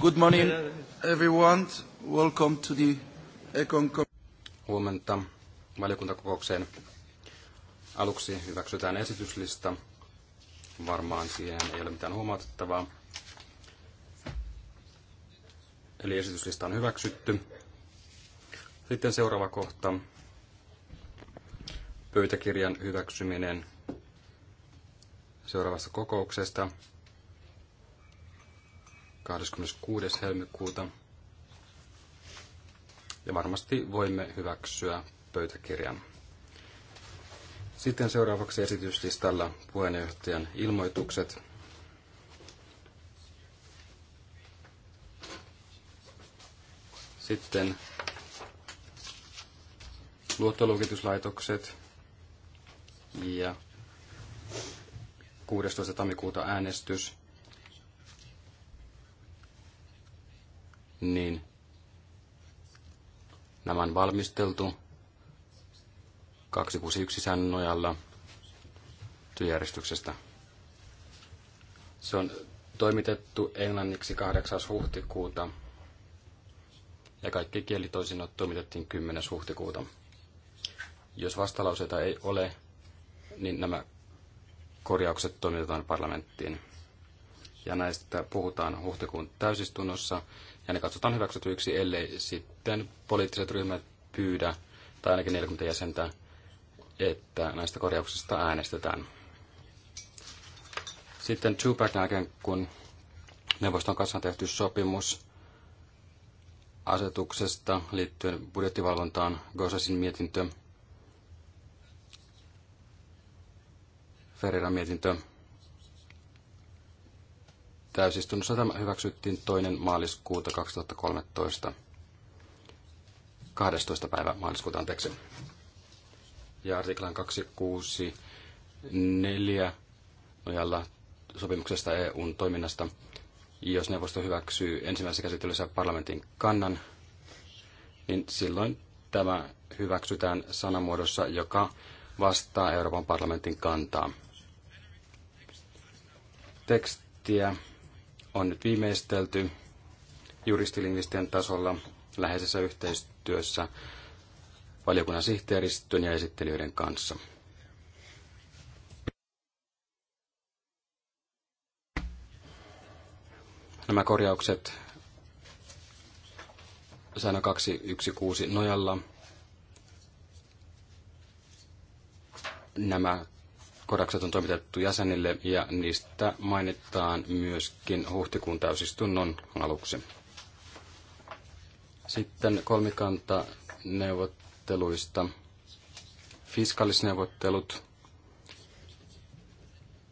Good morning, everyone. Welcome to the Econ Huomenta valiokuntakokoukseen. Aluksi hyväksytään esityslista. Varmaan siihen ei ole mitään huomautettavaa. Eli esityslista on hyväksytty. Sitten seuraava kohta. Pöytäkirjan hyväksyminen seuraavasta kokouksesta 26. helmikuuta. Ja varmasti voimme hyväksyä pöytäkirjan. Sitten seuraavaksi esityslistalla puheenjohtajan ilmoitukset. Sitten luottoluokituslaitokset ja 16. tammikuuta äänestys niin nämä on valmisteltu 261 säännön nojalla työjärjestyksestä. Se on toimitettu englanniksi 8. huhtikuuta ja kaikki kielitoisinnot toimitettiin 10. huhtikuuta. Jos vastalauseita ei ole, niin nämä korjaukset toimitetaan parlamenttiin. Ja näistä puhutaan huhtikuun täysistunnossa ja ne katsotaan hyväksytyiksi, ellei sitten poliittiset ryhmät pyydä, tai ainakin 40 jäsentä, että näistä korjauksista äänestetään. Sitten Tupac jälkeen, kun neuvoston kanssa on tehty sopimus asetuksesta liittyen budjettivalvontaan, Gosasin mietintö, Ferreira mietintö Täysistunnossa tämä hyväksyttiin toinen maaliskuuta 2013. 12. päivä maaliskuuta, anteeksi. Ja artiklan 264 nojalla sopimuksesta EUn toiminnasta, jos neuvosto hyväksyy ensimmäisessä käsittelyssä parlamentin kannan, niin silloin tämä hyväksytään sanamuodossa, joka vastaa Euroopan parlamentin kantaa. Tekstiä on nyt viimeistelty juristilingvistien tasolla läheisessä yhteistyössä valiokunnan sihteeristön ja esittelijöiden kanssa. Nämä korjaukset säännön 216 nojalla nämä Kodakset on toimitettu jäsenille ja niistä mainitaan myöskin huhtikuun täysistunnon aluksi. Sitten kolmikanta neuvotteluista. Fiskalisneuvottelut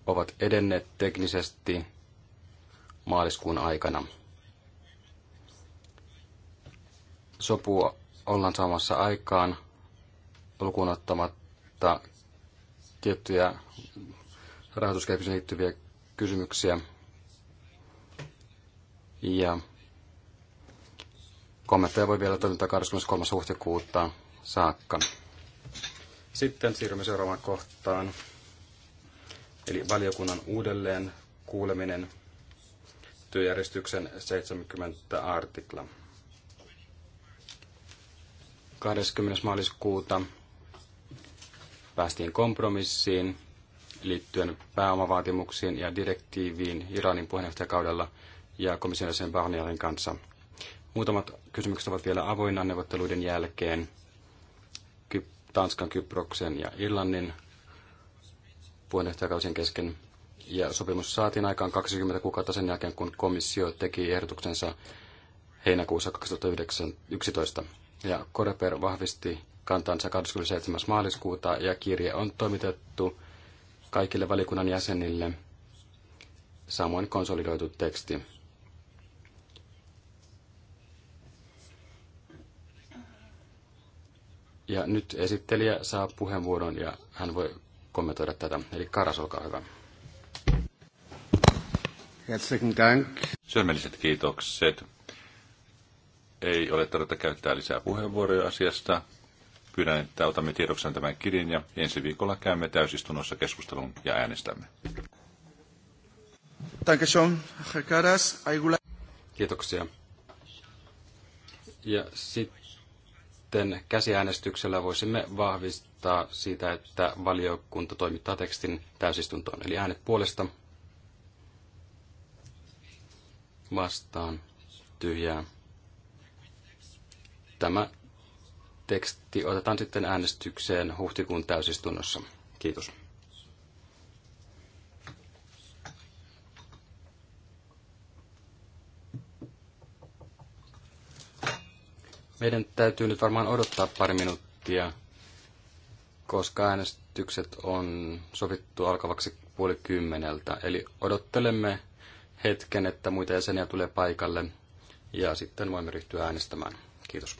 ovat edenneet teknisesti maaliskuun aikana. Sopua ollaan saamassa aikaan lukuun ottamatta tiettyjä rahoituskehitykseen liittyviä kysymyksiä. Ja kommentteja voi vielä toimittaa 23. huhtikuuta saakka. Sitten siirrymme seuraavaan kohtaan, eli valiokunnan uudelleen kuuleminen työjärjestyksen 70 artikla. 20. maaliskuuta päästiin kompromissiin liittyen pääomavaatimuksiin ja direktiiviin Iranin puheenjohtajakaudella ja komission jäsen Barnierin kanssa. Muutamat kysymykset ovat vielä avoinna neuvotteluiden jälkeen. Tanskan, Kyproksen ja Irlannin puheenjohtajakausien kesken. Ja sopimus saatiin aikaan 20 kuukautta sen jälkeen, kun komissio teki ehdotuksensa heinäkuussa 2011. Ja Koreper vahvisti kantansa 27. maaliskuuta ja kirje on toimitettu kaikille valikunnan jäsenille, samoin konsolidoitu teksti. Ja nyt esittelijä saa puheenvuoron ja hän voi kommentoida tätä. Eli Karas, olkaa hyvä. Herzlichen kiitokset. Ei ole tarvetta käyttää lisää puheenvuoroja asiasta. Pyydän, että otamme tiedoksen tämän kirjan ja ensi viikolla käymme täysistunnossa keskustelun ja äänestämme. Kiitoksia. Ja sitten käsiäänestyksellä voisimme vahvistaa siitä, että valiokunta toimittaa tekstin täysistuntoon. Eli äänet puolesta vastaan tyhjää. Tämä teksti otetaan sitten äänestykseen huhtikuun täysistunnossa. Kiitos. Meidän täytyy nyt varmaan odottaa pari minuuttia, koska äänestykset on sovittu alkavaksi puoli kymmeneltä. Eli odottelemme hetken, että muita jäseniä tulee paikalle ja sitten voimme ryhtyä äänestämään. Kiitos.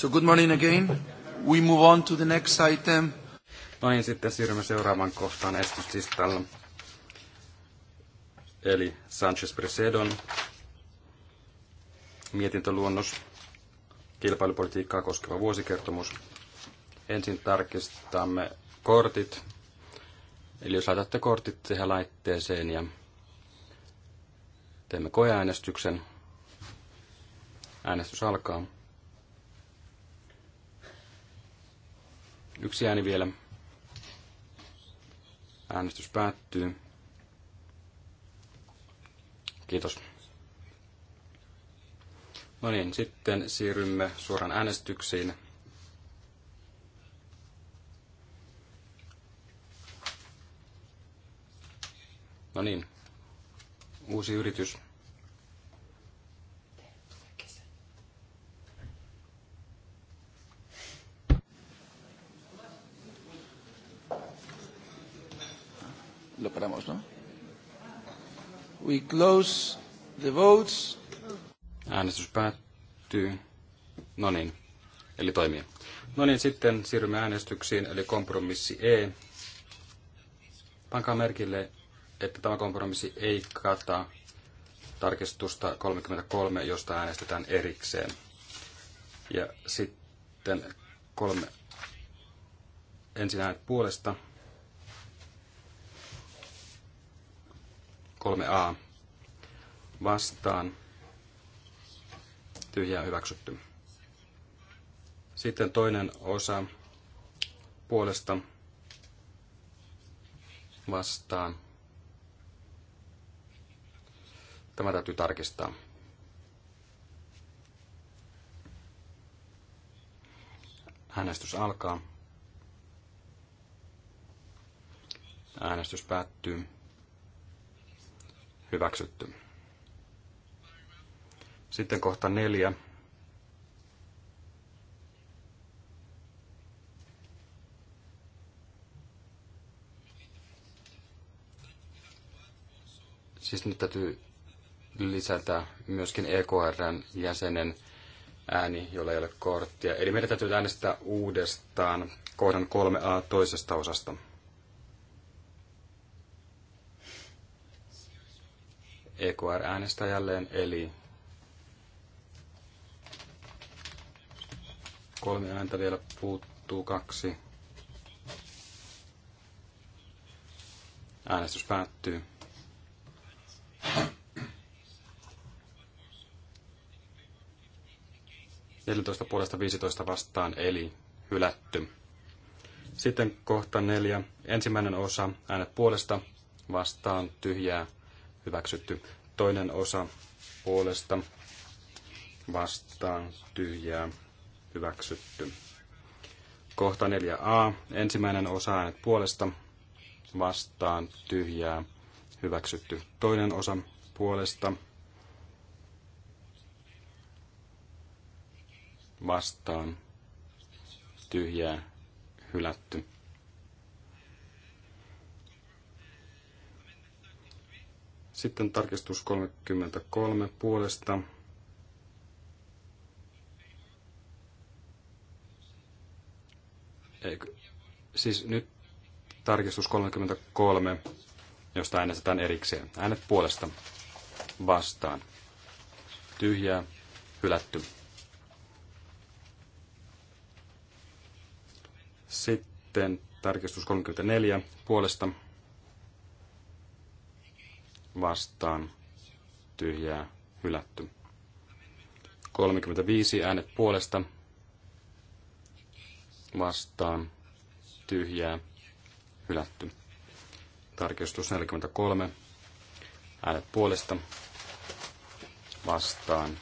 So good morning again. We move on to the next item. No niin, sitten siirrymme seuraavan kohtaan esityslistalla. Eli Sanchez Presedon mietintöluonnos, kilpailupolitiikkaa koskeva vuosikertomus. Ensin tarkistamme kortit. Eli jos laitatte kortit tähän laitteeseen ja teemme koeäänestyksen. Äänestys alkaa. Yksi ääni vielä. Äänestys päättyy. Kiitos. No niin, sitten siirrymme suoraan äänestyksiin. No niin, uusi yritys. We close the votes. Äänestys päättyy. No niin, eli toimii. No niin, sitten siirrymme äänestyksiin, eli kompromissi E. Pankaa merkille, että tämä kompromissi ei kata tarkistusta 33, josta äänestetään erikseen. Ja sitten kolme ensin äänet puolesta 3a vastaan. Tyhjää hyväksytty. Sitten toinen osa puolesta vastaan. Tämä täytyy tarkistaa. Äänestys alkaa. Äänestys päättyy hyväksytty. Sitten kohta neljä. Siis nyt täytyy lisätä myöskin EKRn jäsenen ääni, jolla ei ole korttia. Eli meidän täytyy äänestää uudestaan kohdan 3a toisesta osasta. EQR äänestää jälleen, eli kolme ääntä vielä puuttuu, kaksi. Äänestys päättyy. Neljätoista puolesta 15 vastaan, eli hylätty. Sitten kohta neljä. Ensimmäinen osa, äänet puolesta, vastaan, tyhjää, hyväksytty. Toinen osa puolesta vastaan tyhjää hyväksytty. Kohta 4a. Ensimmäinen osa äänet puolesta vastaan tyhjää hyväksytty. Toinen osa puolesta vastaan tyhjää hylätty. Sitten tarkistus 33 puolesta. Eikö? Siis nyt tarkistus 33, josta äänestetään erikseen. Äänet puolesta vastaan. Tyhjää, hylätty. Sitten tarkistus 34 puolesta vastaan tyhjää hylätty. 35 äänet puolesta vastaan tyhjää hylätty. Tarkistus 43 äänet puolesta vastaan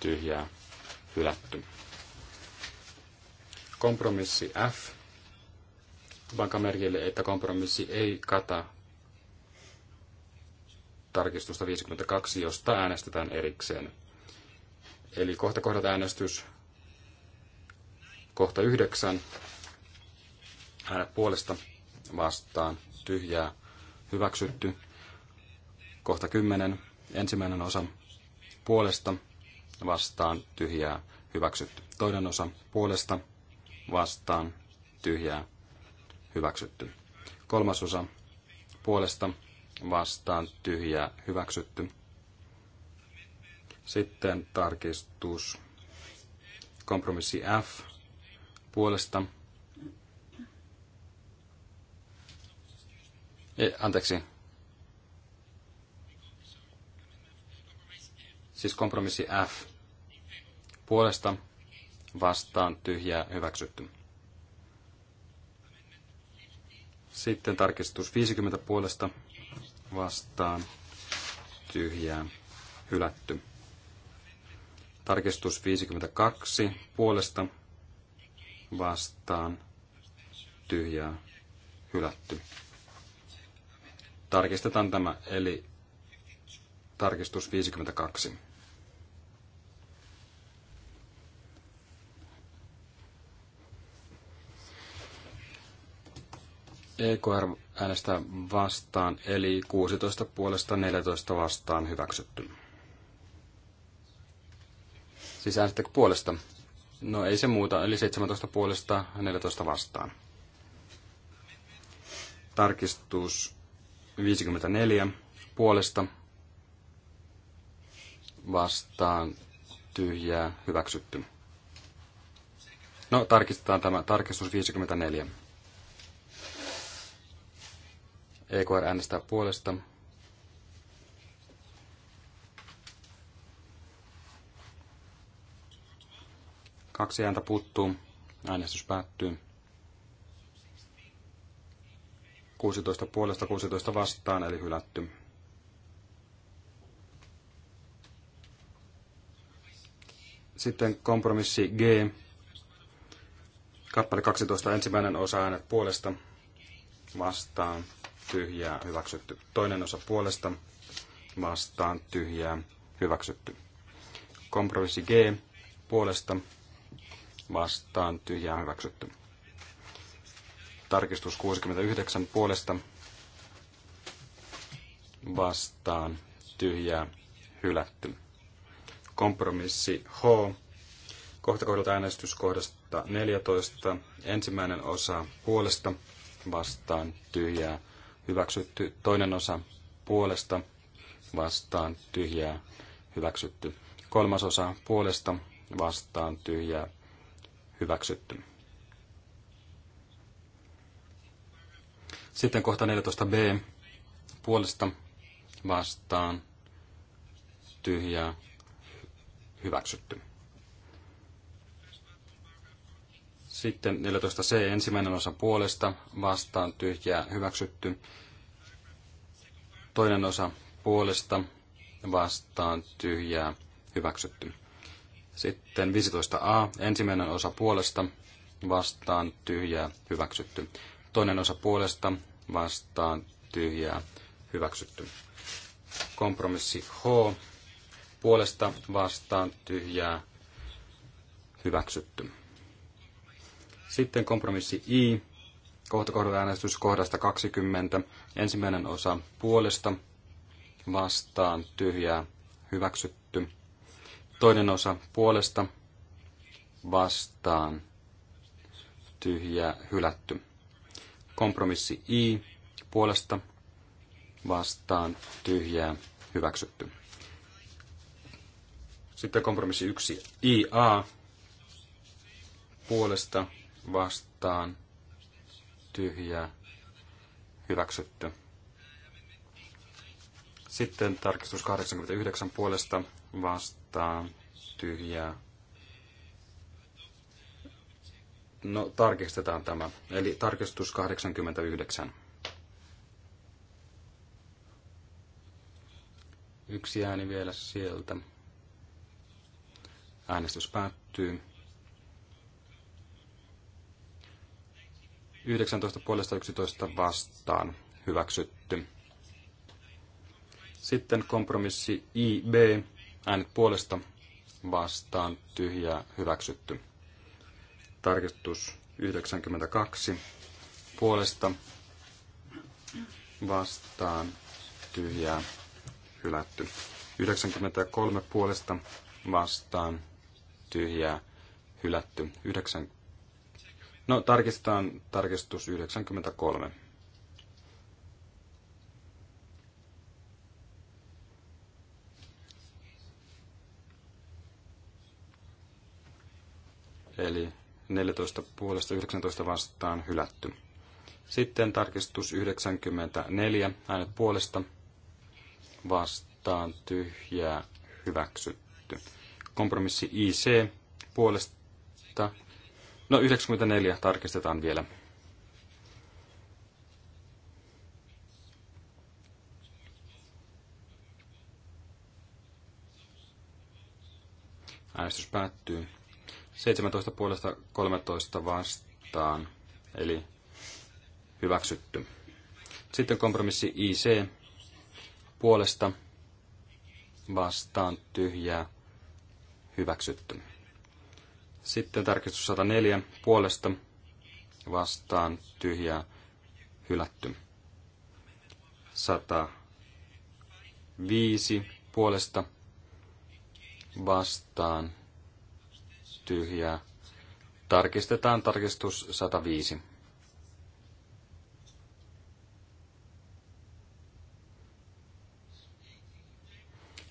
tyhjää hylätty. Kompromissi F. Pankamerkille, että kompromissi ei kata tarkistusta 52, josta äänestetään erikseen. Eli kohta kohdat äänestys, kohta 9, äänet puolesta vastaan, tyhjää, hyväksytty. Kohta 10, ensimmäinen osa puolesta vastaan, tyhjää, hyväksytty. Toinen osa puolesta vastaan, tyhjää, hyväksytty. Kolmas osa puolesta vastaan tyhjä hyväksytty. Sitten tarkistus kompromissi F puolesta. E, anteeksi. Siis kompromissi F puolesta vastaan tyhjää hyväksytty. Sitten tarkistus 50 puolesta vastaan tyhjää hylätty. Tarkistus 52 puolesta vastaan tyhjää hylätty. Tarkistetaan tämä, eli tarkistus 52. EKR äänestää vastaan, eli 16 puolesta 14 vastaan hyväksytty. Siis äänestäkö puolesta? No ei se muuta, eli 17 puolesta 14 vastaan. Tarkistus 54 puolesta vastaan tyhjää hyväksytty. No tarkistetaan tämä tarkistus 54. EKR äänestää puolesta. Kaksi ääntä puuttuu. Äänestys päättyy. 16 puolesta 16 vastaan, eli hylätty. Sitten kompromissi G. Kappale 12, ensimmäinen osa äänet puolesta vastaan, tyhjää hyväksytty. Toinen osa puolesta vastaan tyhjää hyväksytty. Kompromissi G puolesta vastaan tyhjää hyväksytty. Tarkistus 69 puolesta vastaan tyhjää hylätty. Kompromissi H. Kohta kohdalta äänestyskohdasta 14. Ensimmäinen osa puolesta vastaan tyhjää hyväksytty. Toinen osa puolesta vastaan tyhjää hyväksytty. Kolmas osa puolesta vastaan tyhjää hyväksytty. Sitten kohta 14b puolesta vastaan tyhjää hyväksytty. Sitten 14c ensimmäinen osa puolesta vastaan tyhjää hyväksytty. Toinen osa puolesta vastaan tyhjää hyväksytty. Sitten 15a ensimmäinen osa puolesta vastaan tyhjää hyväksytty. Toinen osa puolesta vastaan tyhjää hyväksytty. Kompromissi H puolesta vastaan tyhjää hyväksytty. Sitten kompromissi I, kohtakohdalla äänestys kohdasta 20, ensimmäinen osa puolesta, vastaan, tyhjää, hyväksytty. Toinen osa puolesta, vastaan, tyhjää, hylätty. Kompromissi I, puolesta, vastaan, tyhjää, hyväksytty. Sitten kompromissi 1, IA, puolesta, vastaan tyhjää hyväksytty. Sitten tarkistus 89 puolesta vastaan tyhjää. No, tarkistetaan tämä. Eli tarkistus 89. Yksi ääni vielä sieltä. Äänestys päättyy. 19 puolesta 11 vastaan hyväksytty. Sitten kompromissi IB, äänet puolesta vastaan tyhjää hyväksytty. Tarkistus 92 puolesta vastaan tyhjää hylätty. 93 puolesta vastaan tyhjää hylätty. 9, No, tarkistetaan tarkistus 93. Eli 14 puolesta 19 vastaan hylätty. Sitten tarkistus 94, äänet puolesta vastaan tyhjää hyväksytty. Kompromissi IC puolesta No 94 tarkistetaan vielä. Äänestys päättyy. 17 puolesta 13 vastaan, eli hyväksytty. Sitten kompromissi IC puolesta vastaan tyhjää hyväksytty. Sitten tarkistus 104 puolesta vastaan tyhjää hylätty. 105 puolesta vastaan tyhjää. Tarkistetaan tarkistus 105.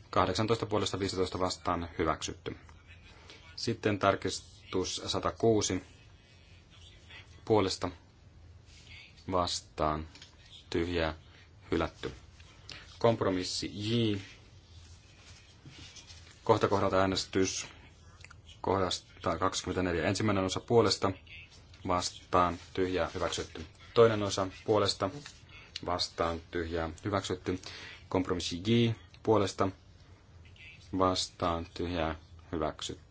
Kahdeksantoista puolesta viisitoista vastaan hyväksytty. Sitten tarkistus 106 puolesta vastaan tyhjää hylätty. Kompromissi J. Kohta kohdalta äänestys kohdasta 24. Ensimmäinen osa puolesta vastaan tyhjää hyväksytty. Toinen osa puolesta vastaan tyhjää hyväksytty. Kompromissi J puolesta vastaan tyhjää hyväksytty.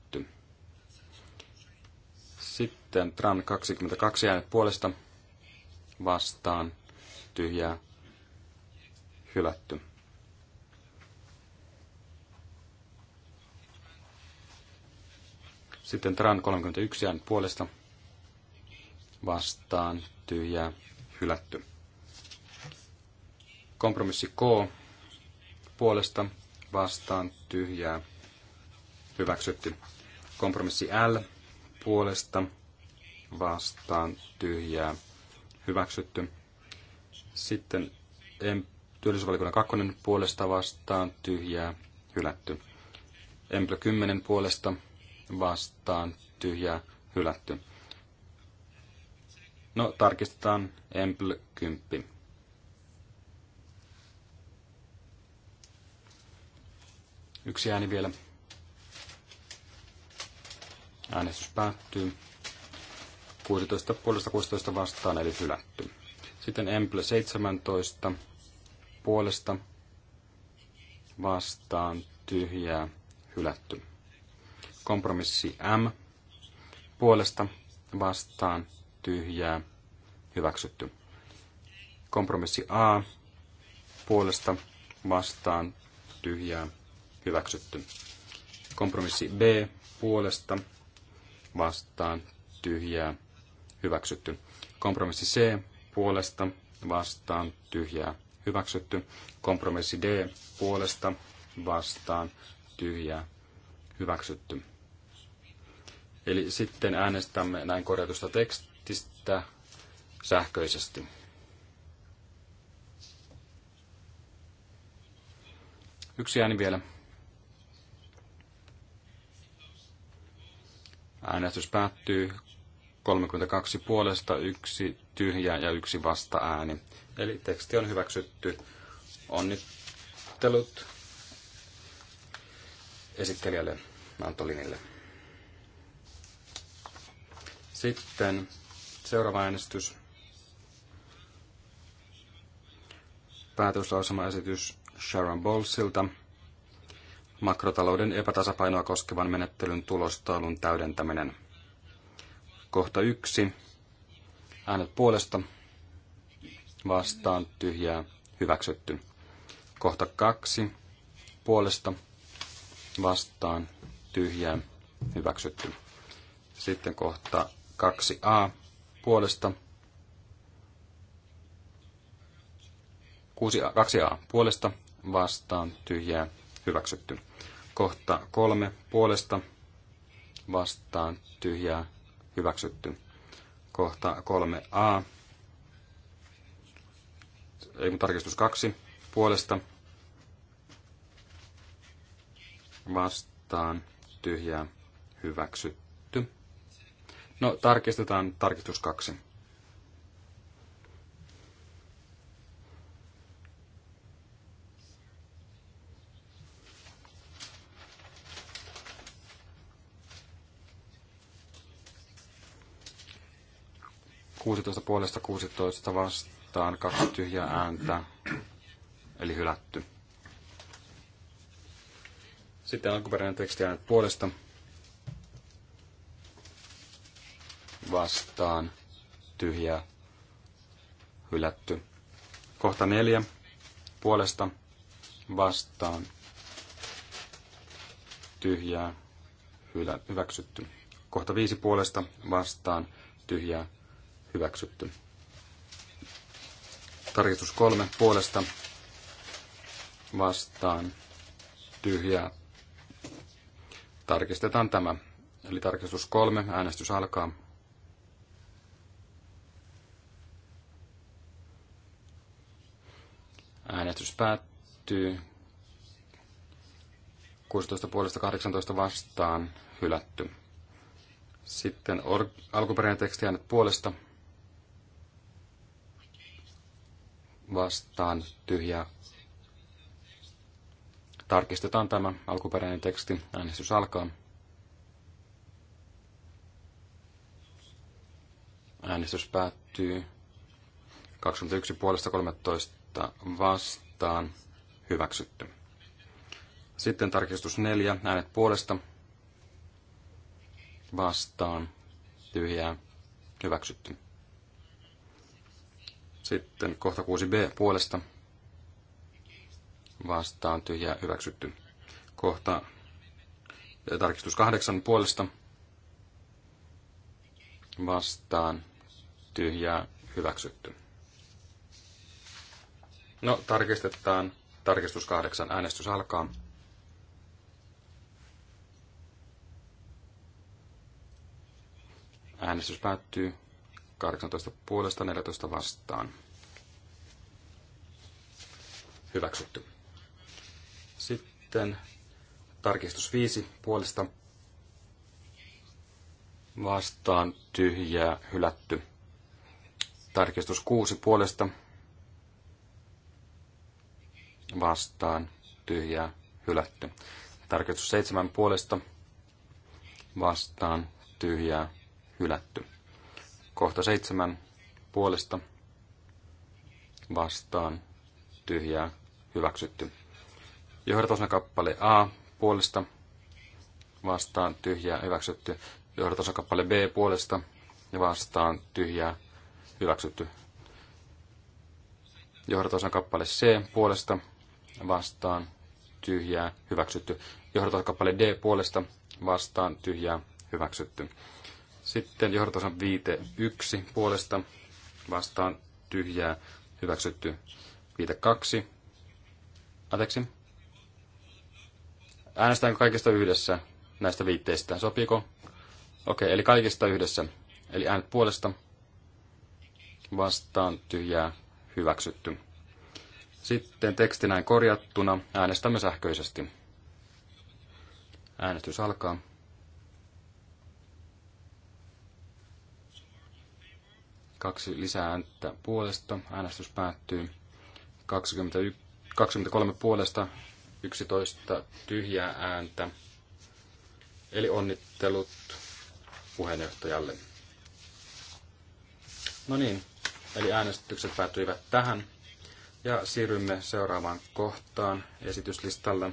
Sitten Tran 22 äänet puolesta vastaan tyhjää hylätty. Sitten Tran 31 äänet puolesta vastaan tyhjää hylätty. Kompromissi K puolesta vastaan tyhjää hyväksytty. Kompromissi L puolesta vastaan tyhjää hyväksytty. Sitten em, työllisyysvalikunnan kakkonen puolesta vastaan tyhjää hylätty. Emplö 10 puolesta vastaan tyhjää hylätty. No, tarkistetaan Empl 10. Yksi ääni vielä. Äänestys päättyy. 16 puolesta 16 vastaan, eli hylätty. Sitten Emple 17 puolesta vastaan tyhjää hylätty. Kompromissi M puolesta vastaan tyhjää hyväksytty. Kompromissi A puolesta vastaan tyhjää hyväksytty. Kompromissi B puolesta vastaan tyhjää hyväksytty. Kompromissi C puolesta vastaan tyhjää hyväksytty. Kompromissi D puolesta vastaan tyhjää hyväksytty. Eli sitten äänestämme näin korjatusta tekstistä sähköisesti. Yksi ääni vielä. Äänestys päättyy 32 puolesta, yksi tyhjä ja yksi vasta-ääni. Eli teksti on hyväksytty. Onnittelut esittelijälle Antolinille. Sitten seuraava äänestys. esitys Sharon Bolsilta makrotalouden epätasapainoa koskevan menettelyn tulostaulun täydentäminen. Kohta yksi. Äänet puolesta vastaan tyhjää hyväksytty. Kohta kaksi. Puolesta vastaan tyhjää hyväksytty. Sitten kohta 2a puolesta 2a puolesta vastaan tyhjää hyväksytty. Kohta kolme puolesta vastaan tyhjää hyväksytty. Kohta 3a. Ei kun tarkistus kaksi puolesta vastaan tyhjää hyväksytty. No tarkistetaan tarkistus kaksi. 16 puolesta 16 vastaan, kaksi tyhjää ääntä, eli hylätty. Sitten alkuperäinen teksti äänet puolesta vastaan, tyhjää, hylätty. Kohta neljä puolesta vastaan, tyhjää, hylä, hyväksytty. Kohta viisi puolesta vastaan, tyhjää, hyväksytty. Tarkistus kolme puolesta vastaan tyhjää. Tarkistetaan tämä. Eli tarkistus kolme, äänestys alkaa. Äänestys päättyy. 16 puolesta 18 vastaan hylätty. Sitten or- alkuperäinen teksti äänet puolesta vastaan tyhjää. Tarkistetaan tämä alkuperäinen teksti. Äänestys alkaa. Äänestys päättyy 21 puolesta 13 vastaan. Hyväksytty. Sitten tarkistus 4. Äänet puolesta vastaan. Tyhjää. Hyväksytty. Sitten kohta 6b puolesta vastaan tyhjä hyväksytty. Kohta tarkistus 8 puolesta vastaan tyhjä hyväksytty. No, tarkistetaan. Tarkistus 8. Äänestys alkaa. Äänestys päättyy. 18 puolesta 14 vastaan. Hyväksytty. Sitten tarkistus 5 puolesta vastaan tyhjää hylätty. Tarkistus 6 puolesta vastaan tyhjää hylätty. Tarkistus 7 puolesta vastaan tyhjää hylätty. Kohta seitsemän puolesta vastaan tyhjää hyväksytty. Johdatosna kappale A puolesta vastaan tyhjää hyväksytty. Johdatosna kappale B puolesta ja vastaan tyhjää hyväksytty. Johdatosna kappale C puolesta vastaan tyhjää hyväksytty. Johdatosna kappale D puolesta vastaan tyhjää hyväksytty. Sitten johdotosan viite yksi puolesta vastaan tyhjää hyväksytty viite kaksi. Anteeksi. Äänestäänkö kaikista yhdessä näistä viitteistä? Sopiiko? Okei, eli kaikista yhdessä. Eli äänet puolesta vastaan tyhjää hyväksytty. Sitten teksti näin korjattuna äänestämme sähköisesti. Äänestys alkaa. Kaksi lisää ääntä puolesta. Äänestys päättyy. 21, 23 puolesta, 11 tyhjää ääntä. Eli onnittelut puheenjohtajalle. No niin, eli äänestykset päättyivät tähän. Ja siirrymme seuraavaan kohtaan esityslistalla.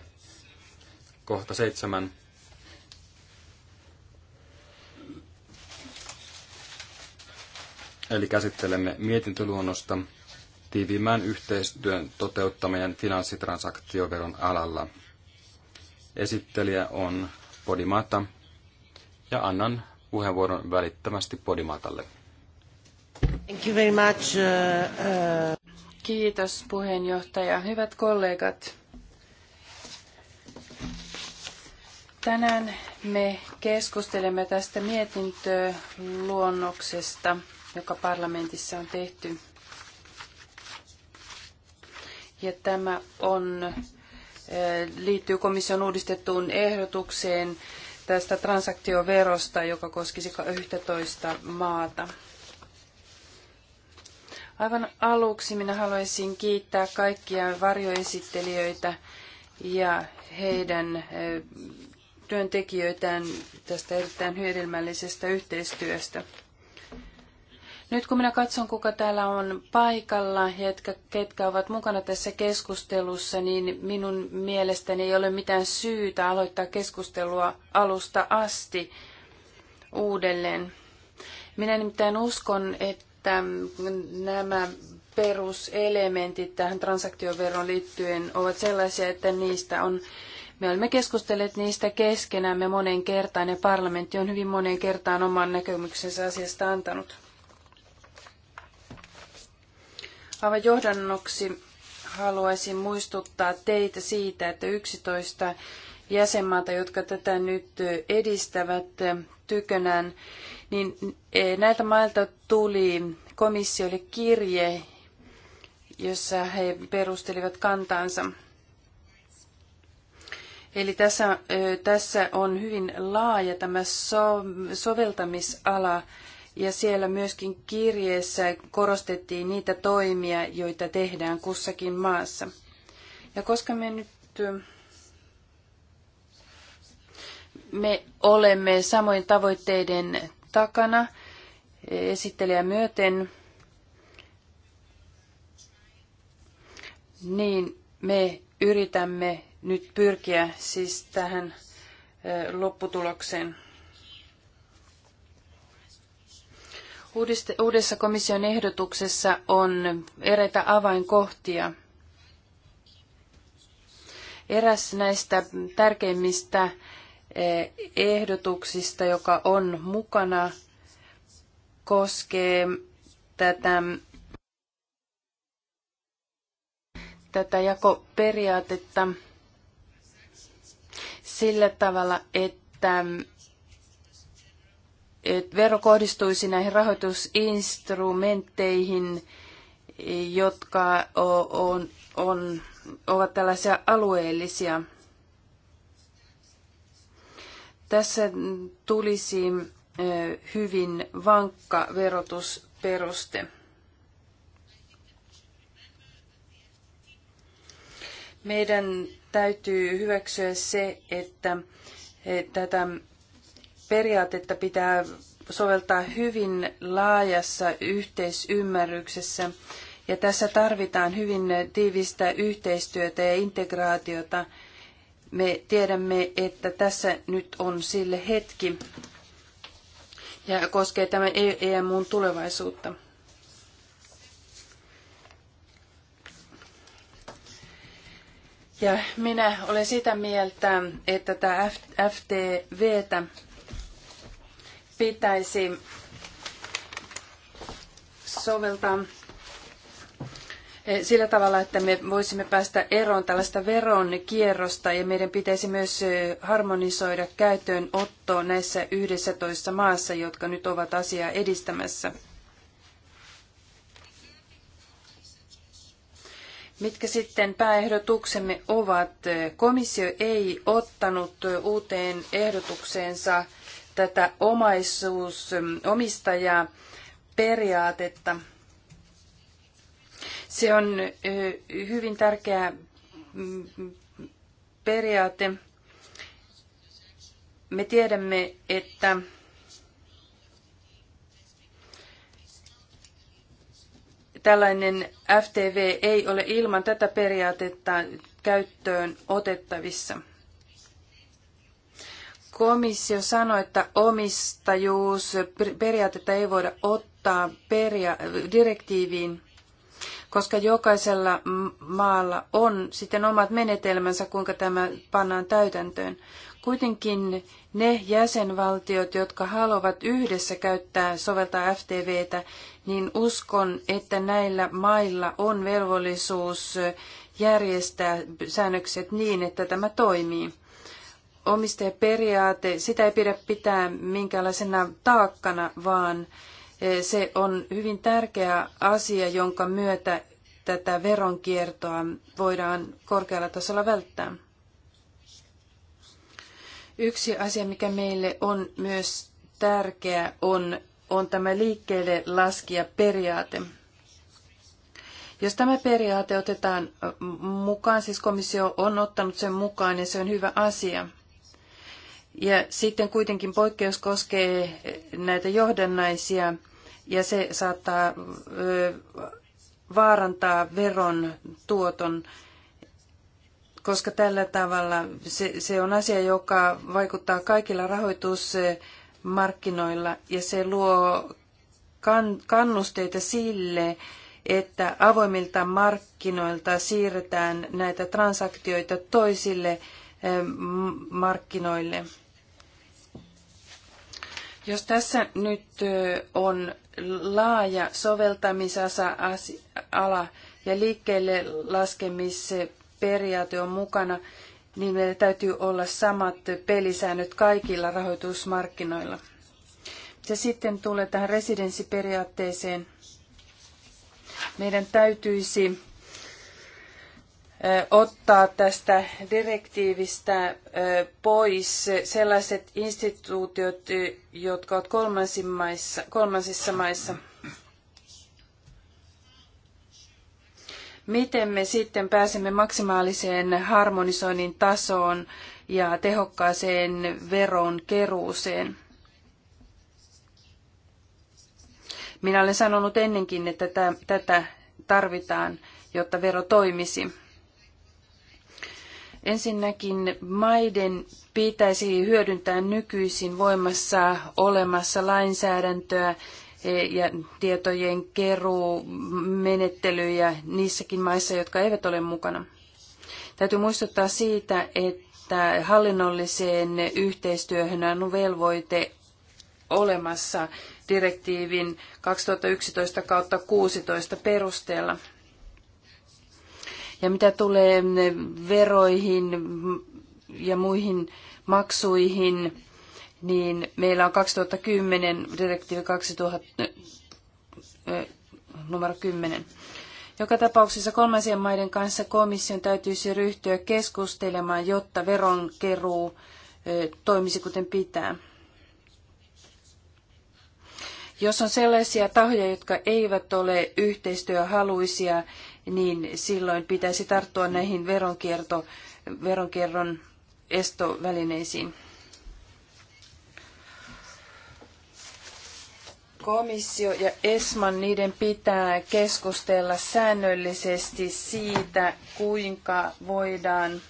Kohta seitsemän. Eli käsittelemme mietintöluonnosta tiiviimmän yhteistyön toteuttaminen finanssitransaktioveron alalla. Esittelijä on Podimata ja annan puheenvuoron välittömästi Podimatalle. Thank you very much, uh, uh... Kiitos puheenjohtaja. Hyvät kollegat, tänään me keskustelemme tästä mietintöluonnoksesta. luonnoksesta joka parlamentissa on tehty. Ja tämä on, liittyy komission uudistettuun ehdotukseen tästä transaktioverosta, joka koskisi 11 maata. Aivan aluksi minä haluaisin kiittää kaikkia varjoesittelijöitä ja heidän työntekijöitään tästä erittäin hyödyllisestä yhteistyöstä. Nyt kun minä katson, kuka täällä on paikalla ja ketkä, ketkä ovat mukana tässä keskustelussa, niin minun mielestäni ei ole mitään syytä aloittaa keskustelua alusta asti uudelleen. Minä nimittäin uskon, että nämä peruselementit tähän transaktioveroon liittyen ovat sellaisia, että niistä on me olemme keskustelleet niistä keskenämme monen kertaan ja parlamentti on hyvin monen kertaan oman näkemyksensä asiasta antanut. Aivan johdannoksi haluaisin muistuttaa teitä siitä, että 11 jäsenmaata, jotka tätä nyt edistävät tykönään, niin e, näiltä mailta tuli komissiolle kirje, jossa he perustelivat kantaansa. Eli tässä, e, tässä on hyvin laaja tämä soveltamisala ja siellä myöskin kirjeessä korostettiin niitä toimia, joita tehdään kussakin maassa. Ja koska me nyt me olemme samoin tavoitteiden takana e, esittelijä myöten, niin me yritämme nyt pyrkiä siis tähän lopputulokseen. Uudessa komission ehdotuksessa on eräitä avainkohtia. Eräs näistä tärkeimmistä eh, ehdotuksista, joka on mukana, koskee tätä, tätä jakoperiaatetta sillä tavalla, että että vero kohdistuisi näihin rahoitusinstrumentteihin, jotka on, on, ovat tällaisia alueellisia. Tässä tulisi hyvin vankka verotusperuste. Meidän täytyy hyväksyä se, että tätä periaatetta pitää soveltaa hyvin laajassa yhteisymmärryksessä. Ja tässä tarvitaan hyvin tiivistä yhteistyötä ja integraatiota. Me tiedämme, että tässä nyt on sille hetki ja koskee tämä EMUn tulevaisuutta. Ja minä olen sitä mieltä, että tätä FTVtä pitäisi soveltaa eh, sillä tavalla, että me voisimme päästä eroon tällaista veronkierrosta ja meidän pitäisi myös eh, harmonisoida käyttöönotto näissä 11 maassa, jotka nyt ovat asiaa edistämässä. Mitkä sitten pääehdotuksemme ovat? Eh, komissio ei ottanut uuteen ehdotukseensa tätä omaisuus, mm, omistajaa periaatetta. Se on hyvin tärkeä mm, periaate. Me tiedämme, että tällainen FTV ei ole ilman tätä periaatetta käyttöön otettavissa komissio sanoi, että omistajuusperiaatetta ei voida ottaa peria- direktiiviin, koska jokaisella maalla on sitten omat menetelmänsä, kuinka tämä pannaan täytäntöön. Kuitenkin ne jäsenvaltiot, jotka haluavat yhdessä käyttää, soveltaa FTVtä, niin uskon, että näillä mailla on velvollisuus järjestää säännökset niin, että tämä toimii omistajaperiaate, sitä ei pidä pitää minkäänlaisena taakkana, vaan e, se on hyvin tärkeä asia, jonka myötä tätä veronkiertoa voidaan korkealla tasolla välttää. Yksi asia, mikä meille on myös tärkeä, on, on tämä liikkeelle laskija periaate. Jos tämä periaate otetaan mukaan, siis komissio on ottanut sen mukaan ja se on hyvä asia – ja sitten kuitenkin poikkeus koskee näitä johdannaisia ja se saattaa vaarantaa veron tuoton, koska tällä tavalla se, se on asia, joka vaikuttaa kaikilla rahoitusmarkkinoilla ja se luo kan, kannusteita sille, että avoimilta markkinoilta siirretään näitä transaktioita toisille markkinoille. Jos tässä nyt on laaja soveltamisala ja liikkeelle laskemisperiaate on mukana, niin meillä täytyy olla samat pelisäännöt kaikilla rahoitusmarkkinoilla. Se sitten tulee tähän residenssiperiaatteeseen. Meidän täytyisi ottaa tästä direktiivistä pois sellaiset instituutiot, jotka ovat kolmansissa, maissa. Miten me sitten pääsemme maksimaaliseen harmonisoinnin tasoon ja tehokkaaseen veron keruuseen? Minä olen sanonut ennenkin, että tätä tarvitaan, jotta vero toimisi. Ensinnäkin maiden pitäisi hyödyntää nykyisin voimassa olemassa lainsäädäntöä e, ja tietojen keruumenettelyjä niissäkin maissa, jotka eivät ole mukana. Täytyy muistuttaa siitä, että hallinnolliseen yhteistyöhön on velvoite olemassa direktiivin 2011-16 perusteella. Ja mitä tulee veroihin ja muihin maksuihin, niin meillä on 2010 direktiivi 2000, numero 10. Joka tapauksessa kolmansien maiden kanssa komission täytyisi ryhtyä keskustelemaan, jotta veronkeruu toimisi kuten pitää. Jos on sellaisia tahoja, jotka eivät ole yhteistyöhaluisia, niin silloin pitäisi tarttua näihin veronkierto, veronkierron estovälineisiin. komissio ja ESMAN, niiden pitää keskustella säännöllisesti siitä, kuinka voidaan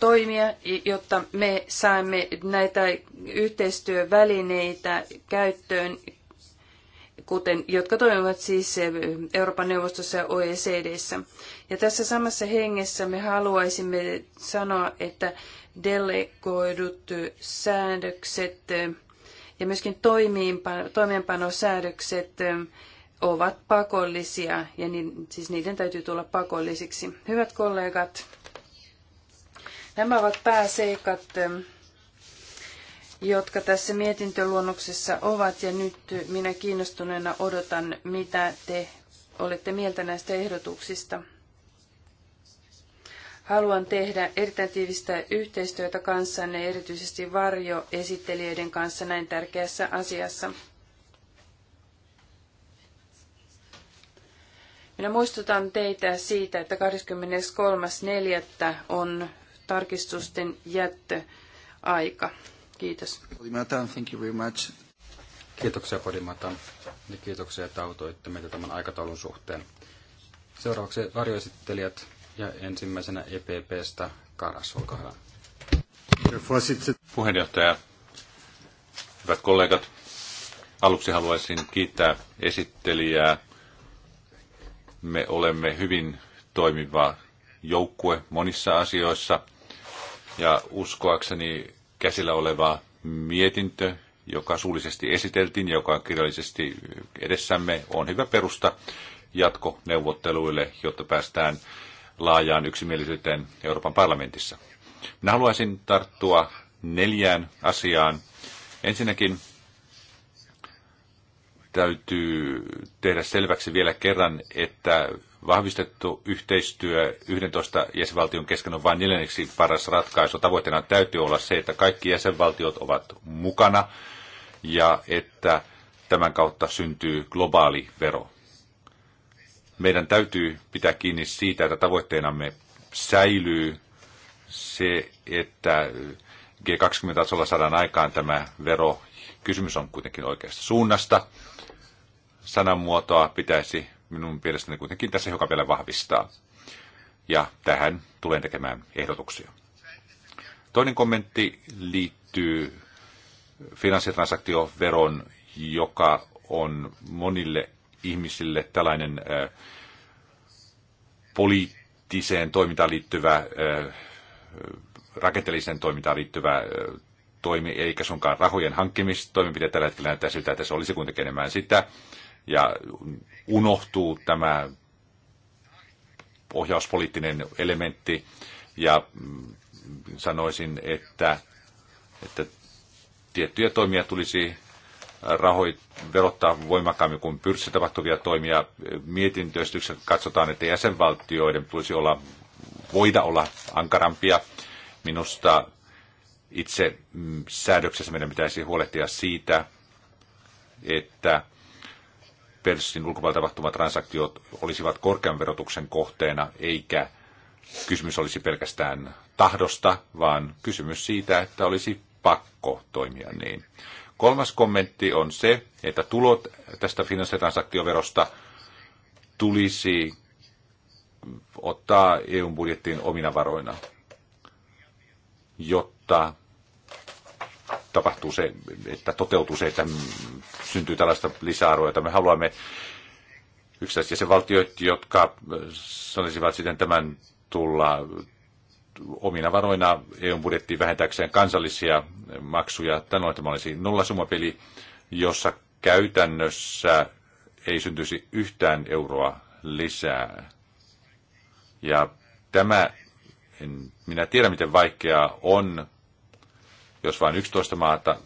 toimia, jotta me saamme näitä yhteistyövälineitä käyttöön kuten, jotka toimivat siis Euroopan neuvostossa ja OECDssä. Ja tässä samassa hengessä me haluaisimme sanoa, että delegoidut säädökset ja myöskin toimeenpanosäädökset ovat pakollisia, ja niin, siis niiden täytyy tulla pakollisiksi. Hyvät kollegat, nämä ovat pääseikat jotka tässä mietintöluonnoksessa ovat. Ja nyt minä kiinnostuneena odotan, mitä te olette mieltä näistä ehdotuksista. Haluan tehdä erittäin tiivistä yhteistyötä kanssanne, erityisesti varjoesittelijöiden kanssa näin tärkeässä asiassa. Minä muistutan teitä siitä, että 23.4. on tarkistusten jättöaika. Kiitos. Podimata, thank you very much. Kiitoksia Podimata ja kiitoksia, että autoitte meitä tämän aikataulun suhteen. Seuraavaksi varjoesittelijät ja ensimmäisenä EPPstä Karas, olkaa hyvä. Puheenjohtaja, hyvät kollegat, aluksi haluaisin kiittää esittelijää. Me olemme hyvin toimiva joukkue monissa asioissa ja uskoakseni käsillä oleva mietintö, joka suullisesti esiteltiin ja joka on kirjallisesti edessämme, on hyvä perusta jatkoneuvotteluille, jotta päästään laajaan yksimielisyyteen Euroopan parlamentissa. Minä haluaisin tarttua neljään asiaan. Ensinnäkin täytyy tehdä selväksi vielä kerran, että Vahvistettu yhteistyö 11 jäsenvaltion kesken on vain neljänneksi paras ratkaisu. Tavoitteena täytyy olla se, että kaikki jäsenvaltiot ovat mukana ja että tämän kautta syntyy globaali vero. Meidän täytyy pitää kiinni siitä, että tavoitteenamme säilyy se, että G20-tasolla saadaan aikaan tämä vero. Kysymys on kuitenkin oikeasta suunnasta. Sananmuotoa pitäisi minun mielestäni kuitenkin tässä joka vielä vahvistaa. Ja tähän tulen tekemään ehdotuksia. Toinen kommentti liittyy finanssitransaktioveron, joka on monille ihmisille tällainen poliittiseen toimintaan liittyvä, rakenteelliseen toimintaan liittyvä toimi, eikä sunkaan rahojen hankkimistoimenpide tällä hetkellä näyttää siltä, että se olisi kuitenkin enemmän sitä ja unohtuu tämä ohjauspoliittinen elementti ja mm, sanoisin, että, että tiettyjä toimia tulisi äh, rahoit, verottaa voimakkaammin kuin pyrssi tapahtuvia toimia. Mietintöistyksessä katsotaan, että jäsenvaltioiden tulisi olla, voida olla ankarampia. Minusta itse mm, säädöksessä meidän pitäisi huolehtia siitä, että pörssin ulkopuolella tapahtuvat transaktiot olisivat korkean verotuksen kohteena, eikä kysymys olisi pelkästään tahdosta, vaan kysymys siitä, että olisi pakko toimia niin. Kolmas kommentti on se, että tulot tästä finanssitransaktioverosta tulisi ottaa EUn budjettiin omina varoina, jotta tapahtuu se, että toteutuu se, että syntyy tällaista lisäarvoa, jota me haluamme yksittäiset valtioita, jotka sanoisivat sitten tämän tulla omina varoina eu budjettiin vähentääkseen kansallisia maksuja. on Tämä olisi nollasummapeli, jossa käytännössä ei syntyisi yhtään euroa lisää. Ja tämä, en minä tiedä miten vaikeaa on jos vain 11 maata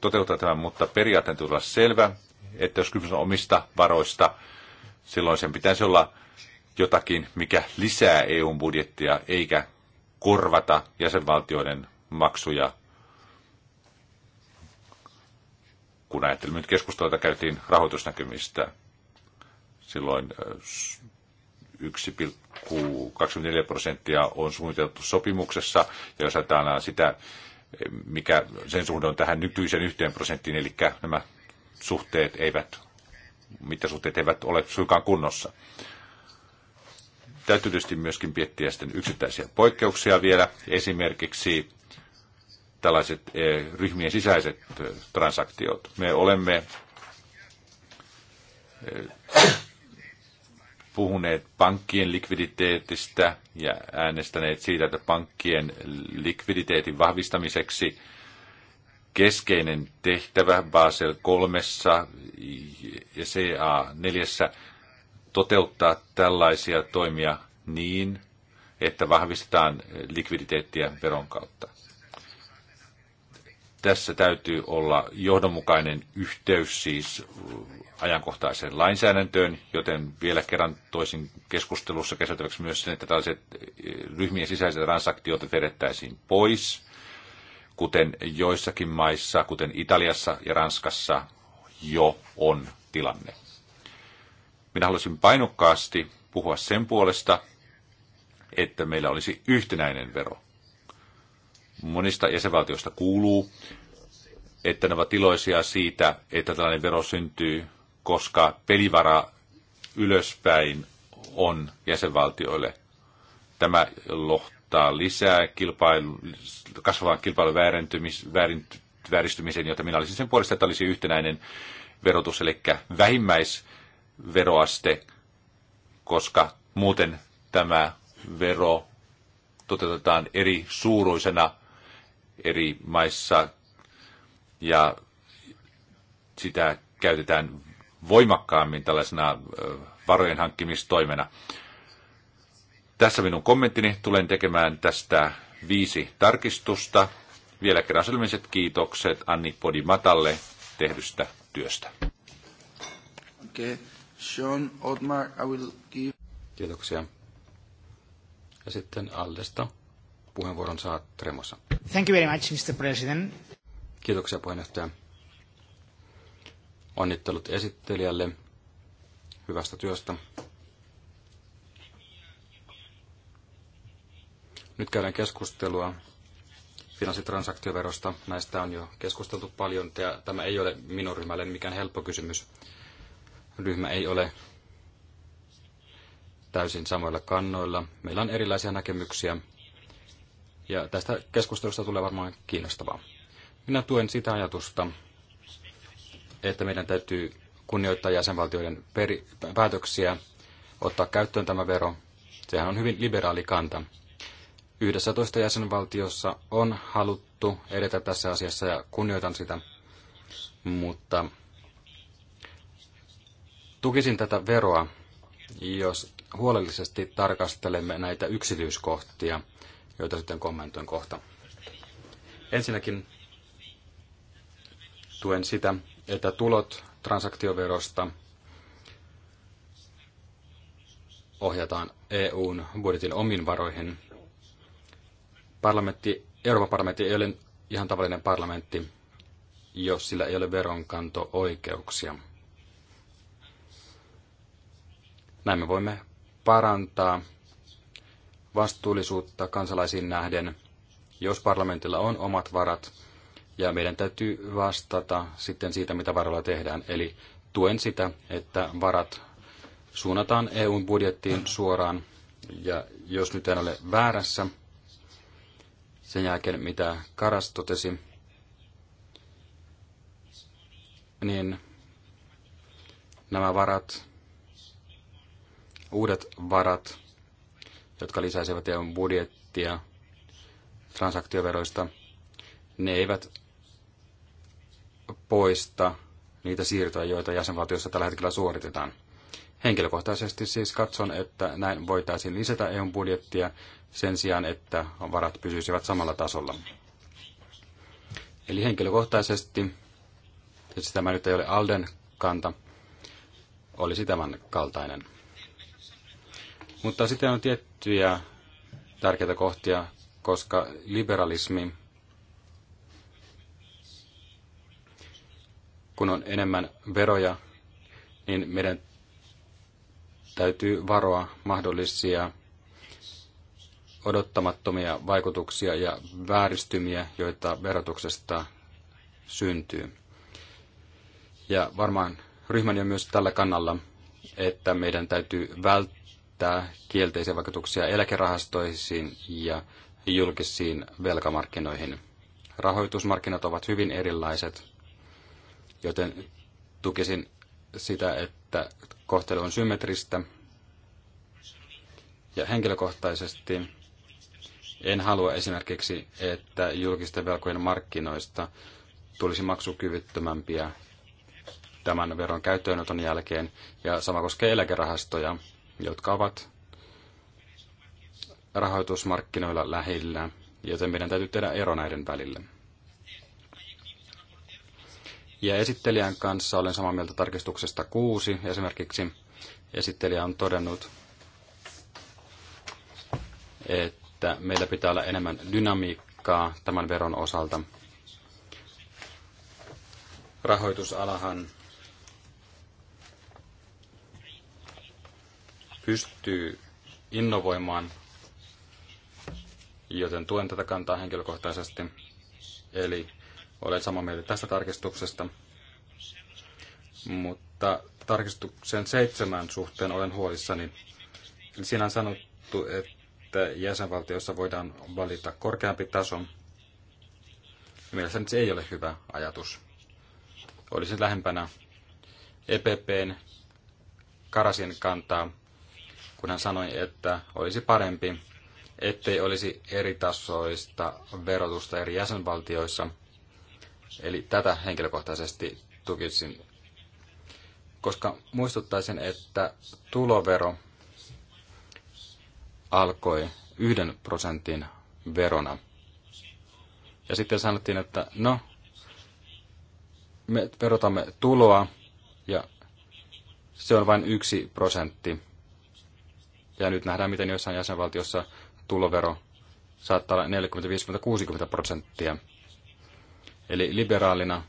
toteuttaa tämän, mutta periaatteen tulee olla selvä, että jos kysymys on omista varoista, silloin sen pitäisi olla jotakin, mikä lisää EUn budjettia, eikä korvata jäsenvaltioiden maksuja. Kun ajattelimme nyt keskustelua, käytiin rahoitusnäkymistä, silloin 1,24 äh, prosenttia on suunniteltu sopimuksessa, ja jos ajatellaan sitä, mikä sen suhde on tähän nykyisen yhteen prosenttiin, eli nämä suhteet eivät, mittasuhteet eivät ole suinkaan kunnossa. Täytyy tietysti myöskin miettiä sitten yksittäisiä poikkeuksia vielä, esimerkiksi tällaiset eh, ryhmien sisäiset eh, transaktiot. Me olemme eh, puhuneet pankkien likviditeetistä ja äänestäneet siitä, että pankkien likviditeetin vahvistamiseksi keskeinen tehtävä Basel 3 ja CA 4 toteuttaa tällaisia toimia niin, että vahvistetaan likviditeettiä veron kautta. Tässä täytyy olla johdonmukainen yhteys siis ajankohtaiseen lainsäädäntöön, joten vielä kerran toisin keskustelussa käsiteltäväksi myös sen, että tällaiset eh, ryhmien sisäiset transaktiot vedettäisiin pois, kuten joissakin maissa, kuten Italiassa ja Ranskassa jo on tilanne. Minä haluaisin painokkaasti puhua sen puolesta, että meillä olisi yhtenäinen vero. Monista jäsenvaltioista kuuluu, että ne ovat iloisia siitä, että tällainen vero syntyy koska pelivara ylöspäin on jäsenvaltioille. Tämä lohtaa lisää kilpailu, kasvavan kilpailun vääristymisen, jota minä olisin sen puolesta, että olisi yhtenäinen verotus, eli vähimmäisveroaste, koska muuten tämä vero toteutetaan eri suuruisena eri maissa ja sitä käytetään voimakkaammin tällaisena varojen hankkimistoimena. Tässä minun kommenttini. Tulen tekemään tästä viisi tarkistusta. Vielä kerran sylmiset kiitokset Anni Podimatalle tehdystä työstä. Okay. Sean Otmar, I will give... Kiitoksia. Ja sitten Allesta puheenvuoron saa Tremossa. Thank you very much, Mr. President. Kiitoksia puheenjohtaja. Onnittelut esittelijälle hyvästä työstä. Nyt käydään keskustelua finanssitransaktioverosta. Näistä on jo keskusteltu paljon. Tämä ei ole minun ryhmälle mikään helppo kysymys. Ryhmä ei ole täysin samoilla kannoilla. Meillä on erilaisia näkemyksiä ja tästä keskustelusta tulee varmaan kiinnostavaa. Minä tuen sitä ajatusta, että meidän täytyy kunnioittaa jäsenvaltioiden peri- päätöksiä ottaa käyttöön tämä vero. Sehän on hyvin liberaali kanta. 11 jäsenvaltiossa on haluttu edetä tässä asiassa ja kunnioitan sitä, mutta tukisin tätä veroa, jos huolellisesti tarkastelemme näitä yksityiskohtia, joita sitten kommentoin kohta. Ensinnäkin tuen sitä, että tulot transaktioverosta ohjataan EUn budjetin omiin varoihin. Parlamentti, Euroopan parlamentti ei ole ihan tavallinen parlamentti, jos sillä ei ole veronkanto-oikeuksia. Näin me voimme parantaa vastuullisuutta kansalaisiin nähden, jos parlamentilla on omat varat – ja meidän täytyy vastata sitten siitä, mitä varoilla tehdään. Eli tuen sitä, että varat suunnataan eu budjettiin suoraan, ja jos nyt en ole väärässä, sen jälkeen mitä Karas totesi, niin nämä varat, uudet varat, jotka lisäisivät eu budjettia transaktioveroista, ne eivät poista niitä siirtoja, joita jäsenvaltiossa tällä hetkellä suoritetaan. Henkilökohtaisesti siis katson, että näin voitaisiin lisätä EUn budjettia sen sijaan, että varat pysyisivät samalla tasolla. Eli henkilökohtaisesti, siis tämä nyt ei ole Alden kanta, olisi tämän kaltainen. Mutta sitten on tiettyjä tärkeitä kohtia, koska liberalismi kun on enemmän veroja, niin meidän täytyy varoa mahdollisia odottamattomia vaikutuksia ja vääristymiä, joita verotuksesta syntyy. Ja varmaan ryhmäni on myös tällä kannalla, että meidän täytyy välttää kielteisiä vaikutuksia eläkerahastoihin ja julkisiin velkamarkkinoihin. Rahoitusmarkkinat ovat hyvin erilaiset Joten tukisin sitä, että kohtelu on symmetristä. Ja henkilökohtaisesti en halua esimerkiksi, että julkisten velkojen markkinoista tulisi maksukyvyttömämpiä tämän veron käyttöönoton jälkeen. Ja sama koskee eläkerahastoja, jotka ovat rahoitusmarkkinoilla lähellä, joten meidän täytyy tehdä ero näiden välille. Ja esittelijän kanssa olen samaa mieltä tarkistuksesta kuusi. Esimerkiksi esittelijä on todennut, että meillä pitää olla enemmän dynamiikkaa tämän veron osalta. Rahoitusalahan pystyy innovoimaan, joten tuen tätä kantaa henkilökohtaisesti. Eli olen samaa mieltä tästä tarkistuksesta. Mutta tarkistuksen seitsemän suhteen olen huolissani. Siinä on sanottu, että jäsenvaltioissa voidaan valita korkeampi taso. Mielestäni se ei ole hyvä ajatus. Olisin lähempänä EPPn Karasin kantaa, kun hän sanoi, että olisi parempi, ettei olisi eri tasoista verotusta eri jäsenvaltioissa – Eli tätä henkilökohtaisesti tukisin, koska muistuttaisin, että tulovero alkoi yhden prosentin verona. Ja sitten sanottiin, että no, me verotamme tuloa ja se on vain yksi prosentti. Ja nyt nähdään, miten jossain jäsenvaltiossa tulovero saattaa olla 40, 50, 60 prosenttia. Eli liberaalina,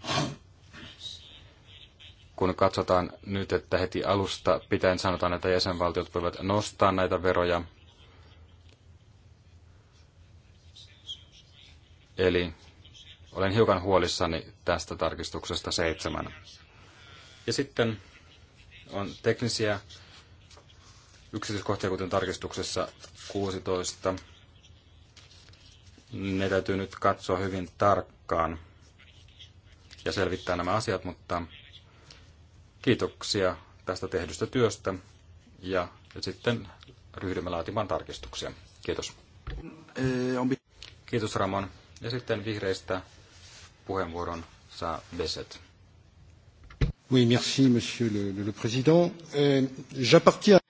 kun katsotaan nyt, että heti alusta pitäen sanotaan, että jäsenvaltiot voivat nostaa näitä veroja, Eli olen hiukan huolissani tästä tarkistuksesta seitsemän. Ja sitten on teknisiä yksityiskohtia, kuten tarkistuksessa 16. Ne täytyy nyt katsoa hyvin tarkkaan ja selvittää nämä asiat, mutta kiitoksia tästä tehdystä työstä ja sitten ryhdymme laatimaan tarkistuksia. Kiitos. Kiitos Ramon. Ja sitten vihreistä puheenvuoron saa Beset. Oui, merci, monsieur le, le président. Euh, J'appartiens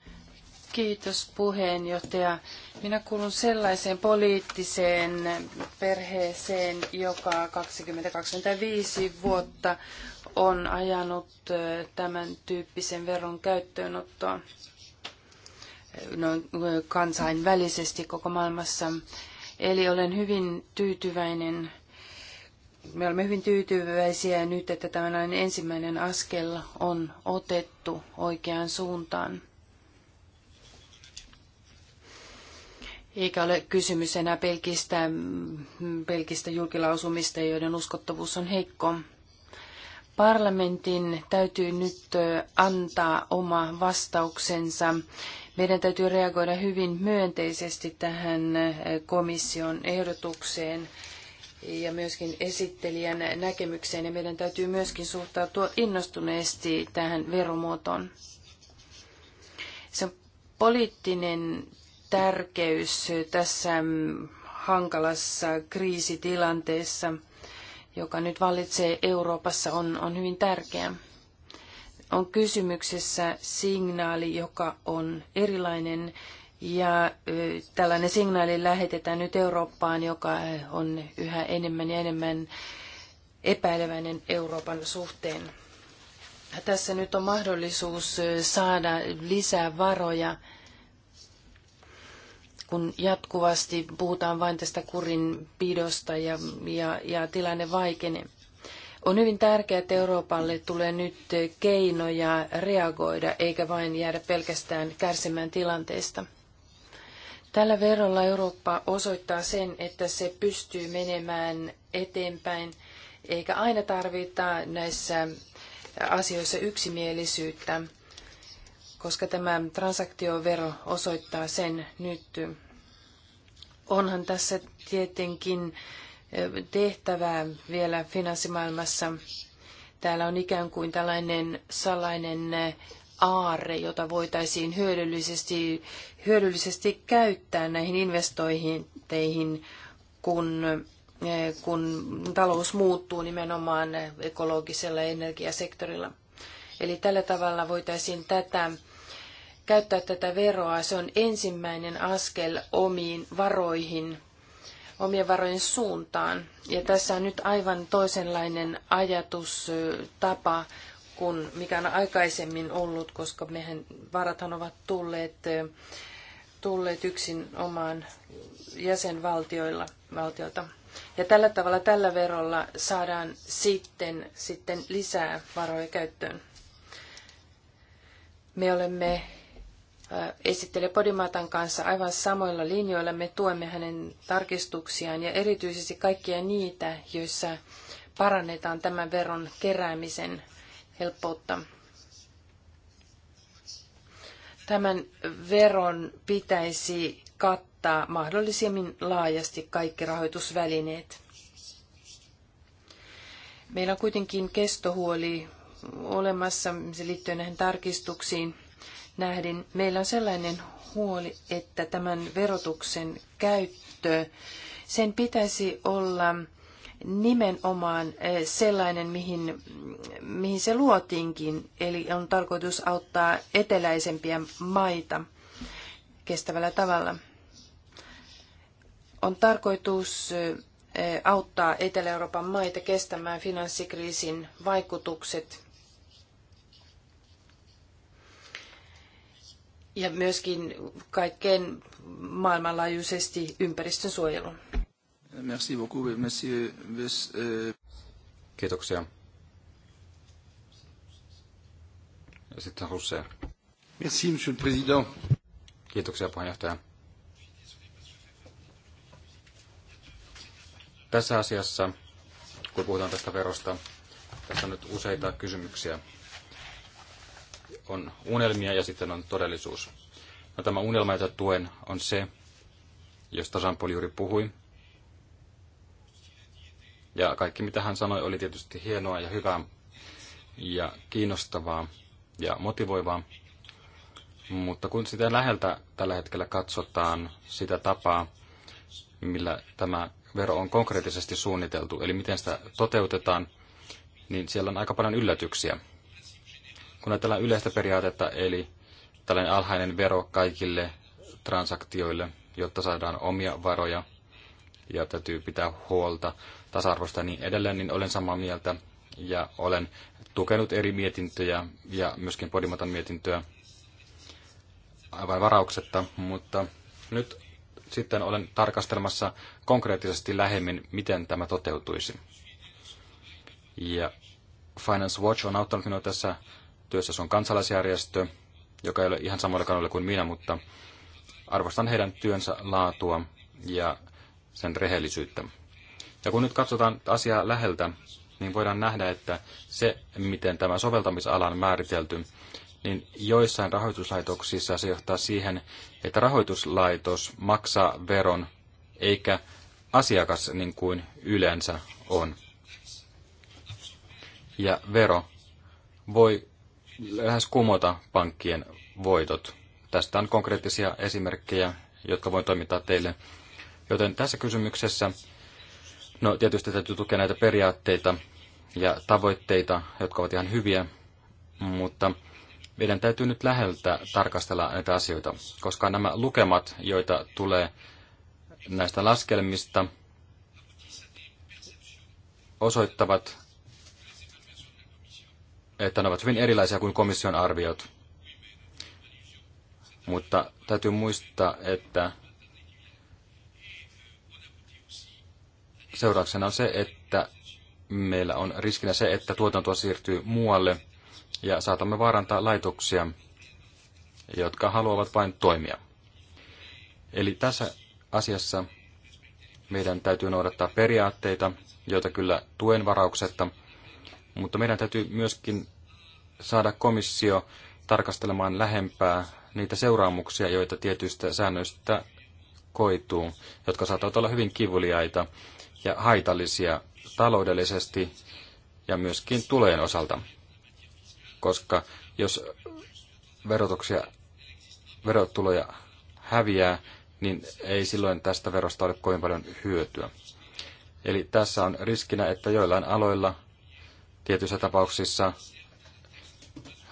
Kiitos puheenjohtaja. Minä kuulun sellaiseen poliittiseen perheeseen, joka 20-25 vuotta on ajanut tämän tyyppisen veron käyttöönottoa noin kansainvälisesti koko maailmassa. Eli olen hyvin tyytyväinen. Me olemme hyvin tyytyväisiä nyt, että tämä ensimmäinen askel on otettu oikeaan suuntaan. Eikä ole kysymys enää pelkistä, mm, pelkistä julkilausumista, joiden uskottavuus on heikko. Parlamentin täytyy nyt antaa oma vastauksensa. Meidän täytyy reagoida hyvin myönteisesti tähän komission ehdotukseen ja myöskin esittelijän näkemykseen. Ja meidän täytyy myöskin suhtautua innostuneesti tähän veromuotoon. Se on poliittinen tärkeys tässä mm, hankalassa kriisitilanteessa, joka nyt vallitsee Euroopassa, on, on hyvin tärkeä. On kysymyksessä signaali, joka on erilainen ja tällainen signaali lähetetään nyt Eurooppaan, joka on yhä enemmän ja enemmän epäileväinen Euroopan suhteen. Tässä nyt on mahdollisuus saada lisää varoja kun jatkuvasti puhutaan vain tästä kurinpidosta ja, ja, ja tilanne vaikenee. On hyvin tärkeää, että Euroopalle tulee nyt keinoja reagoida, eikä vain jäädä pelkästään kärsimään tilanteesta. Tällä verolla Eurooppa osoittaa sen, että se pystyy menemään eteenpäin, eikä aina tarvita näissä asioissa yksimielisyyttä koska tämä transaktiovero osoittaa sen nyt. Onhan tässä tietenkin tehtävää vielä finanssimaailmassa. Täällä on ikään kuin tällainen salainen aarre, jota voitaisiin hyödyllisesti, hyödyllisesti käyttää näihin investointeihin, kun, kun talous muuttuu nimenomaan ekologisella energiasektorilla. Eli tällä tavalla voitaisiin tätä käyttää tätä veroa. Se on ensimmäinen askel omiin varoihin, omien varojen suuntaan. Ja tässä on nyt aivan toisenlainen ajatustapa kuin mikä on aikaisemmin ollut, koska mehän varathan ovat tulleet, tulleet yksin omaan jäsenvaltioilla valtiota. Ja tällä tavalla tällä verolla saadaan sitten, sitten lisää varoja käyttöön. Me olemme esittelijä Podimatan kanssa aivan samoilla linjoilla. Me tuemme hänen tarkistuksiaan ja erityisesti kaikkia niitä, joissa parannetaan tämän veron keräämisen helppoutta. Tämän veron pitäisi kattaa mahdollisimmin laajasti kaikki rahoitusvälineet. Meillä on kuitenkin kestohuoli olemassa, se liittyy näihin tarkistuksiin – nähden. Meillä on sellainen huoli, että tämän verotuksen käyttö, sen pitäisi olla nimenomaan eh, sellainen, mihin, mihin se luotiinkin, eli on tarkoitus auttaa eteläisempiä maita kestävällä tavalla. On tarkoitus eh, auttaa Etelä-Euroopan maita kestämään finanssikriisin vaikutukset ja myöskin kaikkeen maailmanlaajuisesti ympäristön suojelun. Merci beaucoup, monsieur Ves, euh, Kiitoksia. Ja sitten Rousseau. Merci, monsieur le président. Kiitoksia, puheenjohtaja. Tässä asiassa, kun puhutaan tästä verosta, tässä on nyt useita kysymyksiä on unelmia ja sitten on todellisuus. No, tämä unelma, jota tuen, on se, josta Jean-Paul juuri puhui. Ja kaikki, mitä hän sanoi, oli tietysti hienoa ja hyvää ja kiinnostavaa ja motivoivaa. Mutta kun sitä läheltä tällä hetkellä katsotaan sitä tapaa, millä tämä vero on konkreettisesti suunniteltu, eli miten sitä toteutetaan, niin siellä on aika paljon yllätyksiä kun ajatellaan yleistä periaatetta, eli tällainen alhainen vero kaikille transaktioille, jotta saadaan omia varoja ja täytyy pitää huolta tasa-arvosta niin edelleen, niin olen samaa mieltä ja olen tukenut eri mietintöjä ja myöskin Podimatan mietintöä aivan varauksetta, mutta nyt sitten olen tarkastelmassa konkreettisesti lähemmin, miten tämä toteutuisi. Ja Finance Watch on auttanut minua tässä työssä. Se on kansalaisjärjestö, joka ei ole ihan samoilla kanoilla kuin minä, mutta arvostan heidän työnsä laatua ja sen rehellisyyttä. Ja kun nyt katsotaan asiaa läheltä, niin voidaan nähdä, että se, miten tämä soveltamisala on määritelty, niin joissain rahoituslaitoksissa se johtaa siihen, että rahoituslaitos maksaa veron eikä asiakas niin kuin yleensä on. Ja vero voi lähes kumota pankkien voitot. Tästä on konkreettisia esimerkkejä, jotka voin toimittaa teille. Joten tässä kysymyksessä, no tietysti täytyy tukea näitä periaatteita ja tavoitteita, jotka ovat ihan hyviä, mutta meidän täytyy nyt läheltä tarkastella näitä asioita, koska nämä lukemat, joita tulee näistä laskelmista, osoittavat, että ne ovat hyvin erilaisia kuin komission arviot. Mutta täytyy muistaa, että seurauksena on se, että meillä on riskinä se, että tuotantoa siirtyy muualle ja saatamme vaarantaa laitoksia, jotka haluavat vain toimia. Eli tässä asiassa meidän täytyy noudattaa periaatteita, joita kyllä tuen varauksetta – mutta meidän täytyy myöskin saada komissio tarkastelemaan lähempää niitä seuraamuksia, joita tietyistä säännöistä koituu, jotka saattavat olla hyvin kivuliaita ja haitallisia taloudellisesti ja myöskin tulojen osalta. Koska jos verotuksia, verotuloja häviää, niin ei silloin tästä verosta ole kovin paljon hyötyä. Eli tässä on riskinä, että joillain aloilla tietyissä tapauksissa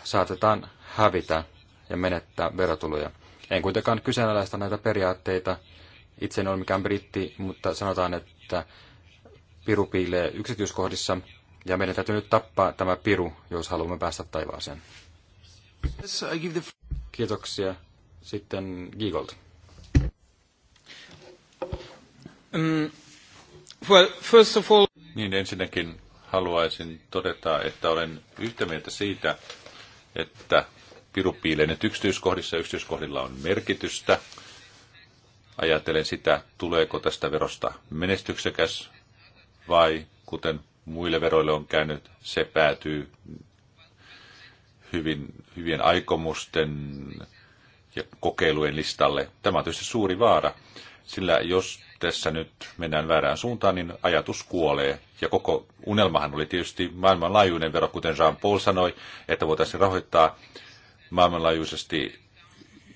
saatetaan hävitä ja menettää verotuloja. En kuitenkaan kyseenalaista näitä periaatteita. Itse en ole mikään britti, mutta sanotaan, että piru piilee yksityiskohdissa, ja meidän täytyy nyt tappaa tämä piru, jos haluamme päästä taivaaseen. Kiitoksia. Sitten Giegold. Mm, well, first of all... Niin, ensinnäkin haluaisin todeta, että olen yhtä mieltä siitä, että piru piilee nyt yksityiskohdissa. Yksityiskohdilla on merkitystä. Ajattelen sitä, tuleeko tästä verosta menestyksekäs vai, kuten muille veroille on käynyt, se päätyy hyvin, hyvien aikomusten ja kokeilujen listalle. Tämä on tietysti suuri vaara, sillä jos tässä nyt mennään väärään suuntaan, niin ajatus kuolee. Ja koko unelmahan oli tietysti maailmanlaajuinen vero, kuten Jean-Paul sanoi, että voitaisiin rahoittaa maailmanlaajuisesti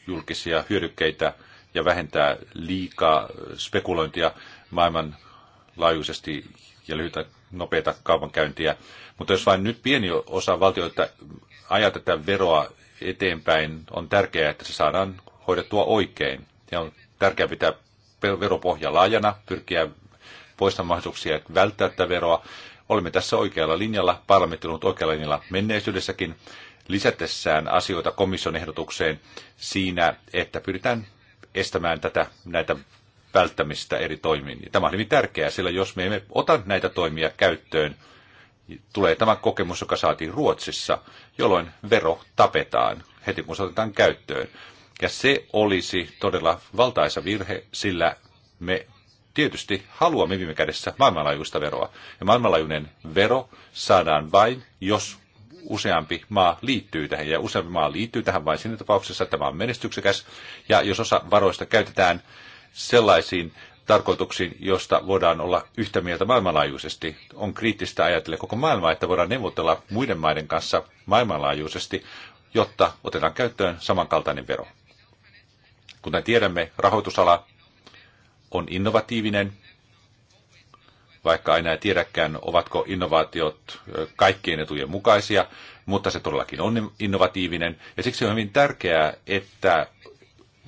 julkisia hyödykkeitä ja vähentää liikaa spekulointia maailmanlaajuisesti ja lyhytä nopeita kaupankäyntiä. Mutta jos vain nyt pieni osa valtioita ajaa tätä veroa eteenpäin, on tärkeää, että se saadaan hoidettua oikein. Ja on tärkeää pitää veropohja laajana, pyrkiä poistamaan mahdollisuuksia välttää tätä veroa. Olemme tässä oikealla linjalla, parlamentti on oikealla linjalla menneisyydessäkin lisätessään asioita komission ehdotukseen siinä, että pyritään estämään tätä, näitä välttämistä eri toimiin. Ja tämä on hyvin tärkeää, sillä jos me emme ota näitä toimia käyttöön, tulee tämä kokemus, joka saatiin Ruotsissa, jolloin vero tapetaan heti kun se otetaan käyttöön. Ja se olisi todella valtaisa virhe, sillä me tietysti haluamme viime kädessä maailmanlaajuista veroa. Ja maailmanlaajuinen vero saadaan vain, jos useampi maa liittyy tähän. Ja useampi maa liittyy tähän vain siinä tapauksessa, että tämä on menestyksekäs. Ja jos osa varoista käytetään sellaisiin tarkoituksiin, josta voidaan olla yhtä mieltä maailmanlaajuisesti. On kriittistä ajatella koko maailmaa, että voidaan neuvotella muiden maiden kanssa maailmanlaajuisesti, jotta otetaan käyttöön samankaltainen vero. Kuten tiedämme, rahoitusala on innovatiivinen, vaikka aina ei tiedäkään, ovatko innovaatiot kaikkien etujen mukaisia, mutta se todellakin on innovatiivinen. Ja siksi on hyvin tärkeää, että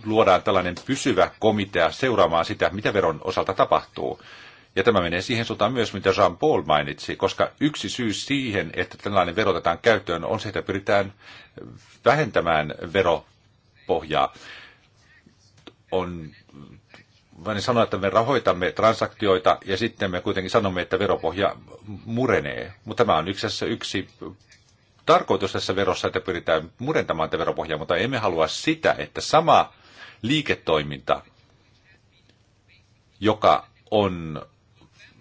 luodaan tällainen pysyvä komitea seuraamaan sitä, mitä veron osalta tapahtuu. Ja tämä menee siihen suuntaan myös, mitä Jean Paul mainitsi, koska yksi syy siihen, että tällainen verotetaan käyttöön, on se, että pyritään vähentämään veropohjaa. On mä niin sanoa, että me rahoitamme transaktioita ja sitten me kuitenkin sanomme, että veropohja murenee. Mutta tämä on yksi asiassa yksi tarkoitus tässä verossa, että pyritään murentamaan tätä veropohjaa, mutta emme halua sitä, että sama liiketoiminta, joka on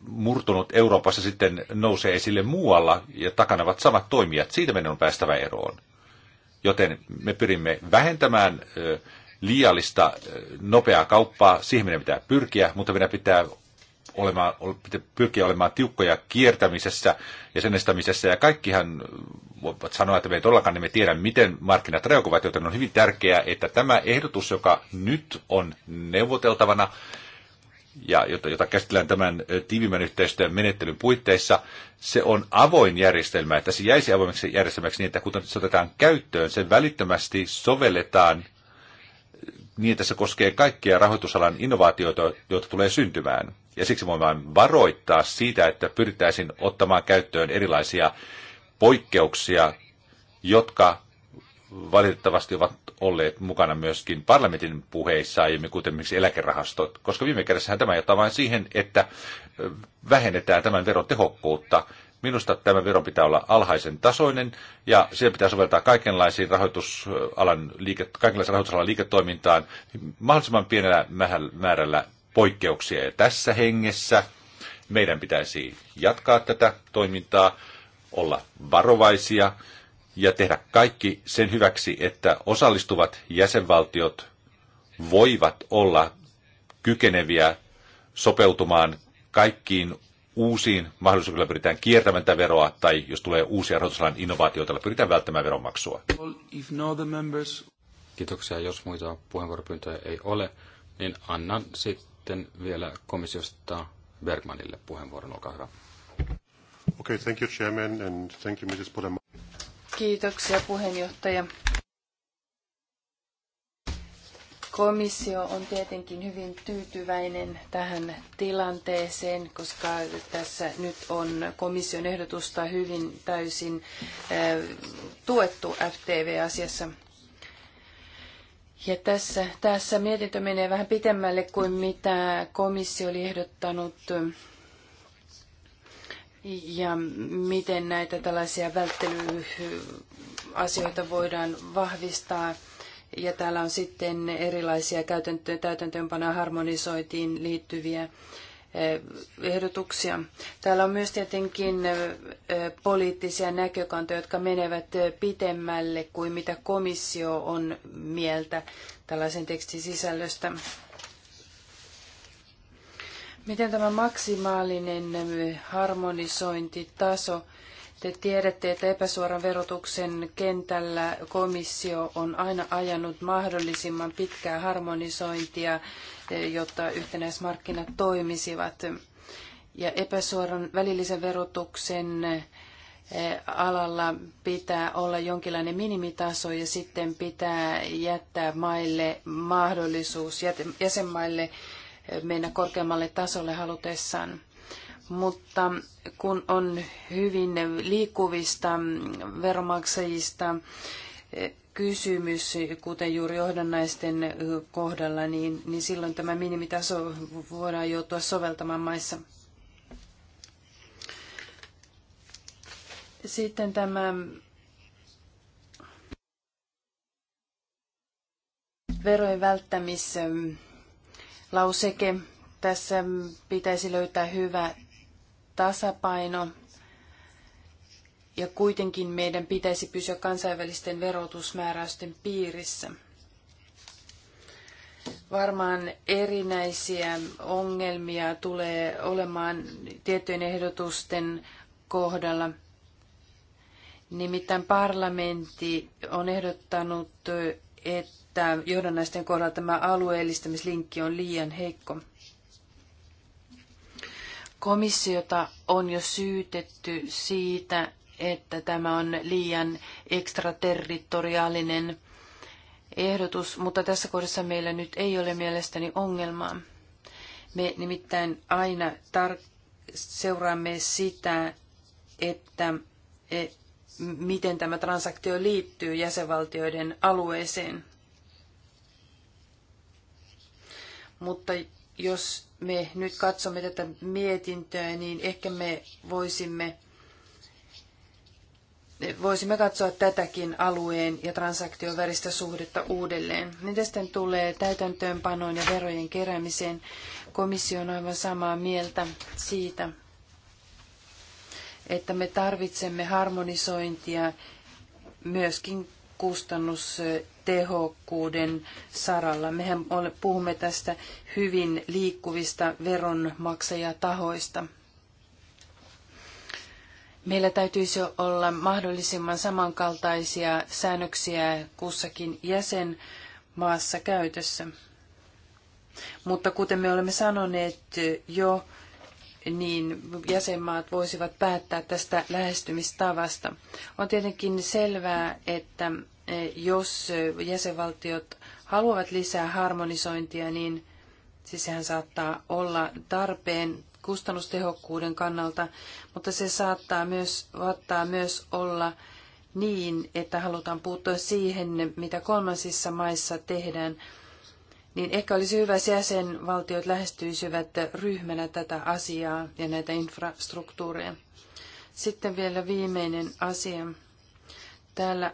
murtunut Euroopassa sitten nousee esille muualla ja takana ovat samat toimijat. Siitä meidän on päästävä eroon. Joten me pyrimme vähentämään liiallista nopeaa kauppaa, siihen meidän pitää pyrkiä, mutta meidän pitää olemaan, pyrkiä olemaan tiukkoja kiertämisessä ja sen estämisessä. Ja kaikkihan voivat sanoa, että me ei todellakaan niin me tiedä, miten markkinat reagoivat, joten on hyvin tärkeää, että tämä ehdotus, joka nyt on neuvoteltavana, ja jota, jota käsitellään tämän tiivimmän yhteistyön menettelyn puitteissa, se on avoin järjestelmä, että se jäisi avoimeksi järjestelmäksi niin, että kun se otetaan käyttöön, se välittömästi sovelletaan niin, että se koskee kaikkia rahoitusalan innovaatioita, joita tulee syntymään ja siksi voin vain varoittaa siitä, että pyrittäisiin ottamaan käyttöön erilaisia poikkeuksia, jotka valitettavasti ovat olleet mukana myöskin parlamentin puheissa aiemmin, kuten esimerkiksi eläkerahastot, koska viime kädessä tämä johtaa vain siihen, että vähennetään tämän veron tehokkuutta. Minusta tämä vero pitää olla alhaisen tasoinen ja siellä pitää soveltaa kaikenlaisiin rahoitusalan liike, kaikenlaisiin rahoitusalan liiketoimintaan mahdollisimman pienellä määrällä poikkeuksia. Ja tässä hengessä meidän pitäisi jatkaa tätä toimintaa, olla varovaisia ja tehdä kaikki sen hyväksi, että osallistuvat jäsenvaltiot voivat olla kykeneviä sopeutumaan kaikkiin uusiin mahdollisuuksilla pyritään kiertämään tätä veroa, tai jos tulee uusia rahoitusalan innovaatioita, pyritään välttämään veronmaksua. No Kiitoksia. Jos muita puheenvuoropyyntöjä ei ole, niin annan sitten sitten vielä komissiosta Bergmanille puheenvuoron. Olkaa hyvä. Okay, thank you, Chairman, and thank you, Mrs. Podema. Kiitoksia puheenjohtaja. Komissio on tietenkin hyvin tyytyväinen tähän tilanteeseen, koska tässä nyt on komission ehdotusta hyvin täysin eh, tuettu FTV-asiassa. Ja tässä, tässä mietintö menee vähän pitemmälle kuin mitä komissio oli ehdottanut ja miten näitä tällaisia välttelyasioita voidaan vahvistaa. Ja täällä on sitten erilaisia käytäntöön, täytäntöönpanoa harmonisoitiin liittyviä ehdotuksia. Täällä on myös tietenkin poliittisia näkökantoja, jotka menevät pitemmälle kuin mitä komissio on mieltä tällaisen tekstin sisällöstä. Miten tämä maksimaalinen harmonisointitaso taso te tiedätte, että epäsuoran verotuksen kentällä komissio on aina ajanut mahdollisimman pitkää harmonisointia, eh, jotta yhtenäismarkkinat toimisivat. Ja epäsuoran välillisen verotuksen eh, alalla pitää olla jonkinlainen minimitaso ja sitten pitää jättää maille mahdollisuus, jäsenmaille eh, mennä korkeammalle tasolle halutessaan mutta kun on hyvin liikkuvista veromaksajista eh, kysymys, kuten juuri johdannaisten kohdalla, niin, niin silloin tämä minimitaso voidaan joutua soveltamaan maissa. Sitten tämä verojen välttämislauseke. Tässä pitäisi löytää hyvä tasapaino. Ja kuitenkin meidän pitäisi pysyä kansainvälisten verotusmääräysten piirissä. Varmaan erinäisiä ongelmia tulee olemaan tiettyjen ehdotusten kohdalla. Nimittäin parlamentti on ehdottanut, että johdannaisten kohdalla tämä alueellistamislinkki on liian heikko. Komissiota on jo syytetty siitä, että tämä on liian ekstraterritoriaalinen ehdotus, mutta tässä kohdassa meillä nyt ei ole mielestäni ongelmaa. Me nimittäin aina seuraamme sitä, että e, miten tämä transaktio liittyy jäsenvaltioiden alueeseen. Mutta jos me nyt katsomme tätä mietintöä, niin ehkä me voisimme, voisimme katsoa tätäkin alueen ja transaktion välistä suhdetta uudelleen. Mitä sitten tulee täytäntöönpanoon ja verojen keräämiseen? Komissio on aivan samaa mieltä siitä, että me tarvitsemme harmonisointia myöskin kustannustehokkuuden saralla. Mehän puhumme tästä hyvin liikkuvista veronmaksajatahoista. Meillä täytyisi olla mahdollisimman samankaltaisia säännöksiä kussakin jäsenmaassa käytössä. Mutta kuten me olemme sanoneet jo, niin jäsenmaat voisivat päättää tästä lähestymistavasta. On tietenkin selvää, että e, jos jäsenvaltiot haluavat lisää harmonisointia, niin siis sehän saattaa olla tarpeen kustannustehokkuuden kannalta, mutta se saattaa myös, saattaa myös olla niin, että halutaan puuttua siihen, mitä kolmansissa maissa tehdään, niin ehkä olisi hyvä, jos jäsenvaltiot lähestyisivät ryhmänä tätä asiaa ja näitä infrastruktuureja. Sitten vielä viimeinen asia. Täällä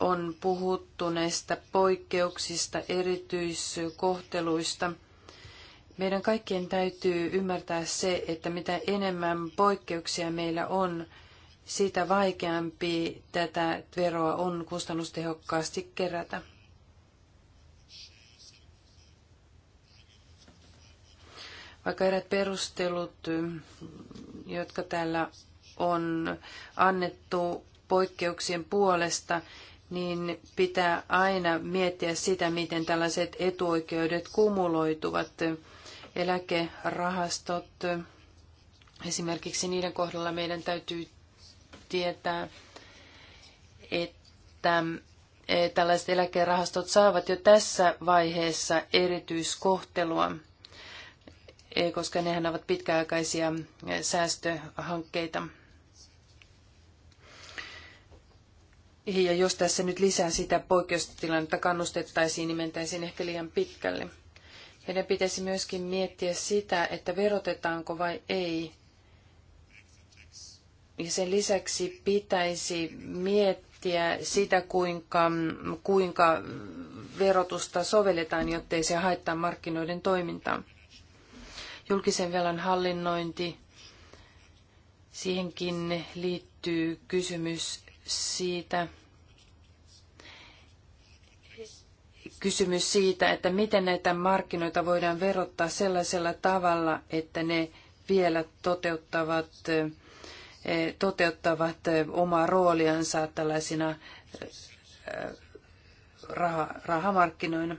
on puhuttu näistä poikkeuksista, erityiskohteluista. Meidän kaikkien täytyy ymmärtää se, että mitä enemmän poikkeuksia meillä on, sitä vaikeampi tätä veroa on kustannustehokkaasti kerätä. Vaikka erät perustelut, jotka täällä on annettu poikkeuksien puolesta, niin pitää aina miettiä sitä, miten tällaiset etuoikeudet kumuloituvat. Eläkerahastot, esimerkiksi niiden kohdalla meidän täytyy tietää, että eh, tällaiset eläkerahastot saavat jo tässä vaiheessa erityiskohtelua koska nehän ovat pitkäaikaisia eh, säästöhankkeita. Ja jos tässä nyt lisää sitä poikkeustilannetta kannustettaisiin, niin mentäisiin ehkä liian pitkälle. Meidän pitäisi myöskin miettiä sitä, että verotetaanko vai ei. Ja sen lisäksi pitäisi miettiä sitä, kuinka, kuinka verotusta sovelletaan, jottei se haittaa markkinoiden toimintaa. Julkisen velan hallinnointi, siihenkin liittyy kysymys siitä, kysymys siitä, että miten näitä markkinoita voidaan verottaa sellaisella tavalla, että ne vielä toteuttavat, toteuttavat omaa rooliansa tällaisina äh, rahamarkkinoina.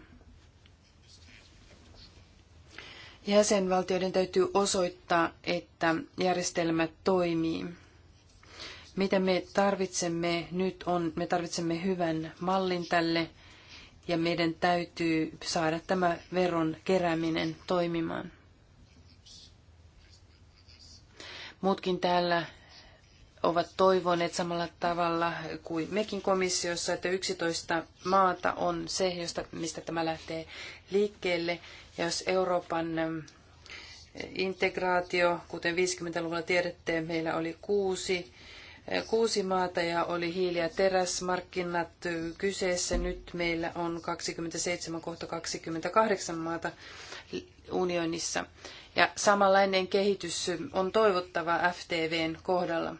Jäsenvaltioiden täytyy osoittaa, että järjestelmä toimii. Mitä me tarvitsemme nyt on, me tarvitsemme hyvän mallin tälle ja meidän täytyy saada tämä veron kerääminen toimimaan. Muutkin täällä ovat toivoneet samalla tavalla kuin mekin komissiossa, että 11 maata on se, josta, mistä tämä lähtee liikkeelle. Ja jos Euroopan integraatio, kuten 50-luvulla tiedettiin, meillä oli kuusi, e, kuusi maata ja oli hiili- ja teräsmarkkinat e, kyseessä. Nyt meillä on 27 kohta 28 maata unionissa. Ja samanlainen kehitys on toivottava FTVn kohdalla.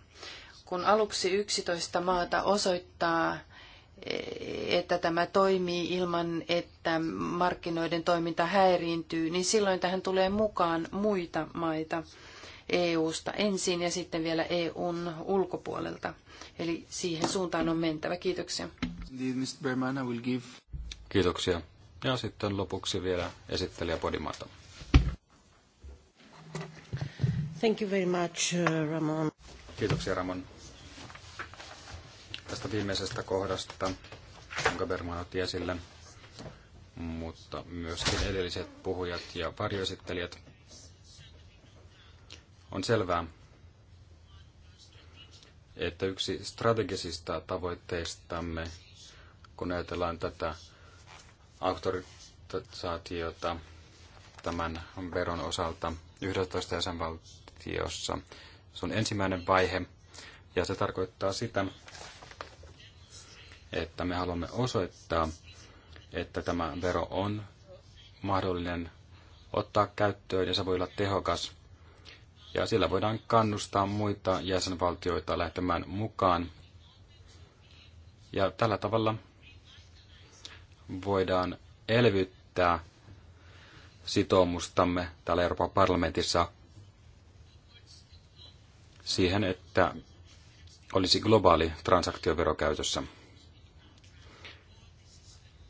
Kun aluksi 11 maata osoittaa että tämä toimii ilman, että markkinoiden toiminta häiriintyy, niin silloin tähän tulee mukaan muita maita EU-sta ensin ja sitten vielä EUn ulkopuolelta. Eli siihen suuntaan on mentävä. Kiitoksia. Kiitoksia. Ja sitten lopuksi vielä esittelijä Podimata. Thank you very much, uh, Ramon. Kiitoksia Ramon tästä viimeisestä kohdasta, jonka Berman otti esille, mutta myöskin edelliset puhujat ja varjoesittelijät. On selvää, että yksi strategisista tavoitteistamme, kun ajatellaan tätä auktorisaatiota tämän veron osalta 11 jäsenvaltiossa, se on ensimmäinen vaihe, ja se tarkoittaa sitä, että me haluamme osoittaa, että tämä vero on mahdollinen ottaa käyttöön ja se voi olla tehokas. Ja sillä voidaan kannustaa muita jäsenvaltioita lähtemään mukaan. Ja tällä tavalla voidaan elvyttää sitoumustamme täällä Euroopan parlamentissa siihen, että olisi globaali transaktioverokäytössä. käytössä.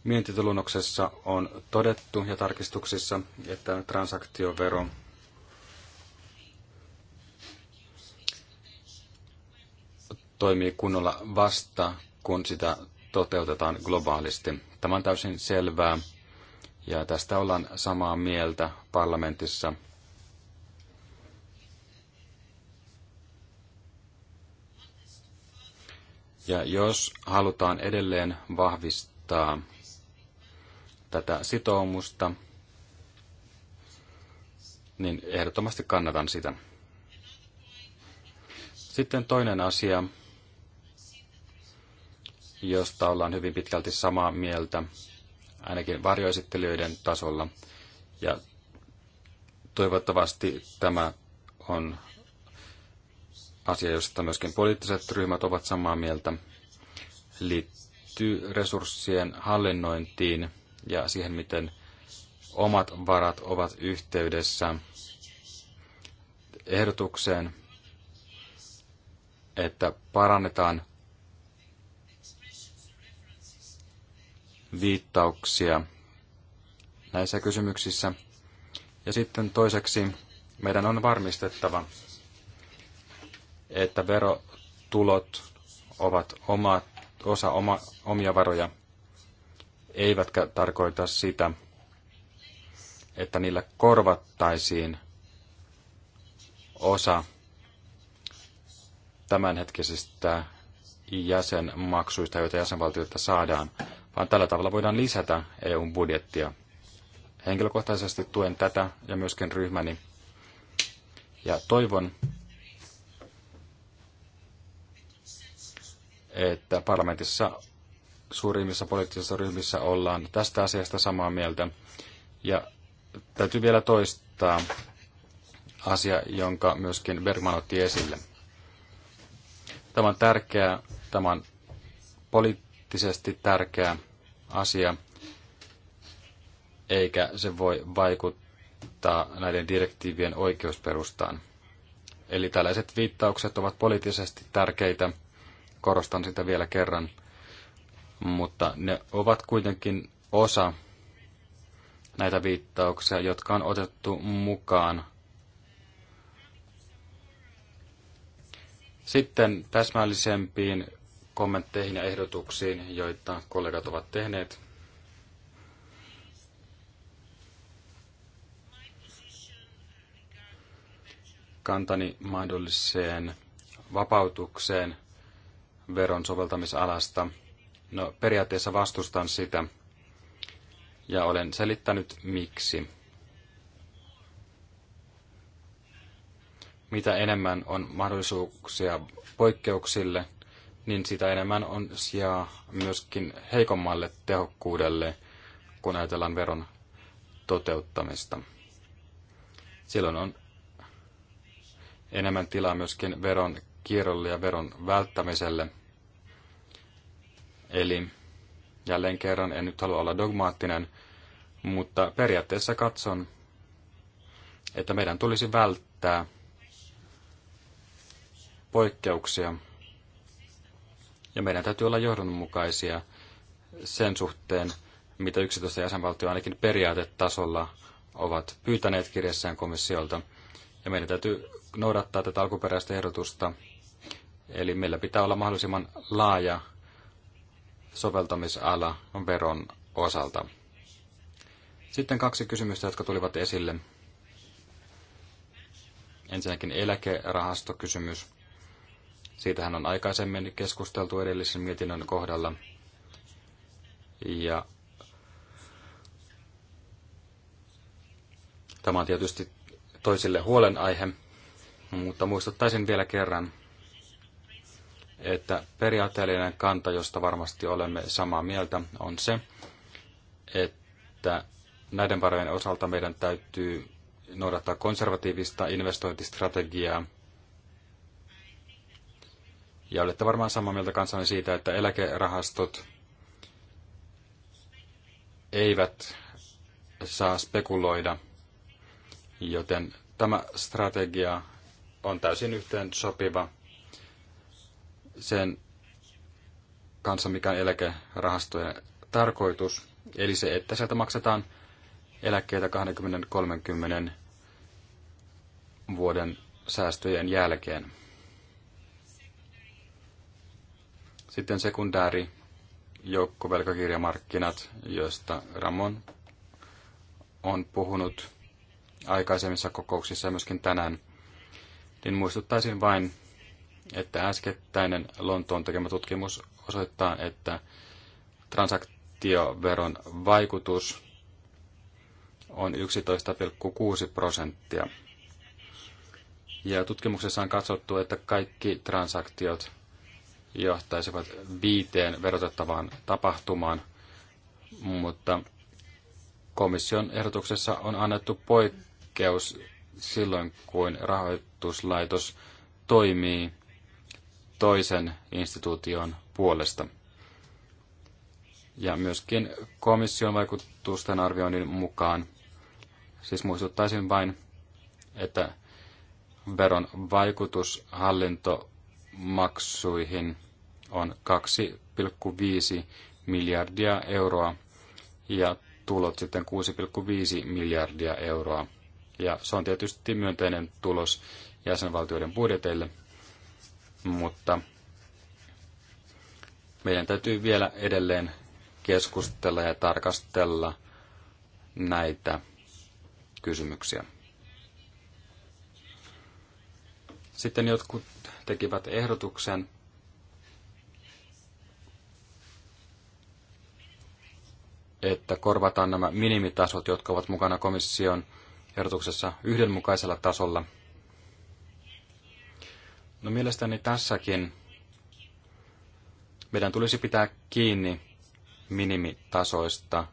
Mietintöluonnoksessa on todettu ja tarkistuksissa, että transaktiovero toimii kunnolla vasta, kun sitä toteutetaan globaalisti. Tämä on täysin selvää ja tästä ollaan samaa mieltä parlamentissa. Ja jos halutaan edelleen vahvistaa tätä sitoumusta, niin ehdottomasti kannatan sitä. Sitten toinen asia, josta ollaan hyvin pitkälti samaa mieltä, ainakin varjoesittelijöiden tasolla. Ja toivottavasti tämä on asia, josta myöskin poliittiset ryhmät ovat samaa mieltä, liittyy resurssien hallinnointiin – ja siihen, miten omat varat ovat yhteydessä ehdotukseen, että parannetaan viittauksia näissä kysymyksissä. Ja sitten toiseksi meidän on varmistettava, että verotulot ovat oma, osa oma, omia varoja eivätkä tarkoita sitä, että niillä korvattaisiin osa tämänhetkisistä jäsenmaksuista, joita jäsenvaltioilta saadaan, vaan tällä tavalla voidaan lisätä eu budjettia. Henkilökohtaisesti tuen tätä ja myöskin ryhmäni. Ja toivon, että parlamentissa suurimmissa poliittisissa ryhmissä ollaan tästä asiasta samaa mieltä. Ja täytyy vielä toistaa asia, jonka myöskin Bergman otti esille. Tämä on tärkeä, tämä on poliittisesti tärkeä asia, eikä se voi vaikuttaa näiden direktiivien oikeusperustaan. Eli tällaiset viittaukset ovat poliittisesti tärkeitä, korostan sitä vielä kerran – mutta ne ovat kuitenkin osa näitä viittauksia, jotka on otettu mukaan. Sitten täsmällisempiin kommentteihin ja ehdotuksiin, joita kollegat ovat tehneet. Kantani mahdolliseen vapautukseen veron soveltamisalasta – No periaatteessa vastustan sitä ja olen selittänyt miksi. Mitä enemmän on mahdollisuuksia poikkeuksille, niin sitä enemmän on sijaa myöskin heikommalle tehokkuudelle, kun ajatellaan veron toteuttamista. Silloin on enemmän tilaa myöskin veron kierrolle ja veron välttämiselle – Eli jälleen kerran en nyt halua olla dogmaattinen, mutta periaatteessa katson, että meidän tulisi välttää poikkeuksia ja meidän täytyy olla johdonmukaisia sen suhteen, mitä 11 jäsenvaltio ainakin periaatetasolla ovat pyytäneet kirjassaan komissiolta. Ja meidän täytyy noudattaa tätä alkuperäistä ehdotusta. Eli meillä pitää olla mahdollisimman laaja soveltamisala on veron osalta. Sitten kaksi kysymystä, jotka tulivat esille. Ensinnäkin eläkerahastokysymys. Siitähän on aikaisemmin keskusteltu edellisen mietinnön kohdalla. Ja tämä on tietysti toisille huolenaihe, mutta muistuttaisin vielä kerran, että periaatteellinen kanta, josta varmasti olemme samaa mieltä, on se, että näiden varojen osalta meidän täytyy noudattaa konservatiivista investointistrategiaa. Ja olette varmaan samaa mieltä kanssani siitä, että eläkerahastot eivät saa spekuloida, joten tämä strategia on täysin yhteen sopiva – sen kanssa, mikä on eläkerahastojen tarkoitus. Eli se, että sieltä maksetaan eläkkeitä 20-30 vuoden säästöjen jälkeen. Sitten sekundääri joukkovelkakirjamarkkinat, joista Ramon on puhunut aikaisemmissa kokouksissa ja myöskin tänään, niin muistuttaisin vain että äskettäinen Lontoon tekemä tutkimus osoittaa, että transaktioveron vaikutus on 11,6 prosenttia. Ja tutkimuksessa on katsottu, että kaikki transaktiot johtaisivat viiteen verotettavaan tapahtumaan, mutta komission ehdotuksessa on annettu poikkeus silloin, kun rahoituslaitos toimii toisen instituution puolesta. Ja myöskin komission vaikutusten arvioinnin mukaan, siis muistuttaisin vain, että veron vaikutus hallintomaksuihin on 2,5 miljardia euroa ja tulot sitten 6,5 miljardia euroa. Ja se on tietysti myönteinen tulos jäsenvaltioiden budjeteille – mutta meidän täytyy vielä edelleen keskustella ja tarkastella näitä kysymyksiä. Sitten jotkut tekivät ehdotuksen että korvataan nämä minimitasot, jotka ovat mukana komission ehdotuksessa yhdenmukaisella tasolla – No mielestäni tässäkin meidän tulisi pitää kiinni minimitasoista,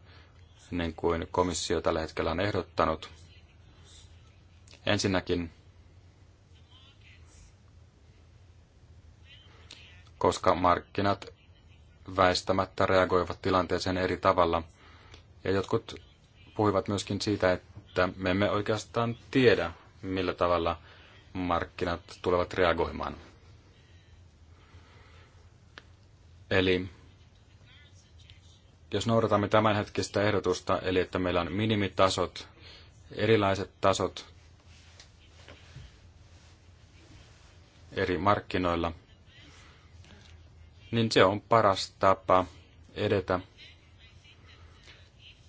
niin kuin komissio tällä hetkellä on ehdottanut. Ensinnäkin, koska markkinat väistämättä reagoivat tilanteeseen eri tavalla. Ja jotkut puhuivat myöskin siitä, että me emme oikeastaan tiedä, millä tavalla – markkinat tulevat reagoimaan. Eli jos noudatamme tämänhetkistä ehdotusta, eli että meillä on minimitasot, erilaiset tasot eri markkinoilla, niin se on paras tapa edetä.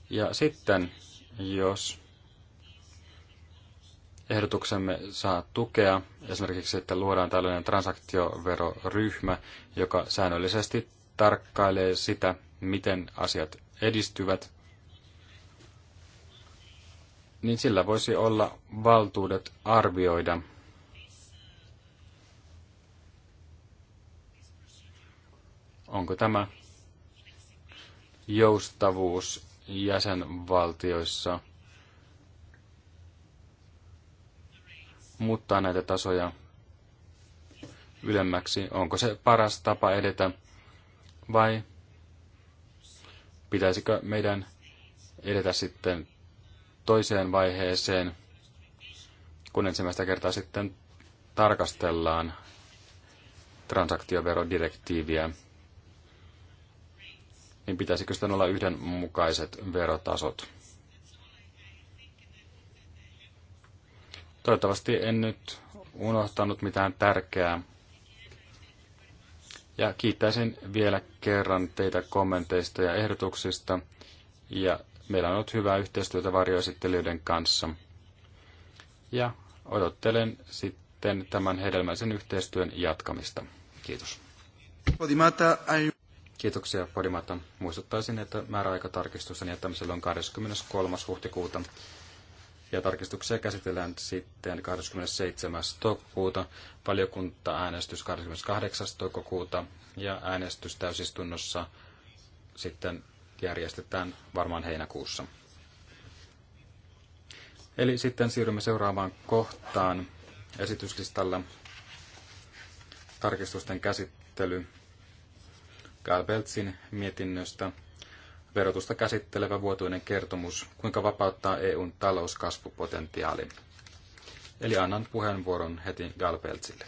Ja sitten, jos ehdotuksemme saa tukea. Esimerkiksi, että luodaan tällainen transaktioveroryhmä, joka säännöllisesti tarkkailee sitä, miten asiat edistyvät. Niin sillä voisi olla valtuudet arvioida onko tämä joustavuus jäsenvaltioissa muuttaa näitä tasoja ylemmäksi? Onko se paras tapa edetä vai pitäisikö meidän edetä sitten toiseen vaiheeseen, kun ensimmäistä kertaa sitten tarkastellaan transaktioverodirektiiviä, niin pitäisikö sitten olla yhdenmukaiset verotasot? Toivottavasti en nyt unohtanut mitään tärkeää. Ja kiittäisin vielä kerran teitä kommenteista ja ehdotuksista. Ja meillä on ollut hyvää yhteistyötä varjoesittelijöiden kanssa. Ja odottelen sitten tämän hedelmäisen yhteistyön jatkamista. Kiitos. Podimata, I... Kiitoksia Podimata. Muistuttaisin, että on jättämisellä on 23. huhtikuuta ja tarkistuksia käsitellään sitten 27. toukokuuta, valiokunta-äänestys 28. toukokuuta ja äänestys täysistunnossa sitten järjestetään varmaan heinäkuussa. Eli sitten siirrymme seuraavaan kohtaan esityslistalla tarkistusten käsittely Galbeltsin mietinnöstä verotusta käsittelevä vuotuinen kertomus, kuinka vapauttaa EUn talouskasvupotentiaali. Eli annan puheenvuoron heti Galpeltsille.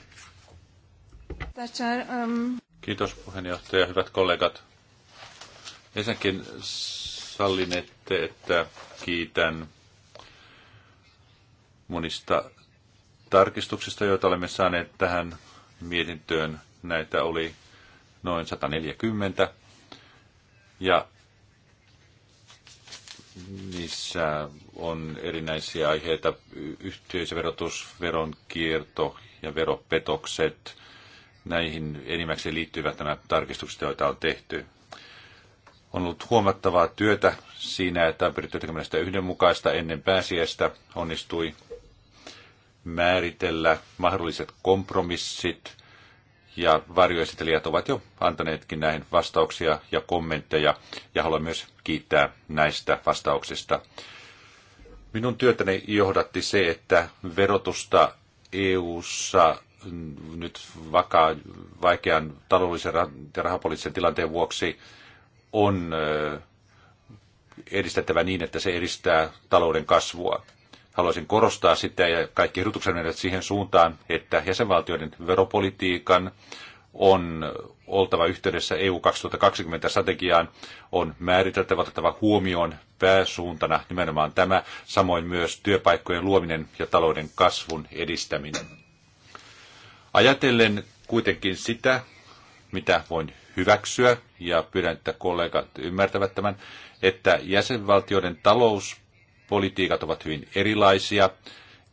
Kiitos puheenjohtaja, hyvät kollegat. Ensinnäkin sallinette, että kiitän monista tarkistuksista, joita olemme saaneet tähän mietintöön. Näitä oli noin 140. Ja missä on erinäisiä aiheita, yhteisöverotus, veronkierto ja veropetokset. Näihin enimmäkseen liittyvät nämä tarkistukset, joita on tehty. On ollut huomattavaa työtä siinä, että on pyritty tekemään sitä yhdenmukaista ennen pääsiäistä. Onnistui määritellä mahdolliset kompromissit ja varjoesittelijät ovat jo antaneetkin näihin vastauksia ja kommentteja, ja haluan myös kiittää näistä vastauksista. Minun työtäni johdatti se, että verotusta EU-ssa nyt vakaa, vaikean taloudellisen ja rahapoliittisen tilanteen vuoksi on edistettävä niin, että se edistää talouden kasvua. Haluaisin korostaa sitä ja kaikki ehdotukset menevät siihen suuntaan, että jäsenvaltioiden veropolitiikan on oltava yhteydessä EU 2020 strategiaan, on määriteltävä otettava huomioon pääsuuntana nimenomaan tämä, samoin myös työpaikkojen luominen ja talouden kasvun edistäminen. Ajatellen kuitenkin sitä, mitä voin hyväksyä, ja pyydän, että kollegat ymmärtävät tämän, että jäsenvaltioiden talous politiikat ovat hyvin erilaisia.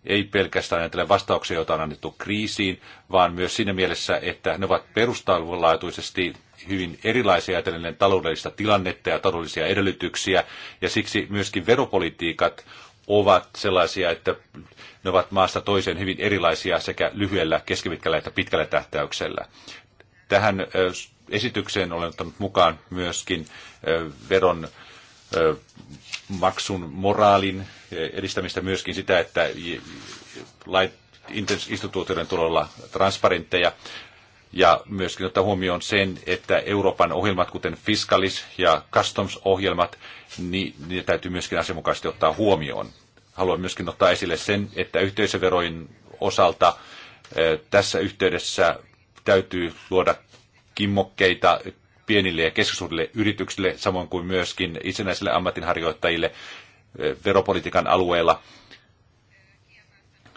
Ei pelkästään ajatella vastauksia, joita on annettu kriisiin, vaan myös siinä mielessä, että ne ovat perustavanlaatuisesti hyvin erilaisia ajatellen taloudellista tilannetta ja taloudellisia edellytyksiä. Ja siksi myöskin veropolitiikat ovat sellaisia, että ne ovat maasta toiseen hyvin erilaisia sekä lyhyellä, keskipitkällä että pitkällä tähtäyksellä. Tähän esitykseen olen ottanut mukaan myöskin veron maksun moraalin eh, edistämistä myöskin sitä, että lait, instituutioiden tulee olla transparentteja ja myöskin ottaa huomioon sen, että Euroopan ohjelmat, kuten Fiskalis ja Customs-ohjelmat, niin niitä täytyy myöskin asianmukaisesti ottaa huomioon. Haluan myöskin ottaa esille sen, että yhteisöverojen osalta eh, tässä yhteydessä täytyy luoda kimmokkeita pienille ja keskisuurille yrityksille, samoin kuin myöskin itsenäisille ammatinharjoittajille veropolitiikan alueella.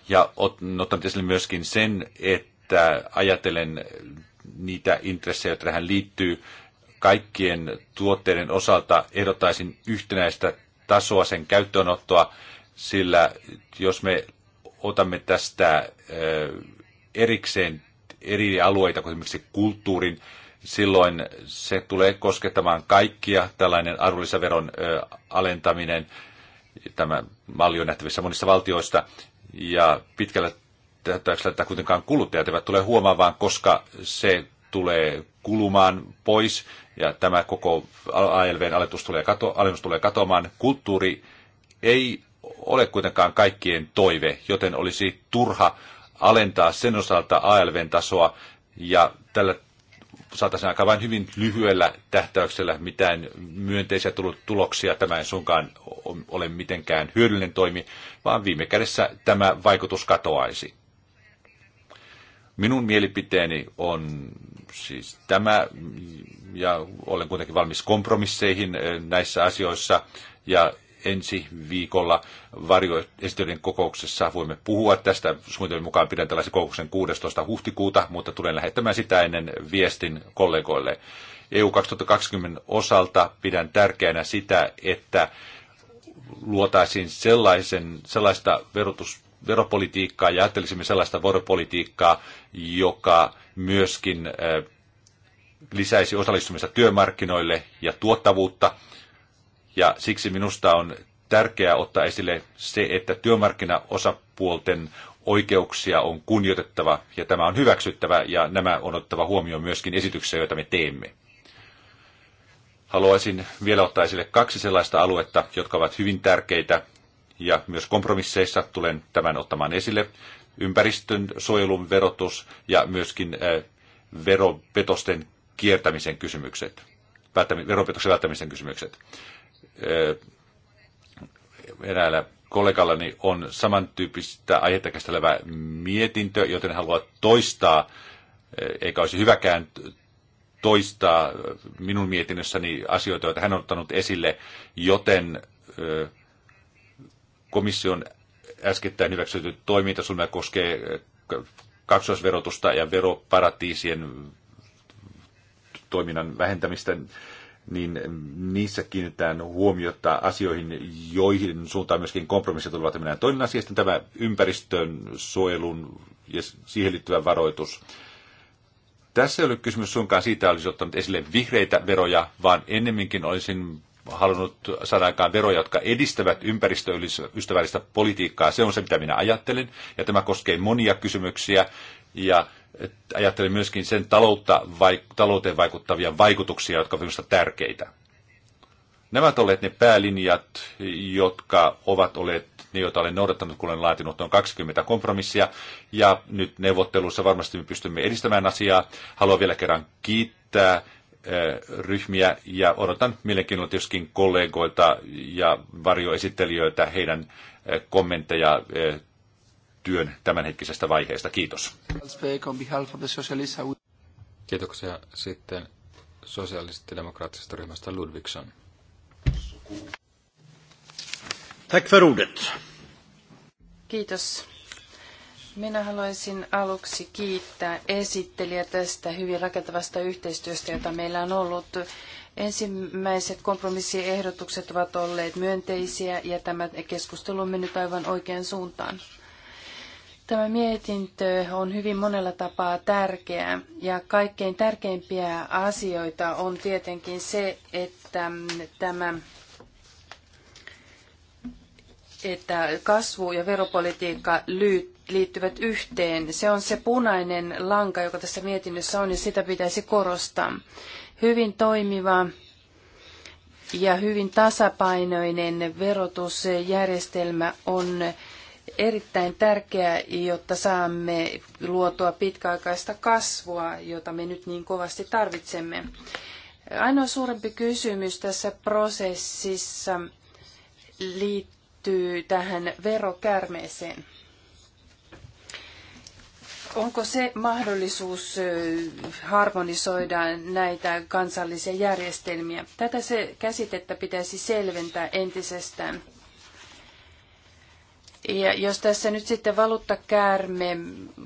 Ja otan esille myöskin sen, että ajatellen niitä intressejä, joita tähän liittyy, kaikkien tuotteiden osalta ehdottaisin yhtenäistä tasoa, sen käyttöönottoa, sillä jos me otamme tästä erikseen eri alueita, kuten esimerkiksi kulttuurin silloin se tulee koskettamaan kaikkia tällainen arvonlisäveron alentaminen. Tämä malli on nähtävissä monissa valtioista ja pitkällä tähtäyksellä kuitenkaan kuluttajat eivät tule huomaamaan, koska se tulee kulumaan pois ja tämä koko ALVn alennus tulee, kato, alennus tulee katoamaan. Kulttuuri ei ole kuitenkaan kaikkien toive, joten olisi turha alentaa sen osalta ALVn tasoa ja tällä saataisiin aika vain hyvin lyhyellä tähtäyksellä mitään myönteisiä tuloksia. Tämä ei suinkaan ole mitenkään hyödyllinen toimi, vaan viime kädessä tämä vaikutus katoaisi. Minun mielipiteeni on siis tämä, ja olen kuitenkin valmis kompromisseihin eh, näissä asioissa, ja ensi viikolla varjoesitöiden kokouksessa voimme puhua tästä. Suunnitelmien mukaan pidän tällaisen kokouksen 16. huhtikuuta, mutta tulen lähettämään sitä ennen viestin kollegoille. EU 2020 osalta pidän tärkeänä sitä, että luotaisiin sellaisen, sellaista verotus, veropolitiikkaa ja ajattelisimme sellaista veropolitiikkaa, joka myöskin lisäisi osallistumista työmarkkinoille ja tuottavuutta. Ja siksi minusta on tärkeää ottaa esille se, että työmarkkinaosapuolten oikeuksia on kunnioitettava ja tämä on hyväksyttävä ja nämä on ottava huomioon myöskin esityksessä joita me teemme. Haluaisin vielä ottaa esille kaksi sellaista aluetta, jotka ovat hyvin tärkeitä ja myös kompromisseissa tulen tämän ottamaan esille. Ympäristön suojelun verotus ja myöskin äh, veropetosten kiertämisen kysymykset, veropetoksen välttämisen kysymykset eräällä kollegallani on samantyyppistä aihetta käsittelevä mietintö, joten haluan toistaa, eikä olisi hyväkään toistaa minun mietinnössäni asioita, joita hän on ottanut esille, joten komission äskettäin hyväksytty toimintasuunnitelma koskee kaksoisverotusta ja veroparatiisien toiminnan vähentämistä niin niissä kiinnitetään huomiota asioihin, joihin suuntaan myöskin kompromissia tulevat mennään. Toinen asia sitten tämä ympäristön suojelun ja siihen liittyvä varoitus. Tässä ei ole kysymys suinkaan siitä, olisi ottanut esille vihreitä veroja, vaan ennemminkin olisin halunnut saada aikaan veroja, jotka edistävät ympäristöystävällistä politiikkaa. Se on se, mitä minä ajattelen. Ja tämä koskee monia kysymyksiä, ja ajattelin myöskin sen taloutta, vaik- talouteen vaikuttavia vaikutuksia, jotka ovat minusta tärkeitä. Nämä ovat olleet ne päälinjat, jotka ovat olleet ne, joita olen noudattanut, kun olen laatinut noin 20 kompromissia. Ja nyt neuvottelussa varmasti me pystymme edistämään asiaa. Haluan vielä kerran kiittää eh, ryhmiä ja odotan mielenkiinnolla tietysti kollegoilta ja varjoesittelijöiltä heidän eh, kommentteja eh, työn tämänhetkisestä vaiheesta. Kiitos. Kiitoksia sitten sosialistidemokraattisesta ryhmästä Ludvigson. Tack för ordet. Kiitos. Minä haluaisin aluksi kiittää esittelijä tästä hyvin rakentavasta yhteistyöstä, jota meillä on ollut. Ensimmäiset kompromissiehdotukset ovat olleet myönteisiä ja tämä keskustelu on mennyt aivan oikeaan suuntaan. Tämä mietintö on hyvin monella tapaa tärkeä ja kaikkein tärkeimpiä asioita on tietenkin se, että tämä että kasvu ja veropolitiikka liittyvät yhteen. Se on se punainen lanka, joka tässä mietinnössä on, ja sitä pitäisi korostaa. Hyvin toimiva ja hyvin tasapainoinen verotusjärjestelmä on erittäin tärkeä, jotta saamme luotua pitkäaikaista kasvua, jota me nyt niin kovasti tarvitsemme. Ainoa suurempi kysymys tässä prosessissa liittyy tähän verokärmeeseen. Onko se mahdollisuus harmonisoida näitä kansallisia järjestelmiä? Tätä se käsitettä pitäisi selventää entisestään. Ja jos tässä nyt sitten valuuttakäärme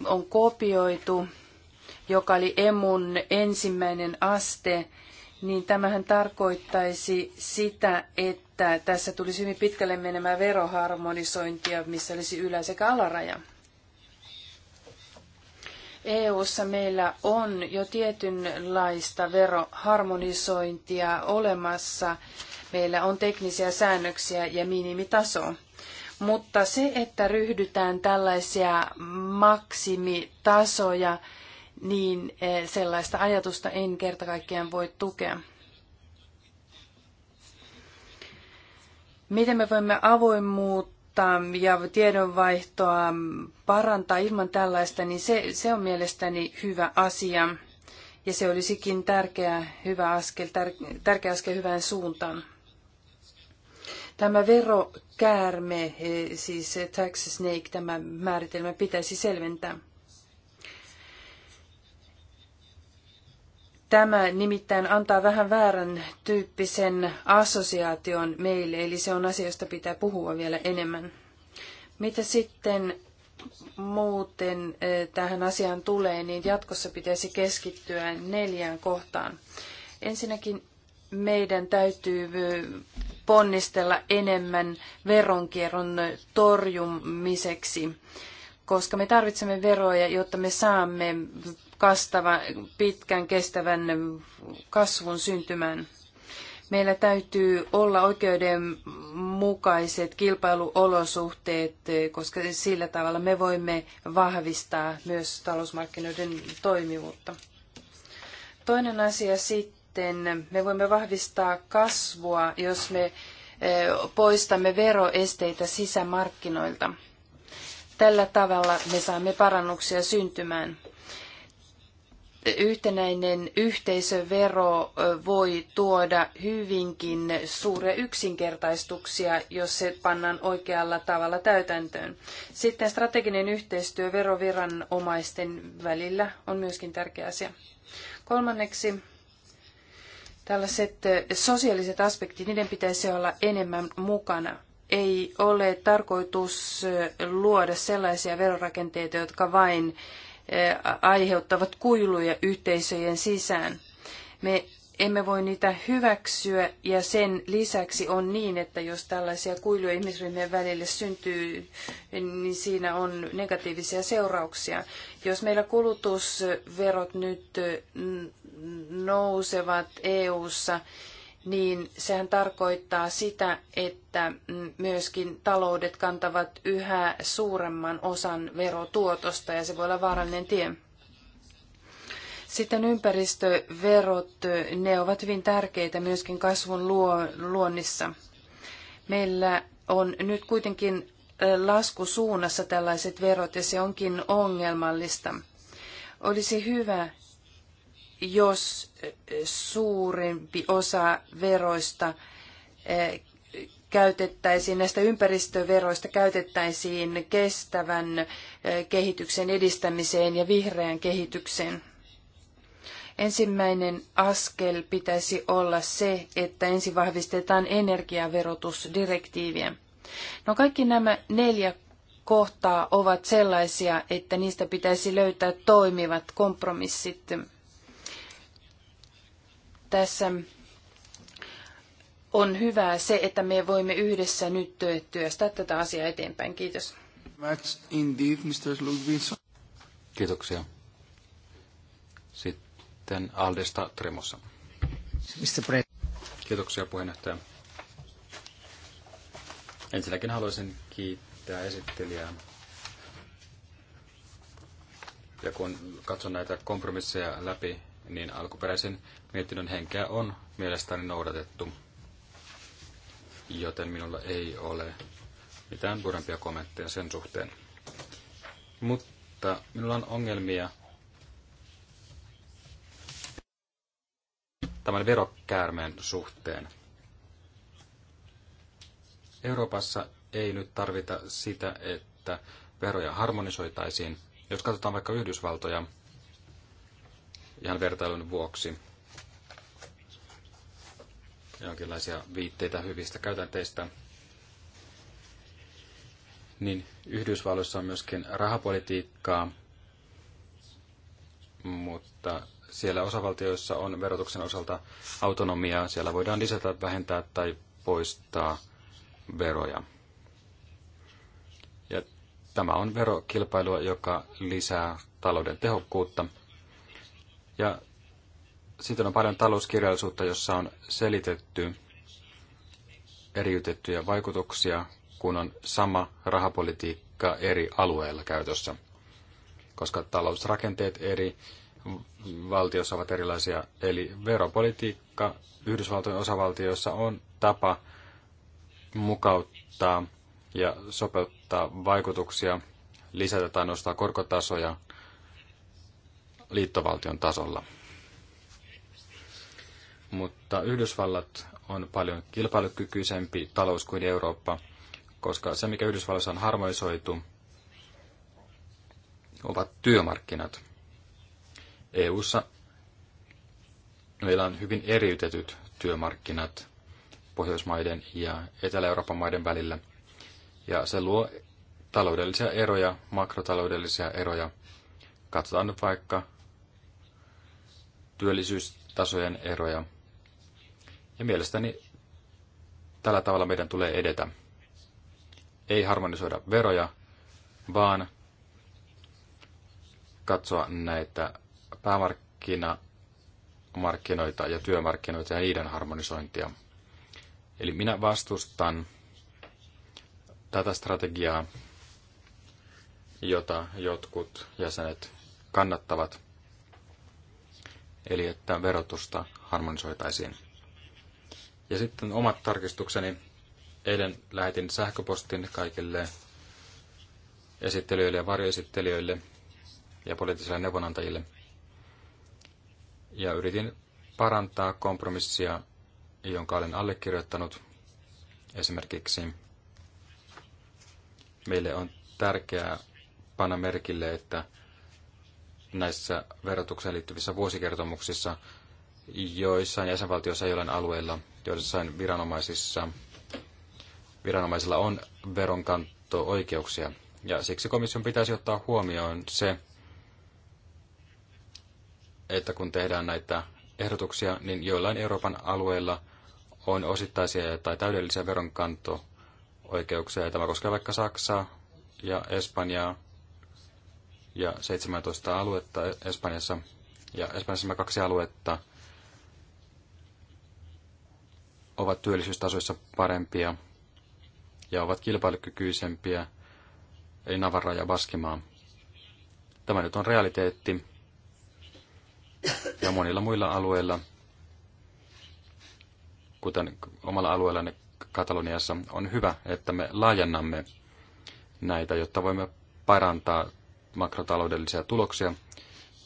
on kopioitu, joka oli emun ensimmäinen aste, niin tämähän tarkoittaisi sitä, että tässä tulisi hyvin pitkälle menemään veroharmonisointia, missä olisi ylä- sekä alaraja. EU:ssa meillä on jo tietynlaista veroharmonisointia olemassa. Meillä on teknisiä säännöksiä ja minimitaso. Mutta se, että ryhdytään tällaisia maksimitasoja, niin eh, sellaista ajatusta en kerta kaikkiaan voi tukea. Miten me voimme avoimuutta ja tiedonvaihtoa parantaa ilman tällaista, niin se, se on mielestäni hyvä asia. Ja se olisikin tärkeä, hyvä askel, tär, tärkeä askel hyvään suuntaan. Tämä verokäärme, eh, siis tax snake, tämä määritelmä pitäisi selventää. Tämä nimittäin antaa vähän väärän tyyppisen assosiaation meille, eli se on asia, josta pitää puhua vielä enemmän. Mitä sitten muuten eh, tähän asiaan tulee, niin jatkossa pitäisi keskittyä neljään kohtaan. Ensinnäkin meidän täytyy eh, ponnistella enemmän veronkierron torjumiseksi, koska me tarvitsemme veroja, jotta me saamme kastava, pitkän kestävän kasvun syntymään. Meillä täytyy olla oikeudenmukaiset kilpailuolosuhteet, koska sillä tavalla me voimme vahvistaa myös talousmarkkinoiden toimivuutta. Toinen asia sitten sitten me voimme vahvistaa kasvua, jos me eh, poistamme veroesteitä sisämarkkinoilta. Tällä tavalla me saamme parannuksia syntymään. Yhtenäinen yhteisövero eh, voi tuoda hyvinkin suuria yksinkertaistuksia, jos se pannaan oikealla tavalla täytäntöön. Sitten strateginen yhteistyö veroviranomaisten välillä on myöskin tärkeä asia. Kolmanneksi tällaiset eh, sosiaaliset aspektit, niiden pitäisi olla enemmän mukana. Ei ole tarkoitus eh, luoda sellaisia verorakenteita, jotka vain eh, aiheuttavat kuiluja yhteisöjen sisään. Me emme voi niitä hyväksyä ja sen lisäksi on niin, että jos tällaisia kuiluja ihmisryhmien välille syntyy, niin siinä on negatiivisia seurauksia. Jos meillä kulutusverot nyt nousevat EU:ssa, niin sehän tarkoittaa sitä, että mm, myöskin taloudet kantavat yhä suuremman osan verotuotosta ja se voi olla vaarallinen tie. Sitten ympäristöverot, ne ovat hyvin tärkeitä myöskin kasvun luonnissa. Meillä on nyt kuitenkin laskusuunnassa tällaiset verot ja se onkin ongelmallista. Olisi hyvä, jos suurempi osa veroista eh, käytettäisiin, näistä ympäristöveroista käytettäisiin kestävän eh, kehityksen edistämiseen ja vihreän kehitykseen. Ensimmäinen askel pitäisi olla se, että ensin vahvistetaan energiaverotusdirektiiviä. No kaikki nämä neljä kohtaa ovat sellaisia, että niistä pitäisi löytää toimivat kompromissit tässä on hyvää se, että me voimme yhdessä nyt työstää tätä asiaa eteenpäin. Kiitos. Kiitoksia. Sitten Aldesta Tremossa. Kiitoksia puheenjohtaja. Ensinnäkin haluaisin kiittää esittelijää. Ja kun katson näitä kompromisseja läpi, niin alkuperäisen mietinnön henkeä on mielestäni noudatettu, joten minulla ei ole mitään suurempia kommentteja sen suhteen. Mutta minulla on ongelmia tämän verokäärmeen suhteen. Euroopassa ei nyt tarvita sitä, että veroja harmonisoitaisiin. Jos katsotaan vaikka Yhdysvaltoja ihan vertailun vuoksi, jonkinlaisia viitteitä hyvistä käytänteistä, niin Yhdysvalloissa on myöskin rahapolitiikkaa, mutta siellä osavaltioissa on verotuksen osalta autonomiaa. Siellä voidaan lisätä, vähentää tai poistaa veroja. Ja tämä on verokilpailua, joka lisää talouden tehokkuutta. Ja sitten on paljon talouskirjallisuutta, jossa on selitetty eriytettyjä vaikutuksia, kun on sama rahapolitiikka eri alueilla käytössä, koska talousrakenteet eri valtiossa ovat erilaisia. Eli veropolitiikka Yhdysvaltojen osavaltioissa on tapa mukauttaa ja sopeuttaa vaikutuksia, lisätä tai nostaa korkotasoja liittovaltion tasolla mutta Yhdysvallat on paljon kilpailukykyisempi talous kuin Eurooppa, koska se, mikä Yhdysvalloissa on harmonisoitu, ovat työmarkkinat. EU:ssa meillä on hyvin eriytetyt työmarkkinat Pohjoismaiden ja Etelä-Euroopan maiden välillä, ja se luo taloudellisia eroja, makrotaloudellisia eroja. Katsotaan nyt vaikka työllisyystasojen eroja ja mielestäni tällä tavalla meidän tulee edetä. Ei harmonisoida veroja, vaan katsoa näitä päämarkkinoita ja työmarkkinoita ja niiden harmonisointia. Eli minä vastustan tätä strategiaa, jota jotkut jäsenet kannattavat, eli että verotusta harmonisoitaisiin. Ja sitten omat tarkistukseni. Eilen lähetin sähköpostin kaikille esittelijöille ja varjoesittelijöille ja poliittisille neuvonantajille. Ja yritin parantaa kompromissia, jonka olen allekirjoittanut. Esimerkiksi meille on tärkeää panna merkille, että näissä verotukseen liittyvissä vuosikertomuksissa joissain jäsenvaltioissa ole alueilla joissain viranomaisissa viranomaisilla on veronkanto-oikeuksia. Ja siksi komission pitäisi ottaa huomioon se, että kun tehdään näitä ehdotuksia, niin joillain Euroopan alueilla on osittaisia tai täydellisiä veronkanto-oikeuksia. Ja tämä koskee vaikka Saksaa ja Espanjaa ja 17 aluetta Espanjassa. Ja Espanjassa nämä kaksi aluetta – ovat työllisyystasoissa parempia ja ovat kilpailukykyisempiä, eli Navarra ja Baskimaa. Tämä nyt on realiteetti. Ja monilla muilla alueilla, kuten omalla alueellani Kataloniassa, on hyvä, että me laajennamme näitä, jotta voimme parantaa makrotaloudellisia tuloksia.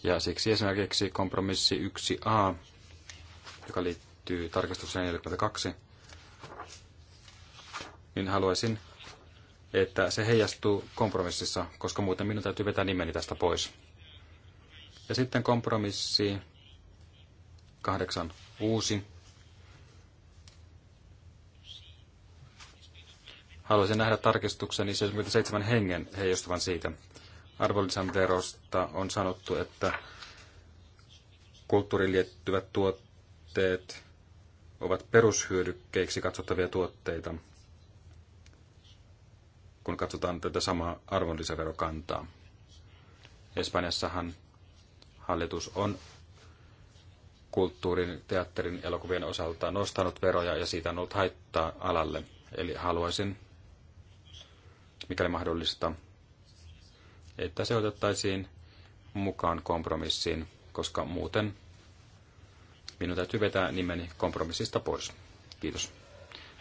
Ja siksi esimerkiksi kompromissi 1a, joka liittyy liittyy tarkistukseen 42, niin haluaisin, että se heijastuu kompromississa, koska muuten minun täytyy vetää nimeni tästä pois. Ja sitten kompromissi kahdeksan uusi. Haluaisin nähdä tarkistukseni 77 hengen heijastuvan siitä. Arvonlisäverosta on sanottu, että kulttuuriin liittyvät tuotteet ovat perushyödykkeiksi katsottavia tuotteita, kun katsotaan tätä samaa arvonlisäverokantaa. Espanjassahan hallitus on kulttuurin, teatterin, elokuvien osalta nostanut veroja ja siitä on ollut haittaa alalle. Eli haluaisin, mikäli mahdollista, että se otettaisiin mukaan kompromissiin, koska muuten – minun täytyy vetää nimeni kompromissista pois. Kiitos.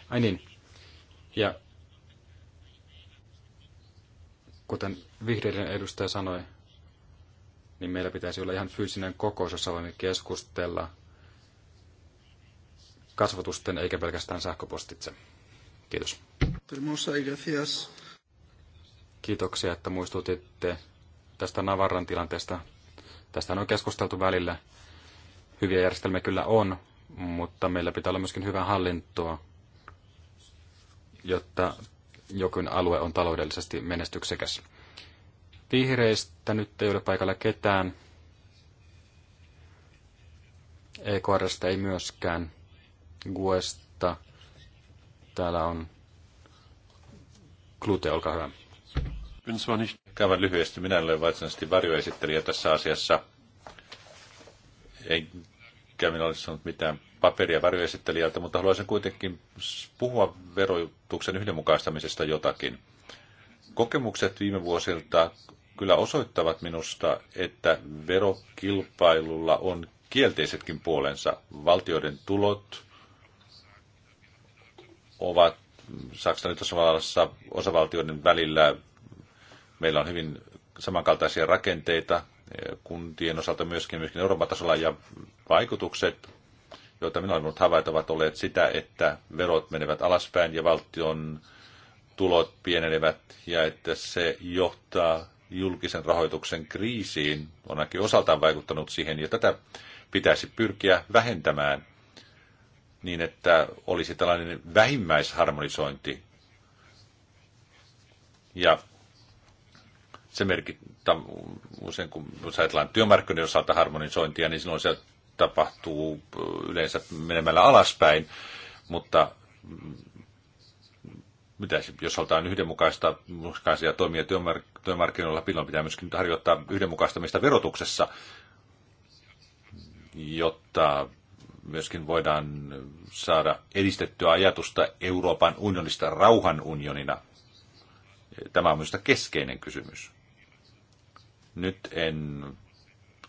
Ai niin. Ja kuten vihreiden edustaja sanoi, niin meillä pitäisi olla ihan fyysinen kokous, jossa voimme keskustella kasvatusten eikä pelkästään sähköpostitse. Kiitos. Kiitoksia, että muistutitte tästä Navarran tilanteesta. Tästä on keskusteltu välillä Hyviä järjestelmiä kyllä on, mutta meillä pitää olla myöskin hyvää hallintoa, jotta jokin alue on taloudellisesti menestyksekäs. Vihreistä nyt ei ole paikalla ketään. EKRstä ei myöskään. Guesta. Täällä on Klute, olkaa hyvä. Kävän lyhyesti. Minä olen varsinaisesti varjoesittelijä tässä asiassa enkä minä olisi sanonut mitään paperia varjoesittelijältä, mutta haluaisin kuitenkin puhua verotuksen yhdenmukaistamisesta jotakin. Kokemukset viime vuosilta kyllä osoittavat minusta, että verokilpailulla on kielteisetkin puolensa. Valtioiden tulot ovat Saksan ja osavaltioiden välillä. Meillä on hyvin samankaltaisia rakenteita, kuntien osalta myöskin, myöskin Euroopan tasolla ja vaikutukset, joita minä olen ollut havaita, ovat olleet sitä, että verot menevät alaspäin ja valtion tulot pienenevät ja että se johtaa julkisen rahoituksen kriisiin, on ainakin osaltaan vaikuttanut siihen ja tätä pitäisi pyrkiä vähentämään niin, että olisi tällainen vähimmäisharmonisointi. Ja se merkittää usein, kun ajatellaan työmarkkinoiden osalta harmonisointia, niin silloin se tapahtuu yleensä menemällä alaspäin, mutta mm, mitä, jos halutaan yhdenmukaista mukaisia toimia työmark- työmarkkinoilla, silloin pitää myöskin harjoittaa yhdenmukaistamista verotuksessa, jotta myöskin voidaan saada edistettyä ajatusta Euroopan unionista rauhan unionina. Tämä on minusta keskeinen kysymys. Nyt en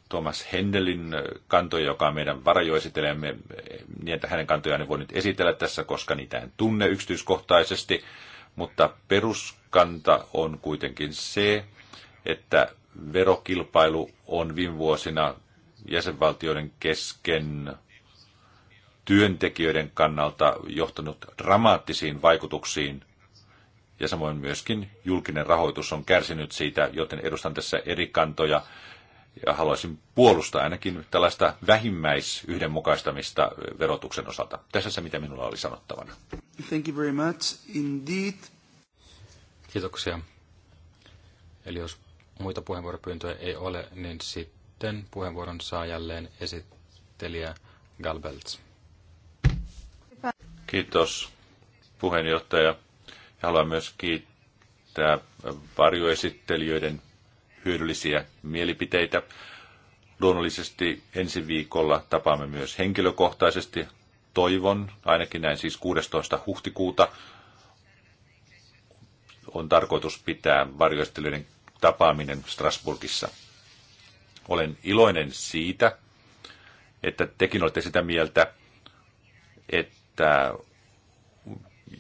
Thomas Hendelin kantoja, joka on meidän varajoesitelemme, niin että hänen kantojaan en voi nyt esitellä tässä, koska niitä en tunne yksityiskohtaisesti, mutta peruskanta on kuitenkin se, että verokilpailu on viime vuosina jäsenvaltioiden kesken työntekijöiden kannalta johtanut dramaattisiin vaikutuksiin ja samoin myöskin julkinen rahoitus on kärsinyt siitä, joten edustan tässä eri kantoja ja haluaisin puolustaa ainakin tällaista vähimmäisyhdenmukaistamista verotuksen osalta. Tässä se, mitä minulla oli sanottavana. Thank you very much indeed. Kiitoksia. Eli jos muita puheenvuoropyyntöjä ei ole, niin sitten puheenvuoron saa jälleen esittelijä Galbelts. Kiitos puheenjohtaja. Haluan myös kiittää varjoesittelijöiden hyödyllisiä mielipiteitä. Luonnollisesti ensi viikolla tapaamme myös henkilökohtaisesti. Toivon, ainakin näin siis 16. huhtikuuta, on tarkoitus pitää varjoistelijoiden tapaaminen Strasburgissa. Olen iloinen siitä, että tekin olette sitä mieltä, että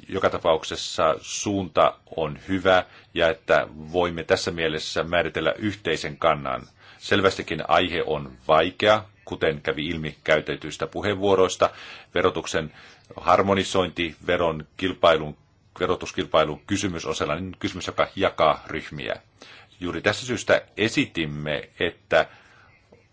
joka tapauksessa suunta on hyvä ja että voimme tässä mielessä määritellä yhteisen kannan. Selvästikin aihe on vaikea, kuten kävi ilmi käytetyistä puheenvuoroista. Verotuksen harmonisointi, veron kilpailun, verotuskilpailun kysymys on sellainen kysymys, joka jakaa ryhmiä. Juuri tässä syystä esitimme, että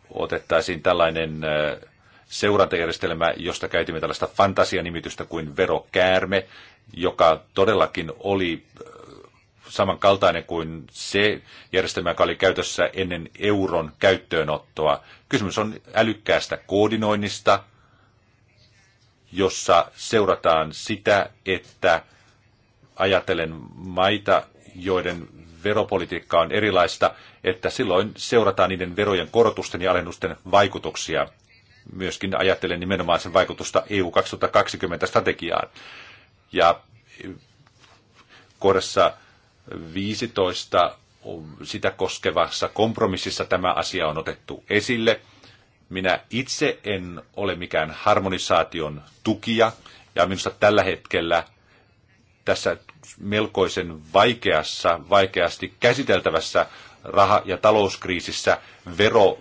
otettaisiin tällainen äh, seurantajärjestelmä, josta käytimme tällaista fantasianimitystä kuin verokäärme, joka todellakin oli äh, samankaltainen kuin se järjestelmä, joka oli käytössä ennen euron käyttöönottoa. Kysymys on älykkäästä koordinoinnista, jossa seurataan sitä, että ajatellen maita, joiden veropolitiikka on erilaista, että silloin seurataan niiden verojen korotusten ja alennusten vaikutuksia myöskin ajattelen nimenomaan sen vaikutusta EU 2020 strategiaan. Ja kohdassa 15 sitä koskevassa kompromississa tämä asia on otettu esille. Minä itse en ole mikään harmonisaation tukija, ja minusta tällä hetkellä tässä melkoisen vaikeassa, vaikeasti käsiteltävässä raha- ja talouskriisissä vero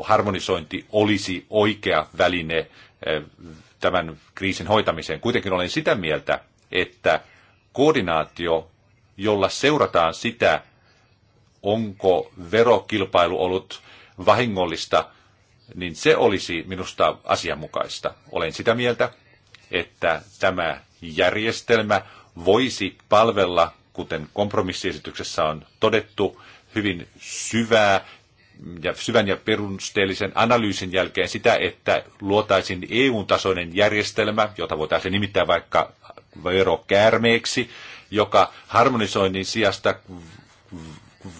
harmonisointi olisi oikea väline eh, tämän kriisin hoitamiseen. Kuitenkin olen sitä mieltä, että koordinaatio, jolla seurataan sitä, onko verokilpailu ollut vahingollista, niin se olisi minusta asianmukaista. Olen sitä mieltä, että tämä järjestelmä voisi palvella, kuten kompromissiesityksessä on todettu, hyvin syvää ja syvän ja perusteellisen analyysin jälkeen sitä, että luotaisiin EU-tasoinen järjestelmä, jota voitaisiin nimittää vaikka verokäärmeeksi, joka harmonisoinnin sijasta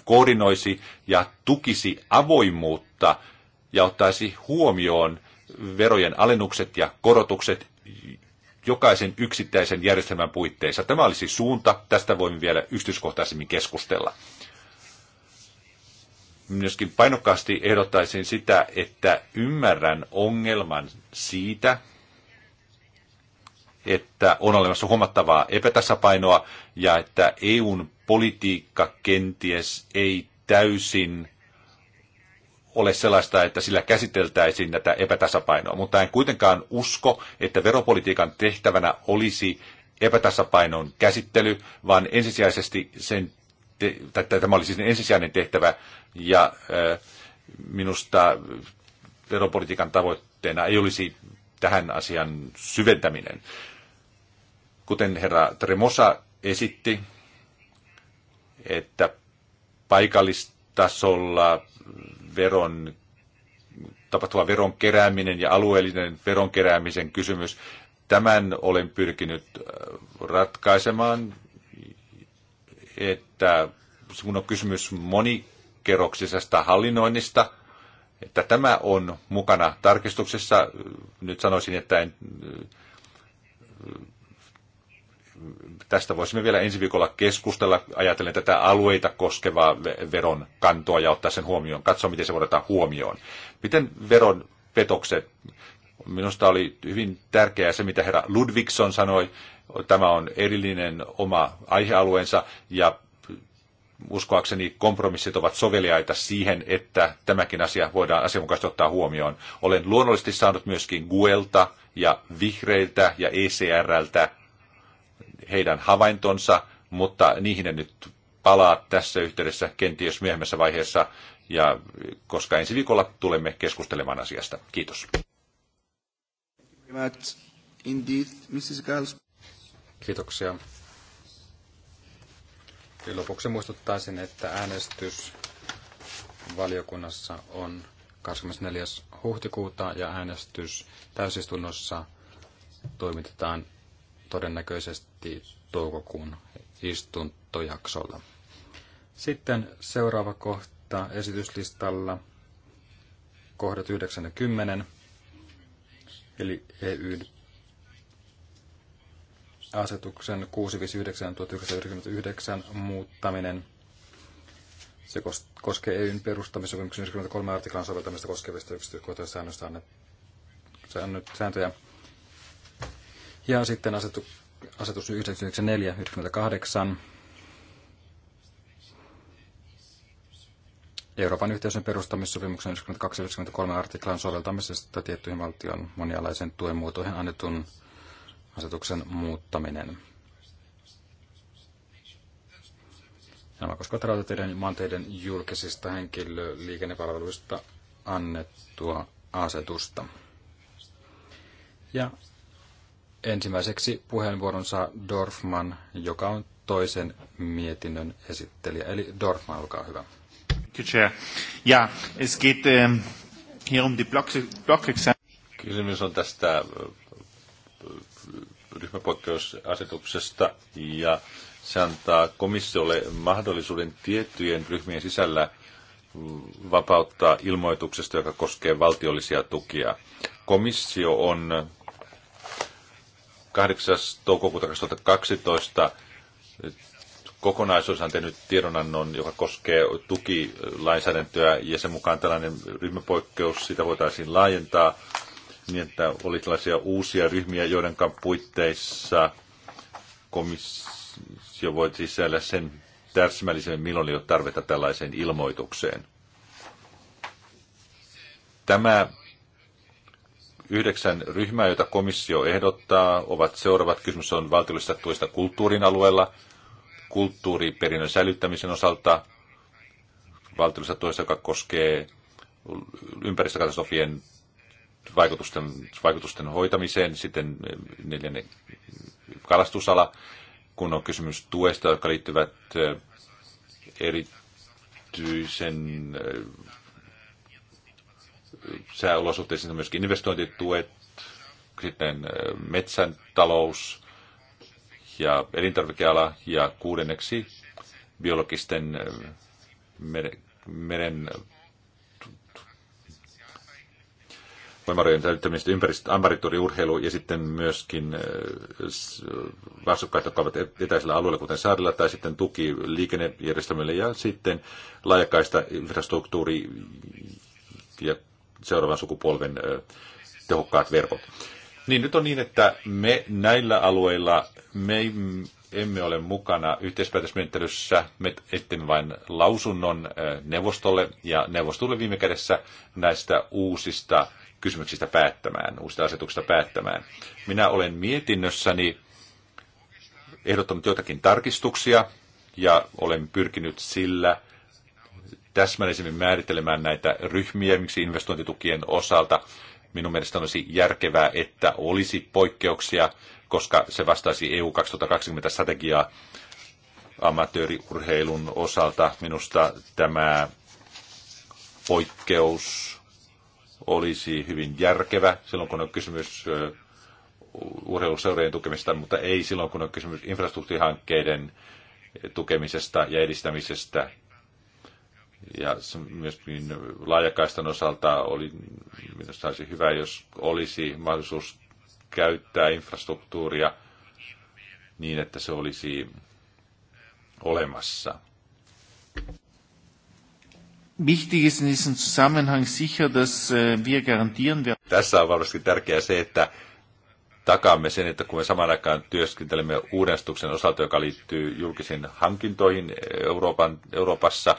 koordinoisi ja tukisi avoimuutta ja ottaisi huomioon verojen alennukset ja korotukset jokaisen yksittäisen järjestelmän puitteissa. Tämä olisi suunta, tästä voimme vielä yksityiskohtaisemmin keskustella myöskin painokkaasti ehdottaisin sitä, että ymmärrän ongelman siitä, että on olemassa huomattavaa epätasapainoa ja että EUn politiikka kenties ei täysin ole sellaista, että sillä käsiteltäisiin tätä epätasapainoa, mutta en kuitenkaan usko, että veropolitiikan tehtävänä olisi epätasapainon käsittely, vaan ensisijaisesti sen te, tämä oli siis ensisijainen tehtävä ja minusta veropolitiikan tavoitteena ei olisi tähän asian syventäminen. Kuten herra Tremosa esitti, että paikallistasolla veron, tapahtuva veron kerääminen ja alueellinen veron keräämisen kysymys, tämän olen pyrkinyt ratkaisemaan että sinun on kysymys monikerroksisesta hallinnoinnista, että tämä on mukana tarkistuksessa. Nyt sanoisin, että en, tästä voisimme vielä ensi viikolla keskustella, ajatellen tätä alueita koskevaa veron kantoa ja ottaa sen huomioon, katsoa miten se voidaan huomioon. Miten veron petokset, minusta oli hyvin tärkeää se, mitä herra Ludvigson sanoi, Tämä on erillinen oma aihealueensa ja uskoakseni kompromissit ovat soveliaita siihen, että tämäkin asia voidaan asianmukaisesti ottaa huomioon. Olen luonnollisesti saanut myöskin Guelta ja Vihreiltä ja ECRltä heidän havaintonsa, mutta niihin en nyt palaa tässä yhteydessä kenties myöhemmässä vaiheessa, ja koska ensi viikolla tulemme keskustelemaan asiasta. Kiitos. Indeed, Mrs. Kiitoksia. Ja lopuksi muistuttaisin, että äänestys valiokunnassa on 24. huhtikuuta ja äänestys täysistunnossa toimitetaan todennäköisesti toukokuun istuntojaksolla. Sitten seuraava kohta esityslistalla, kohdat 90, eli EYD asetuksen 659-1999 muuttaminen. Se koskee EUn perustamissopimuksen 93 artiklan soveltamista koskevista yksityiskohtaisista säännöistä annet, sääntöjä. Ja sitten asetu, asetus 994-98 Euroopan yhteisön perustamissopimuksen 92-93 artiklan soveltamisesta tiettyihin valtion monialaisen tuen muotoihin annetun asetuksen muuttaminen. Nämä koskevat rautateiden ja maanteiden julkisista henkilöliikennepalveluista annettua asetusta. Ja ensimmäiseksi puheenvuoron saa Dorfman, joka on toisen mietinnön esittelijä. Eli Dorfman, olkaa hyvä. Ja, es geht ähm, hier um die Kysymys on tästä äh, ryhmäpoikkeusasetuksesta ja se antaa komissiolle mahdollisuuden tiettyjen ryhmien sisällä vapauttaa ilmoituksesta, joka koskee valtiollisia tukia. Komissio on 8. toukokuuta 2012 kokonaisuus on tehnyt tiedonannon, joka koskee tukilainsäädäntöä, ja sen mukaan tällainen ryhmäpoikkeus, sitä voitaisiin laajentaa niin että oli tällaisia uusia ryhmiä, joiden puitteissa komissio voi sisällä sen täsmällisen, milloin ei ole tarvetta tällaiseen ilmoitukseen. Tämä yhdeksän ryhmää, joita komissio ehdottaa, ovat seuraavat. Kysymys on valtiollisista tuista kulttuurin alueella, kulttuuriperinnön säilyttämisen osalta, valtiollisista tuista, joka koskee ympäristökatastrofien vaikutusten, vaikutusten hoitamiseen, sitten neljännen kalastusala, kun on kysymys tuesta, jotka liittyvät erityisen sääolosuhteisiin, myöskin investointituet, sitten metsän talous ja elintarvikeala ja kuudenneksi biologisten meren voimavarojen säilyttämistä ympäristö, ambarituriurheilu ja sitten myöskin vastukkaita, äh, jotka ovat etäisillä alueilla, kuten saarilla, tai sitten tuki liikennejärjestelmille ja sitten laajakaista infrastruktuuri ja seuraavan sukupolven äh, tehokkaat verkot. Niin nyt on niin, että me näillä alueilla me emme ole mukana yhteispäätösmenettelyssä, me etsimme vain lausunnon äh, neuvostolle ja neuvostolle viime kädessä näistä uusista kysymyksistä päättämään, uusista asetuksista päättämään. Minä olen mietinnössäni ehdottanut jotakin tarkistuksia ja olen pyrkinyt sillä täsmällisemmin määrittelemään näitä ryhmiä, miksi investointitukien osalta minun mielestä olisi järkevää, että olisi poikkeuksia, koska se vastaisi EU 2020 strategiaa amatööriurheilun osalta. Minusta tämä poikkeus olisi hyvin järkevä silloin, kun on kysymys urheiluseurojen tukemista, mutta ei silloin, kun on kysymys infrastruktuurihankkeiden tukemisesta ja edistämisestä. Ja myös niin laajakaistan osalta oli minusta olisi hyvä, jos olisi mahdollisuus käyttää infrastruktuuria niin, että se olisi olemassa. Wichtig ist in diesem Zusammenhang sicher, dass äh, wir garantieren werden. Tässä on varmasti tärkeää se, että takaamme sen, että kun me samaan aikaan työskentelemme uudistuksen osalta, joka liittyy julkisiin hankintoihin Euroopan, Euroopassa,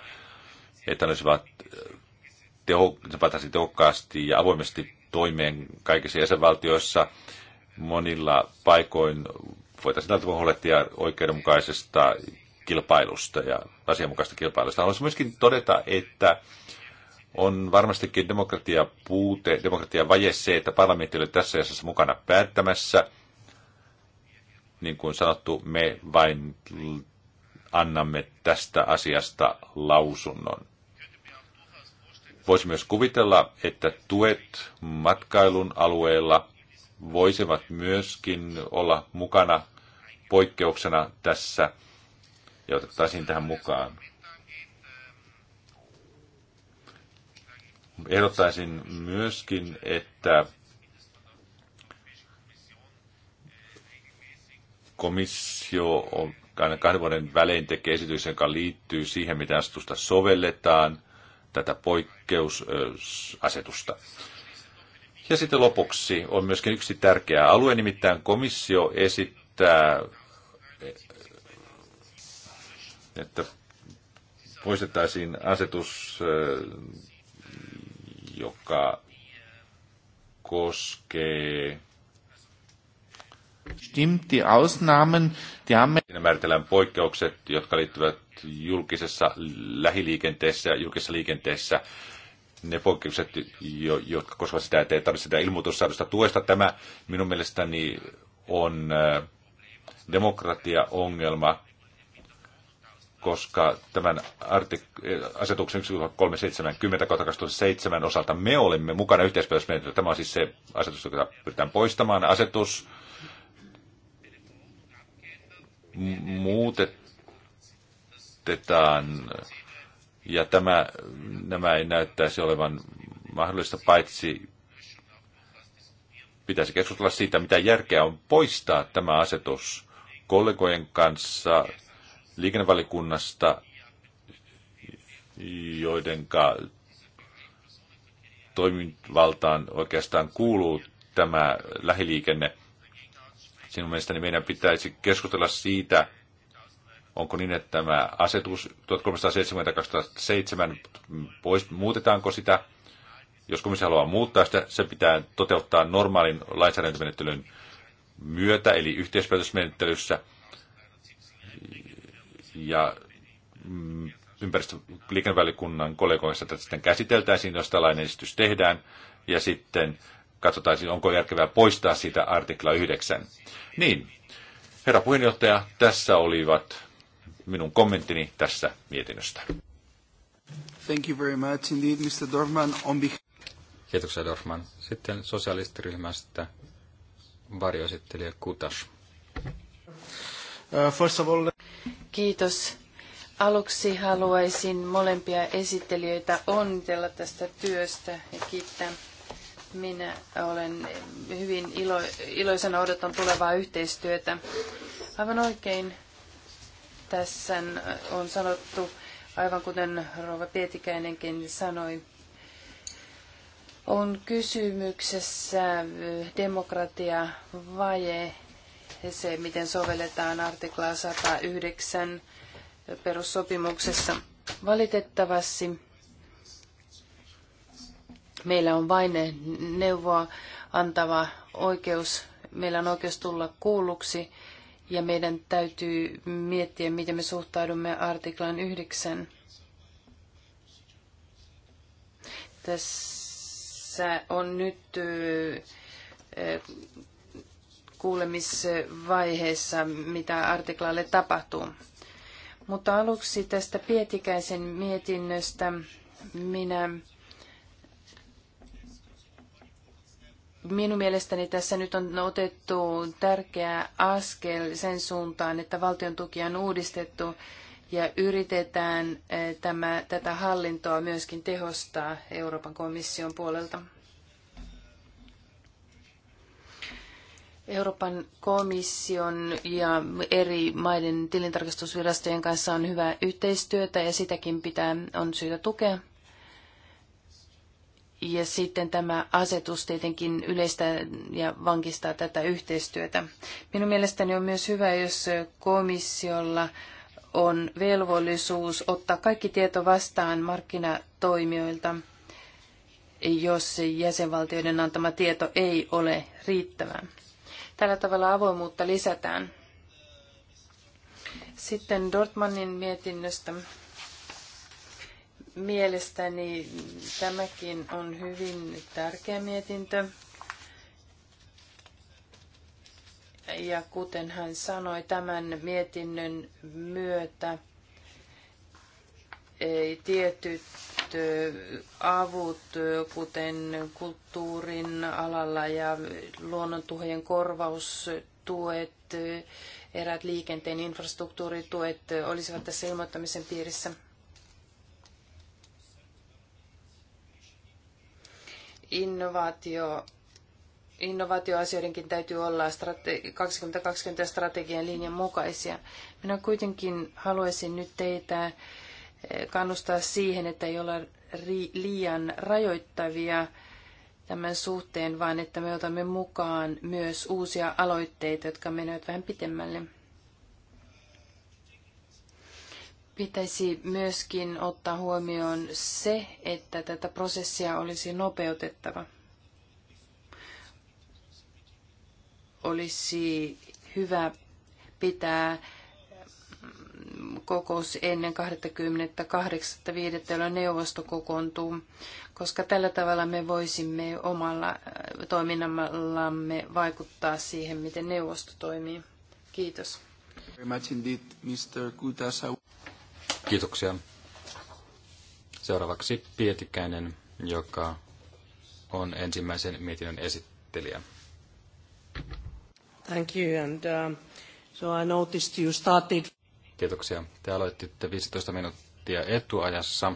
että ne olisivat äh, teho, tehokkaasti ja avoimesti toimeen kaikissa jäsenvaltioissa. Monilla paikoin voitaisiin huolehtia oikeudenmukaisesta kilpailusta ja asianmukaista kilpailusta. Haluaisin myöskin todeta, että on varmastikin demokratia puute, demokratia vaje se, että parlamentti oli tässä asiassa mukana päättämässä. Niin kuin sanottu, me vain annamme tästä asiasta lausunnon. Voisi myös kuvitella, että tuet matkailun alueella voisivat myöskin olla mukana poikkeuksena tässä – ja otettaisiin tähän mukaan. Ehdottaisin myöskin, että komissio on aina kahden vuoden välein tekee esitys, joka liittyy siihen, mitä asetusta sovelletaan, tätä poikkeusasetusta. Ja sitten lopuksi on myöskin yksi tärkeä alue, nimittäin komissio esittää että poistettaisiin asetus, äh, joka koskee Stimmt, die Ausnahmen, die haben... Siinä määritellään poikkeukset, jotka liittyvät julkisessa lähiliikenteessä ja julkisessa liikenteessä. Ne poikkeukset, jo, jotka koskevat sitä, että ei tarvitse sitä ilmoitussäädöstä tuesta. Tämä minun mielestäni on äh, demokratiaongelma, koska tämän artik- asetuksen 1370 2007 osalta me olemme mukana yhteispäätösmenettelyssä. Tämä on siis se asetus, joka pyritään poistamaan. Asetus muutetaan ja tämä, nämä ei näyttäisi olevan mahdollista, paitsi pitäisi keskustella siitä, mitä järkeä on poistaa tämä asetus kollegojen kanssa liikennevalikunnasta, joidenka toimivaltaan oikeastaan kuuluu tämä lähiliikenne. Sinun mielestäni meidän pitäisi keskustella siitä, onko niin, että tämä asetus 1370-2007 pois, muutetaanko sitä? Jos komissio haluaa muuttaa sitä, se pitää toteuttaa normaalin lainsäädäntömenettelyn myötä, eli yhteispäätösmenettelyssä – ja mm, ympäristöliikennevälikunnan kollegoissa tätä sitten käsiteltäisiin, jos tällainen esitys tehdään, ja sitten katsotaan, onko järkevää poistaa siitä artikla 9. Niin, herra puheenjohtaja, tässä olivat minun kommenttini tässä mietinnöstä. Thank you very much indeed, Mr. Dorfman. On Kiitoksia, Dorfman. Sitten sosialistiryhmästä varjoesittelijä Kutas. Uh, first of all, Kiitos. Aluksi haluaisin molempia esittelijöitä onnitella tästä työstä ja kiittää. Minä olen hyvin ilo, iloisena odotan tulevaa yhteistyötä. Aivan oikein tässä on sanottu, aivan kuten Rova Pietikäinenkin sanoi, on kysymyksessä demokratiavaje se, miten sovelletaan artiklaa 109 perussopimuksessa. Valitettavasti meillä on vain neuvoa antava oikeus, meillä on oikeus tulla kuulluksi ja meidän täytyy miettiä, miten me suhtaudumme artiklan 9. Tässä on nyt kuulemisvaiheessa, mitä artiklalle tapahtuu. Mutta aluksi tästä Pietikäisen mietinnöstä minä minun mielestäni tässä nyt on otettu tärkeä askel sen suuntaan, että valtion tuki on uudistettu ja yritetään eh, tämä, tätä hallintoa myöskin tehostaa Euroopan komission puolelta. Euroopan komission ja eri maiden tilintarkastusvirastojen kanssa on hyvää yhteistyötä ja sitäkin pitää, on syytä tukea. Ja sitten tämä asetus tietenkin yleistää ja vankistaa tätä yhteistyötä. Minun mielestäni on myös hyvä, jos komissiolla on velvollisuus ottaa kaikki tieto vastaan markkinatoimijoilta, jos jäsenvaltioiden antama tieto ei ole riittävää. Tällä tavalla avoimuutta lisätään. Sitten Dortmannin mietinnöstä. Mielestäni tämäkin on hyvin tärkeä mietintö. Ja kuten hän sanoi, tämän mietinnön myötä ei eh, tietyt avut, kuten kulttuurin alalla ja luonnontuhojen korvaustuet, eräät liikenteen infrastruktuurituet olisivat tässä ilmoittamisen piirissä. Innovaatio innovaatioasioidenkin täytyy olla 2020 strategian linjan mukaisia. Minä kuitenkin haluaisin nyt teitä kannustaa siihen, että ei olla liian rajoittavia tämän suhteen, vaan että me otamme mukaan myös uusia aloitteita, jotka menevät vähän pitemmälle. Pitäisi myöskin ottaa huomioon se, että tätä prosessia olisi nopeutettava. Olisi hyvä pitää kokous ennen 28.5. neuvosto kokoontuu, koska tällä tavalla me voisimme omalla äh, toiminnallamme vaikuttaa siihen, miten neuvosto toimii. Kiitos. Kiitoksia. Seuraavaksi Pietikäinen, joka on ensimmäisen mietinnön esittelijä. Thank you and uh, so I noticed you started Kiitoksia. Te aloititte 15 minuuttia etuajassa.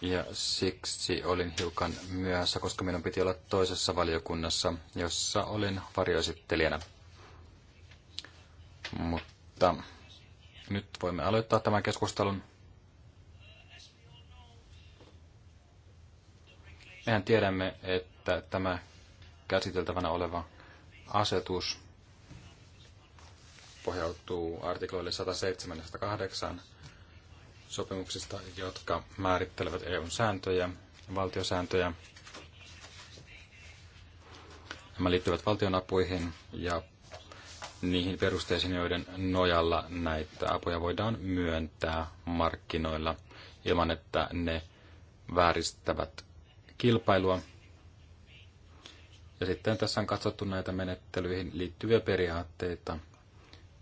Ja siksi olin hiukan myöhässä, koska minun piti olla toisessa valiokunnassa, jossa olin varjoesittelijänä. Mutta nyt voimme aloittaa tämän keskustelun. Mehän tiedämme, että tämä käsiteltävänä oleva asetus pohjautuu artikloille 107 ja 108 sopimuksista, jotka määrittelevät EUn sääntöjä, valtiosääntöjä. Nämä liittyvät valtionapuihin ja niihin perusteisiin, joiden nojalla näitä apuja voidaan myöntää markkinoilla ilman, että ne vääristävät kilpailua. Ja sitten tässä on katsottu näitä menettelyihin liittyviä periaatteita –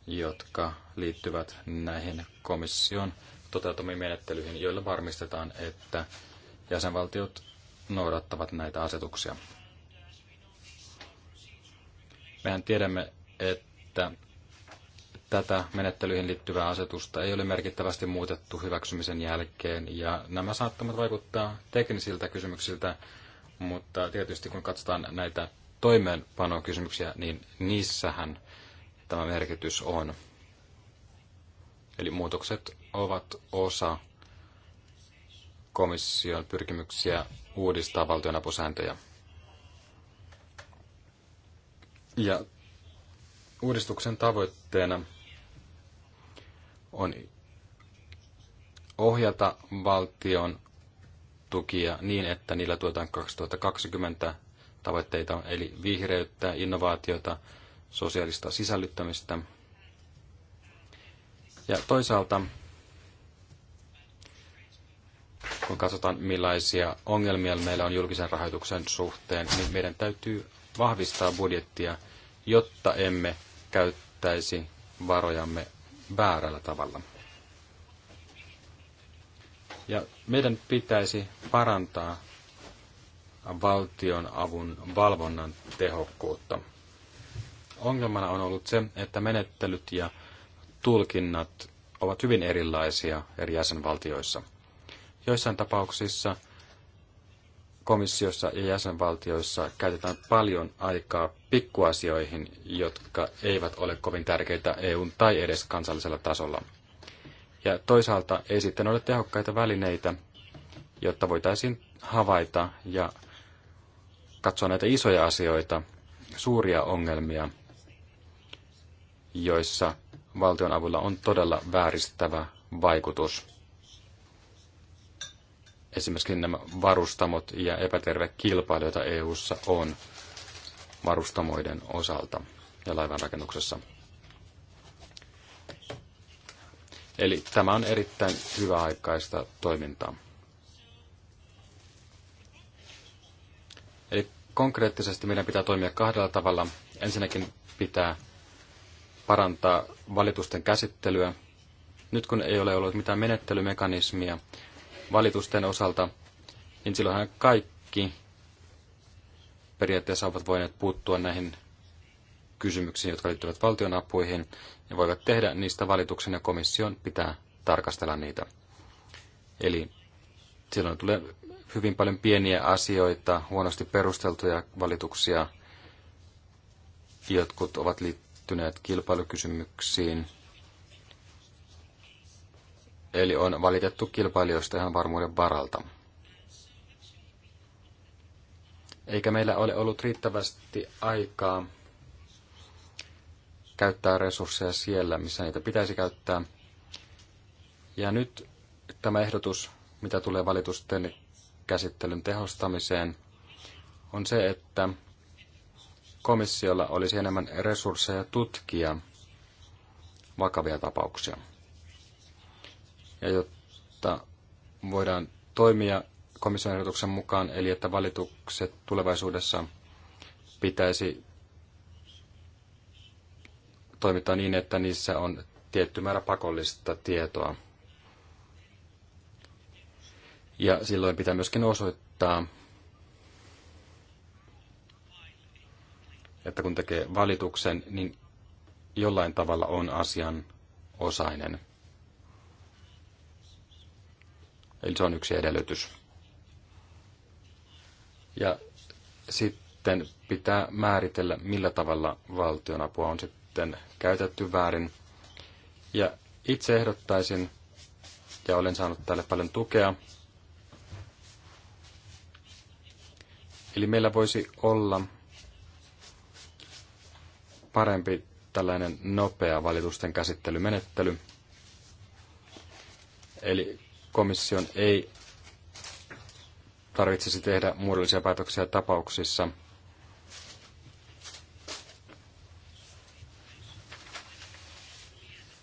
jotka liittyvät näihin komission toteuttamiin menettelyihin, joilla varmistetaan, että jäsenvaltiot noudattavat näitä asetuksia. Mehän tiedämme, että tätä menettelyihin liittyvää asetusta ei ole merkittävästi muutettu hyväksymisen jälkeen, ja nämä saattavat vaikuttaa teknisiltä kysymyksiltä, mutta tietysti kun katsotaan näitä toimeenpanokysymyksiä, niin niissähän tämä merkitys on. Eli muutokset ovat osa komission pyrkimyksiä uudistaa valtionapusääntöjä. Ja uudistuksen tavoitteena on ohjata valtion tukia niin, että niillä tuetaan 2020 tavoitteita, eli vihreyttä, innovaatiota, sosiaalista sisällyttämistä. Ja toisaalta, kun katsotaan millaisia ongelmia meillä on julkisen rahoituksen suhteen, niin meidän täytyy vahvistaa budjettia, jotta emme käyttäisi varojamme väärällä tavalla. Ja meidän pitäisi parantaa valtion avun valvonnan tehokkuutta. Ongelmana on ollut se, että menettelyt ja tulkinnat ovat hyvin erilaisia eri jäsenvaltioissa. Joissain tapauksissa komissiossa ja jäsenvaltioissa käytetään paljon aikaa pikkuasioihin, jotka eivät ole kovin tärkeitä EUn tai edes kansallisella tasolla. Ja toisaalta ei sitten ole tehokkaita välineitä, jotta voitaisiin havaita ja katsoa näitä isoja asioita, suuria ongelmia, joissa valtion avulla on todella vääristävä vaikutus. Esimerkiksi nämä varustamot ja epäterve kilpailu, joita EU:ssa on varustamoiden osalta ja laivanrakennuksessa. Eli tämä on erittäin hyväaikaista toimintaa. Eli konkreettisesti meidän pitää toimia kahdella tavalla. Ensinnäkin pitää parantaa valitusten käsittelyä. Nyt kun ei ole ollut mitään menettelymekanismia valitusten osalta, niin silloinhan kaikki periaatteessa ovat voineet puuttua näihin kysymyksiin, jotka liittyvät valtionapuihin, ja voivat tehdä niistä valituksen, ja komission pitää tarkastella niitä. Eli silloin tulee hyvin paljon pieniä asioita, huonosti perusteltuja valituksia. Jotkut ovat liittyneet liittyneet kilpailukysymyksiin. Eli on valitettu kilpailijoista ihan varmuuden varalta. Eikä meillä ole ollut riittävästi aikaa käyttää resursseja siellä, missä niitä pitäisi käyttää. Ja nyt tämä ehdotus, mitä tulee valitusten käsittelyn tehostamiseen, on se, että komissiolla olisi enemmän resursseja tutkia vakavia tapauksia. Ja jotta voidaan toimia komission ehdotuksen mukaan, eli että valitukset tulevaisuudessa pitäisi toimittaa niin, että niissä on tietty määrä pakollista tietoa. Ja silloin pitää myöskin osoittaa, että kun tekee valituksen, niin jollain tavalla on asian osainen. Eli se on yksi edellytys. Ja sitten pitää määritellä, millä tavalla valtionapua on sitten käytetty väärin. Ja itse ehdottaisin, ja olen saanut tälle paljon tukea, eli meillä voisi olla parempi tällainen nopea valitusten käsittelymenettely. Eli komission ei tarvitsisi tehdä muodollisia päätöksiä tapauksissa,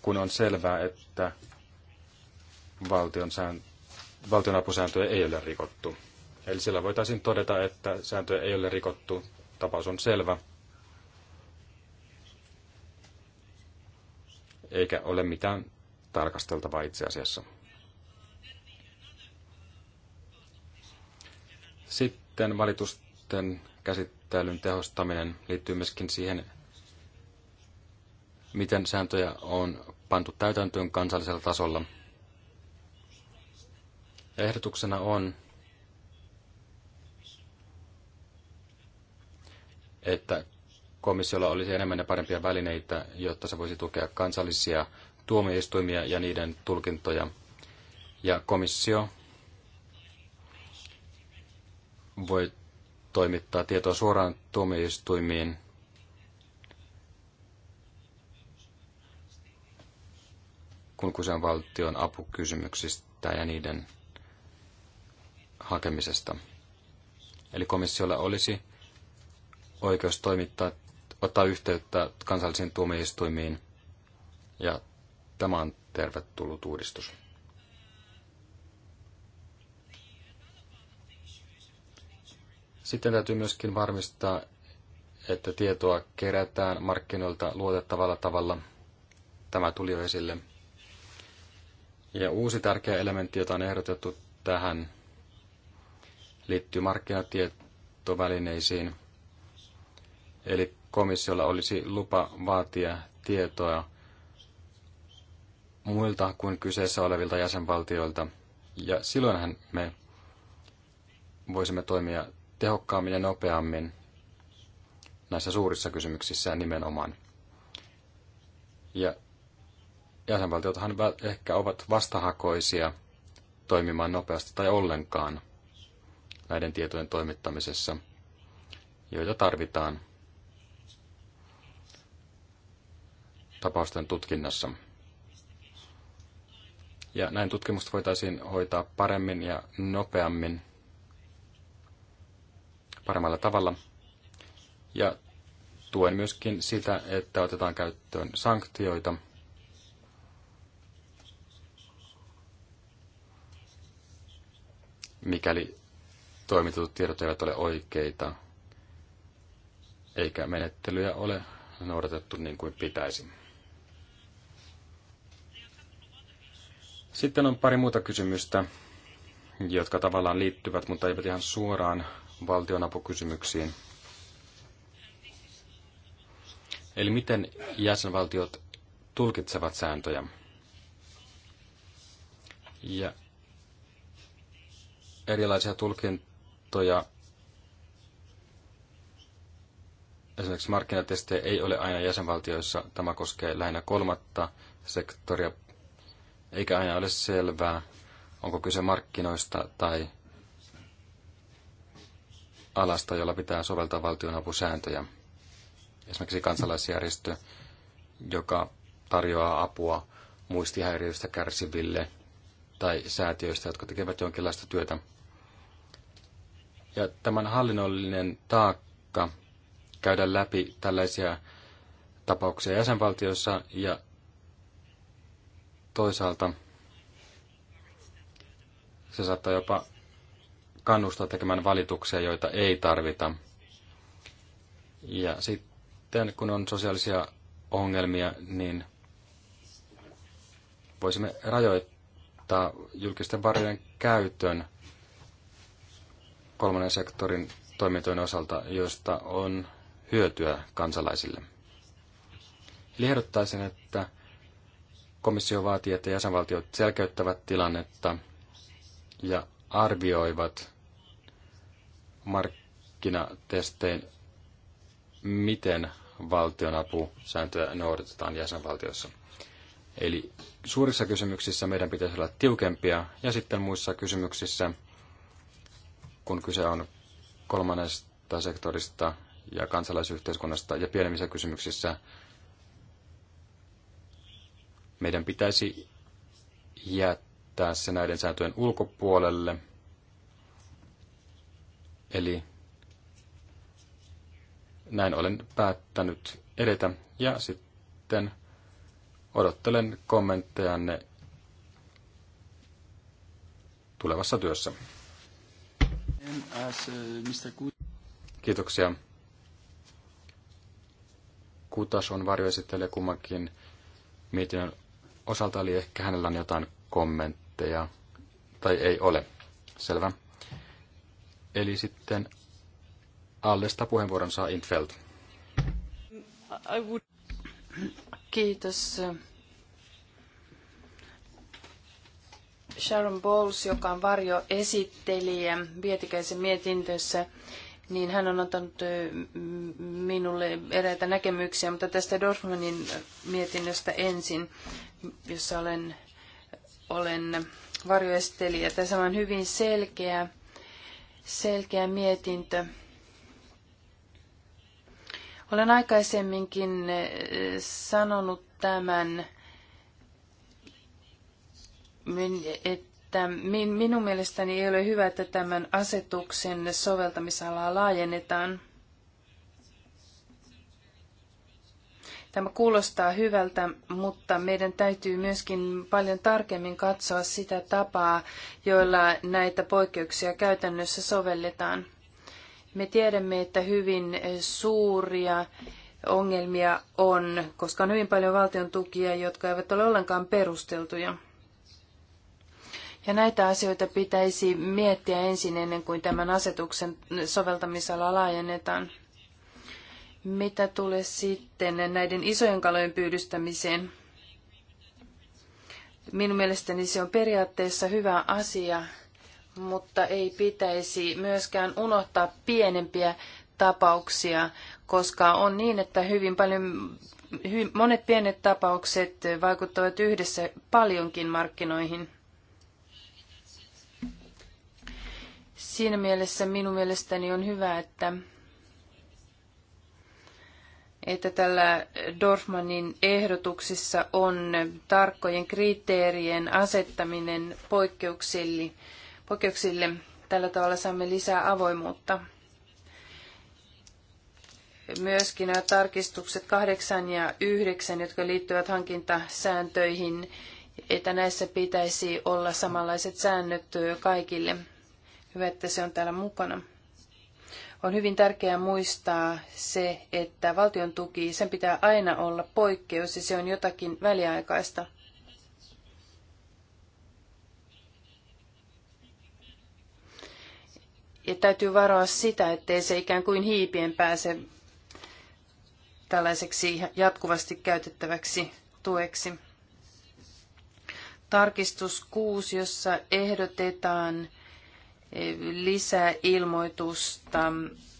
kun on selvää, että valtion sään, valtionapusääntöjä ei ole rikottu. Eli sillä voitaisiin todeta, että sääntöjä ei ole rikottu, tapaus on selvä, eikä ole mitään tarkasteltavaa itse asiassa. Sitten valitusten käsittelyn tehostaminen liittyy myöskin siihen, miten sääntöjä on pantu täytäntöön kansallisella tasolla. Ehdotuksena on, että komissiolla olisi enemmän ja parempia välineitä, jotta se voisi tukea kansallisia tuomioistuimia ja niiden tulkintoja. Ja komissio voi toimittaa tietoa suoraan tuomioistuimiin kun kyse on valtion apukysymyksistä ja niiden hakemisesta. Eli komissiolla olisi oikeus toimittaa ottaa yhteyttä kansallisiin tuomioistuimiin, ja tämä on tervetullut uudistus. Sitten täytyy myöskin varmistaa, että tietoa kerätään markkinoilta luotettavalla tavalla. Tämä tuli jo esille. Ja uusi tärkeä elementti, jota on ehdotettu tähän, liittyy markkinatietovälineisiin. Eli komissiolla olisi lupa vaatia tietoa muilta kuin kyseessä olevilta jäsenvaltioilta. Ja silloinhan me voisimme toimia tehokkaammin ja nopeammin näissä suurissa kysymyksissä nimenomaan. Ja jäsenvaltiothan ehkä ovat vastahakoisia toimimaan nopeasti tai ollenkaan näiden tietojen toimittamisessa, joita tarvitaan tapausten tutkinnassa. Ja näin tutkimusta voitaisiin hoitaa paremmin ja nopeammin, paremmalla tavalla. Ja tuen myöskin sitä, että otetaan käyttöön sanktioita. mikäli toimitetut tiedot eivät ole oikeita, eikä menettelyjä ole noudatettu niin kuin pitäisi. Sitten on pari muuta kysymystä, jotka tavallaan liittyvät, mutta eivät ihan suoraan valtionapukysymyksiin. Eli miten jäsenvaltiot tulkitsevat sääntöjä? Ja erilaisia tulkintoja esimerkiksi markkinatestejä ei ole aina jäsenvaltioissa. Tämä koskee lähinnä kolmatta sektoria, eikä aina ole selvää, onko kyse markkinoista tai alasta, jolla pitää soveltaa valtionapusääntöjä. Esimerkiksi kansalaisjärjestö, joka tarjoaa apua muistihäiriöistä kärsiville tai säätiöistä, jotka tekevät jonkinlaista työtä. Ja tämän hallinnollinen taakka käydä läpi tällaisia tapauksia jäsenvaltioissa ja Toisaalta se saattaa jopa kannustaa tekemään valituksia, joita ei tarvita. Ja sitten kun on sosiaalisia ongelmia, niin voisimme rajoittaa julkisten varojen käytön kolmannen sektorin toimintojen osalta, josta on hyötyä kansalaisille. Eli ehdottaisin, että Komissio vaatii, että jäsenvaltiot selkeyttävät tilannetta ja arvioivat markkinatestein, miten valtionapusääntöjä noudatetaan jäsenvaltiossa. Eli suurissa kysymyksissä meidän pitäisi olla tiukempia ja sitten muissa kysymyksissä, kun kyse on kolmannesta sektorista ja kansalaisyhteiskunnasta ja pienemmissä kysymyksissä meidän pitäisi jättää se näiden sääntöjen ulkopuolelle. Eli näin olen päättänyt edetä ja sitten odottelen kommenttejanne tulevassa työssä. Kiitoksia. Kutas on varjoesittelijä kummankin mietinnön osalta oli ehkä hänellä on jotain kommentteja, tai ei ole. Selvä. Eli sitten Allesta puheenvuoron saa Intfeld. Kiitos. Sharon Bowles, joka on varjoesittelijä Vietikäisen mietintössä, niin hän on antanut minulle eräitä näkemyksiä, mutta tästä Dorfmanin mietinnöstä ensin, jossa olen, olen varjoestelijä. Tässä on hyvin selkeä, selkeä mietintö. Olen aikaisemminkin sanonut tämän, että että minun mielestäni ei ole hyvä, että tämän asetuksen soveltamisalaa laajennetaan. Tämä kuulostaa hyvältä, mutta meidän täytyy myöskin paljon tarkemmin katsoa sitä tapaa, joilla näitä poikkeuksia käytännössä sovelletaan. Me tiedämme, että hyvin suuria ongelmia on, koska on hyvin paljon valtion tukia, jotka eivät ole ollenkaan perusteltuja. Ja näitä asioita pitäisi miettiä ensin ennen kuin tämän asetuksen soveltamisala laajennetaan. Mitä tulee sitten näiden isojen kalojen pyydystämiseen? Minun mielestäni se on periaatteessa hyvä asia, mutta ei pitäisi myöskään unohtaa pienempiä tapauksia, koska on niin, että hyvin paljon, hyvin, monet pienet tapaukset vaikuttavat yhdessä paljonkin markkinoihin – Siinä mielessä minun mielestäni on hyvä, että, että tällä Dorfmanin ehdotuksissa on tarkkojen kriteerien asettaminen poikkeuksille. poikkeuksille. Tällä tavalla saamme lisää avoimuutta myöskin nämä tarkistukset 8 ja 9, jotka liittyvät hankintasääntöihin, että näissä pitäisi olla samanlaiset säännöt kaikille. Hyvä, että se on täällä mukana. On hyvin tärkeää muistaa se, että valtion tuki, sen pitää aina olla poikkeus ja se on jotakin väliaikaista. Ja täytyy varoa sitä, ettei se ikään kuin hiipien pääse tällaiseksi jatkuvasti käytettäväksi tueksi. Tarkistus 6, jossa ehdotetaan lisäilmoitusta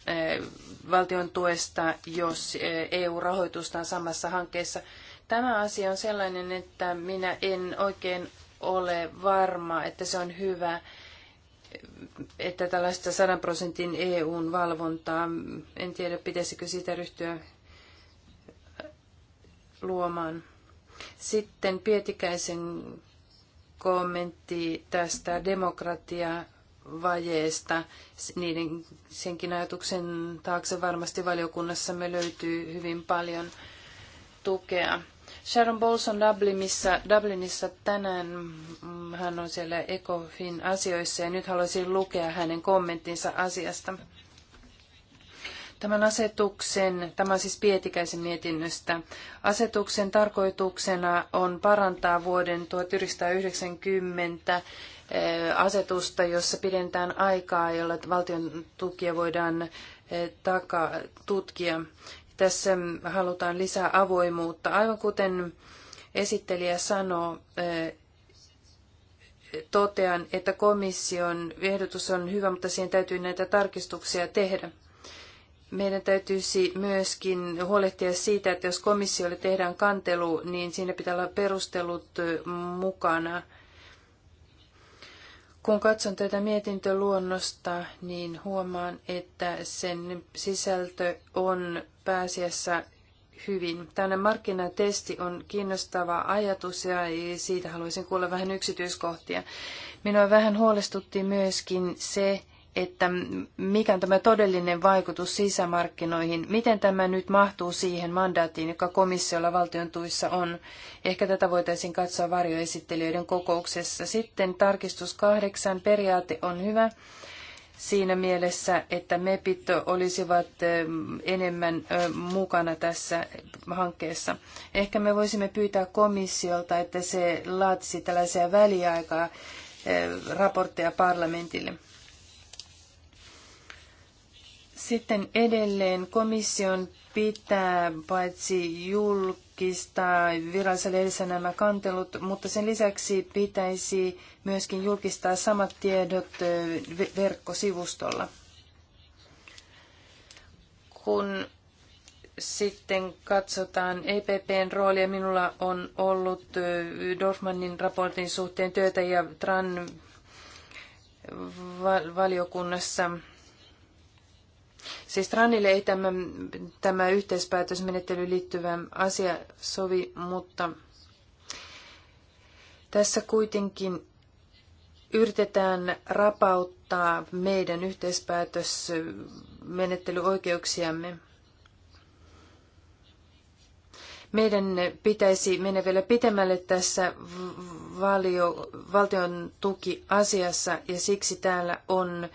eh, valtion tuesta, jos EU-rahoitusta eh, e on samassa hankkeessa. Tämä asia on sellainen, että minä en oikein ole varma, että se on hyvä, että tällaista 100 prosentin EUn valvontaa, en tiedä pitäisikö sitä ryhtyä luomaan. Sitten Pietikäisen kommentti tästä demokratia vajeesta. Niiden, senkin ajatuksen taakse varmasti valiokunnassamme löytyy hyvin paljon tukea. Sharon Bolson Dublinissa, Dublinissa tänään. Hän on siellä ECOFIN asioissa ja nyt haluaisin lukea hänen kommenttinsa asiasta. Tämän asetuksen, tämä on siis Pietikäisen mietinnöstä, asetuksen tarkoituksena on parantaa vuoden 1990 asetusta, jossa pidentään aikaa, jolla valtion tukia voidaan taka, tutkia. Tässä halutaan lisää avoimuutta. Aivan kuten esittelijä sanoo, totean, että komission ehdotus on hyvä, mutta siihen täytyy näitä tarkistuksia tehdä. Meidän täytyisi myöskin huolehtia siitä, että jos komissiolle tehdään kantelu, niin siinä pitää olla perustelut mukana – kun katson tätä mietintöluonnosta, niin huomaan, että sen sisältö on pääasiassa hyvin. Tällainen markkinatesti on kiinnostava ajatus ja siitä haluaisin kuulla vähän yksityiskohtia. Minua vähän huolestutti myöskin se, että mikä on tämä todellinen vaikutus sisämarkkinoihin, miten tämä nyt mahtuu siihen mandaattiin, joka komissiolla valtion tuissa on. Ehkä tätä voitaisiin katsoa varjoesittelijöiden kokouksessa. Sitten tarkistus kahdeksan periaate on hyvä siinä mielessä, että MEPit olisivat enemmän mukana tässä hankkeessa. Ehkä me voisimme pyytää komissiolta, että se laatisi tällaisia väliaikaa raportteja parlamentille. Sitten edelleen komission pitää paitsi julkistaa virallisella edessä nämä kantelut, mutta sen lisäksi pitäisi myöskin julkistaa samat tiedot verkkosivustolla. Kun sitten katsotaan EPPn roolia, minulla on ollut Dorfmannin raportin suhteen työtä ja TRAN valiokunnassa Siis Tranille ei tämä, tämä yhteispäätösmenettely liittyvä asia sovi, mutta tässä kuitenkin yritetään rapauttaa meidän yhteispäätösmenettelyoikeuksiamme. Meidän pitäisi mennä vielä pitemmälle tässä valio, valtion tukiasiassa ja siksi täällä on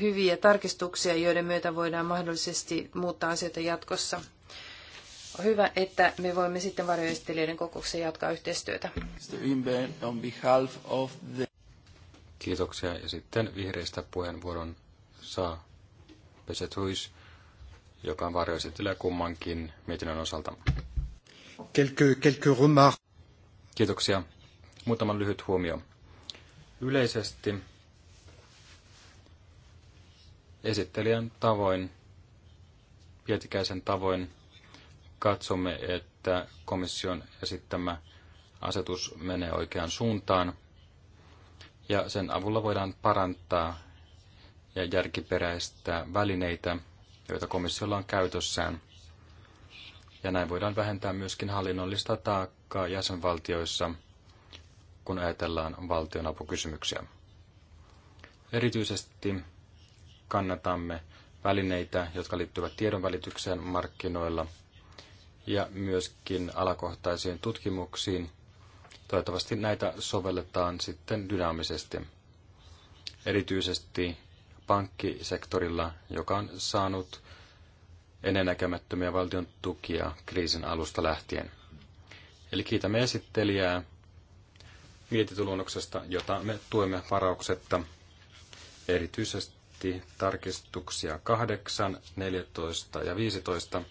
hyviä tarkistuksia, joiden myötä voidaan mahdollisesti muuttaa asioita jatkossa. On hyvä, että me voimme sitten varjoistelijoiden kokouksen jatkaa yhteistyötä. Kiitoksia. Ja sitten vihreistä puheenvuoron saa Pesetuis, joka on varjoesittelijä kummankin mietinnön osalta. Quelque, quelque Kiitoksia. Muutama lyhyt huomio. Yleisesti esittelijän tavoin, pietikäisen tavoin, katsomme, että komission esittämä asetus menee oikeaan suuntaan ja sen avulla voidaan parantaa ja järkiperäistää välineitä, joita komissiolla on käytössään. Ja näin voidaan vähentää myöskin hallinnollista taakkaa jäsenvaltioissa, kun ajatellaan valtionapukysymyksiä. Erityisesti kannatamme välineitä, jotka liittyvät tiedonvälitykseen markkinoilla ja myöskin alakohtaisiin tutkimuksiin. Toivottavasti näitä sovelletaan sitten dynaamisesti, erityisesti pankkisektorilla, joka on saanut ennennäkemättömiä valtion tukia kriisin alusta lähtien. Eli kiitämme esittelijää mietityluonnoksesta, jota me tuemme varauksetta erityisesti äänesti tarkistuksia 8, 14 ja 15,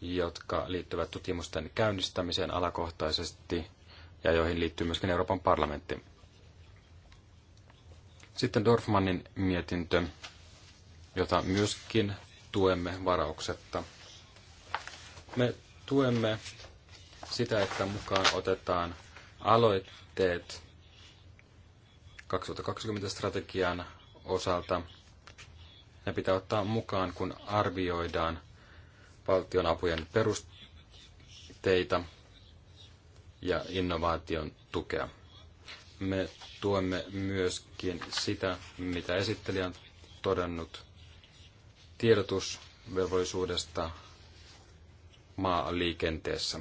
jotka liittyvät tutkimusten käynnistämiseen alakohtaisesti ja joihin liittyy myöskin Euroopan parlamentti. Sitten Dorfmannin mietintö, jota myöskin tuemme varauksetta. Me tuemme sitä, että mukaan otetaan aloitteet 2020 strategian osalta. Ne pitää ottaa mukaan, kun arvioidaan valtionapujen perusteita ja innovaation tukea. Me tuemme myöskin sitä, mitä esittelijä on todennut tiedotusvelvollisuudesta maaliikenteessä.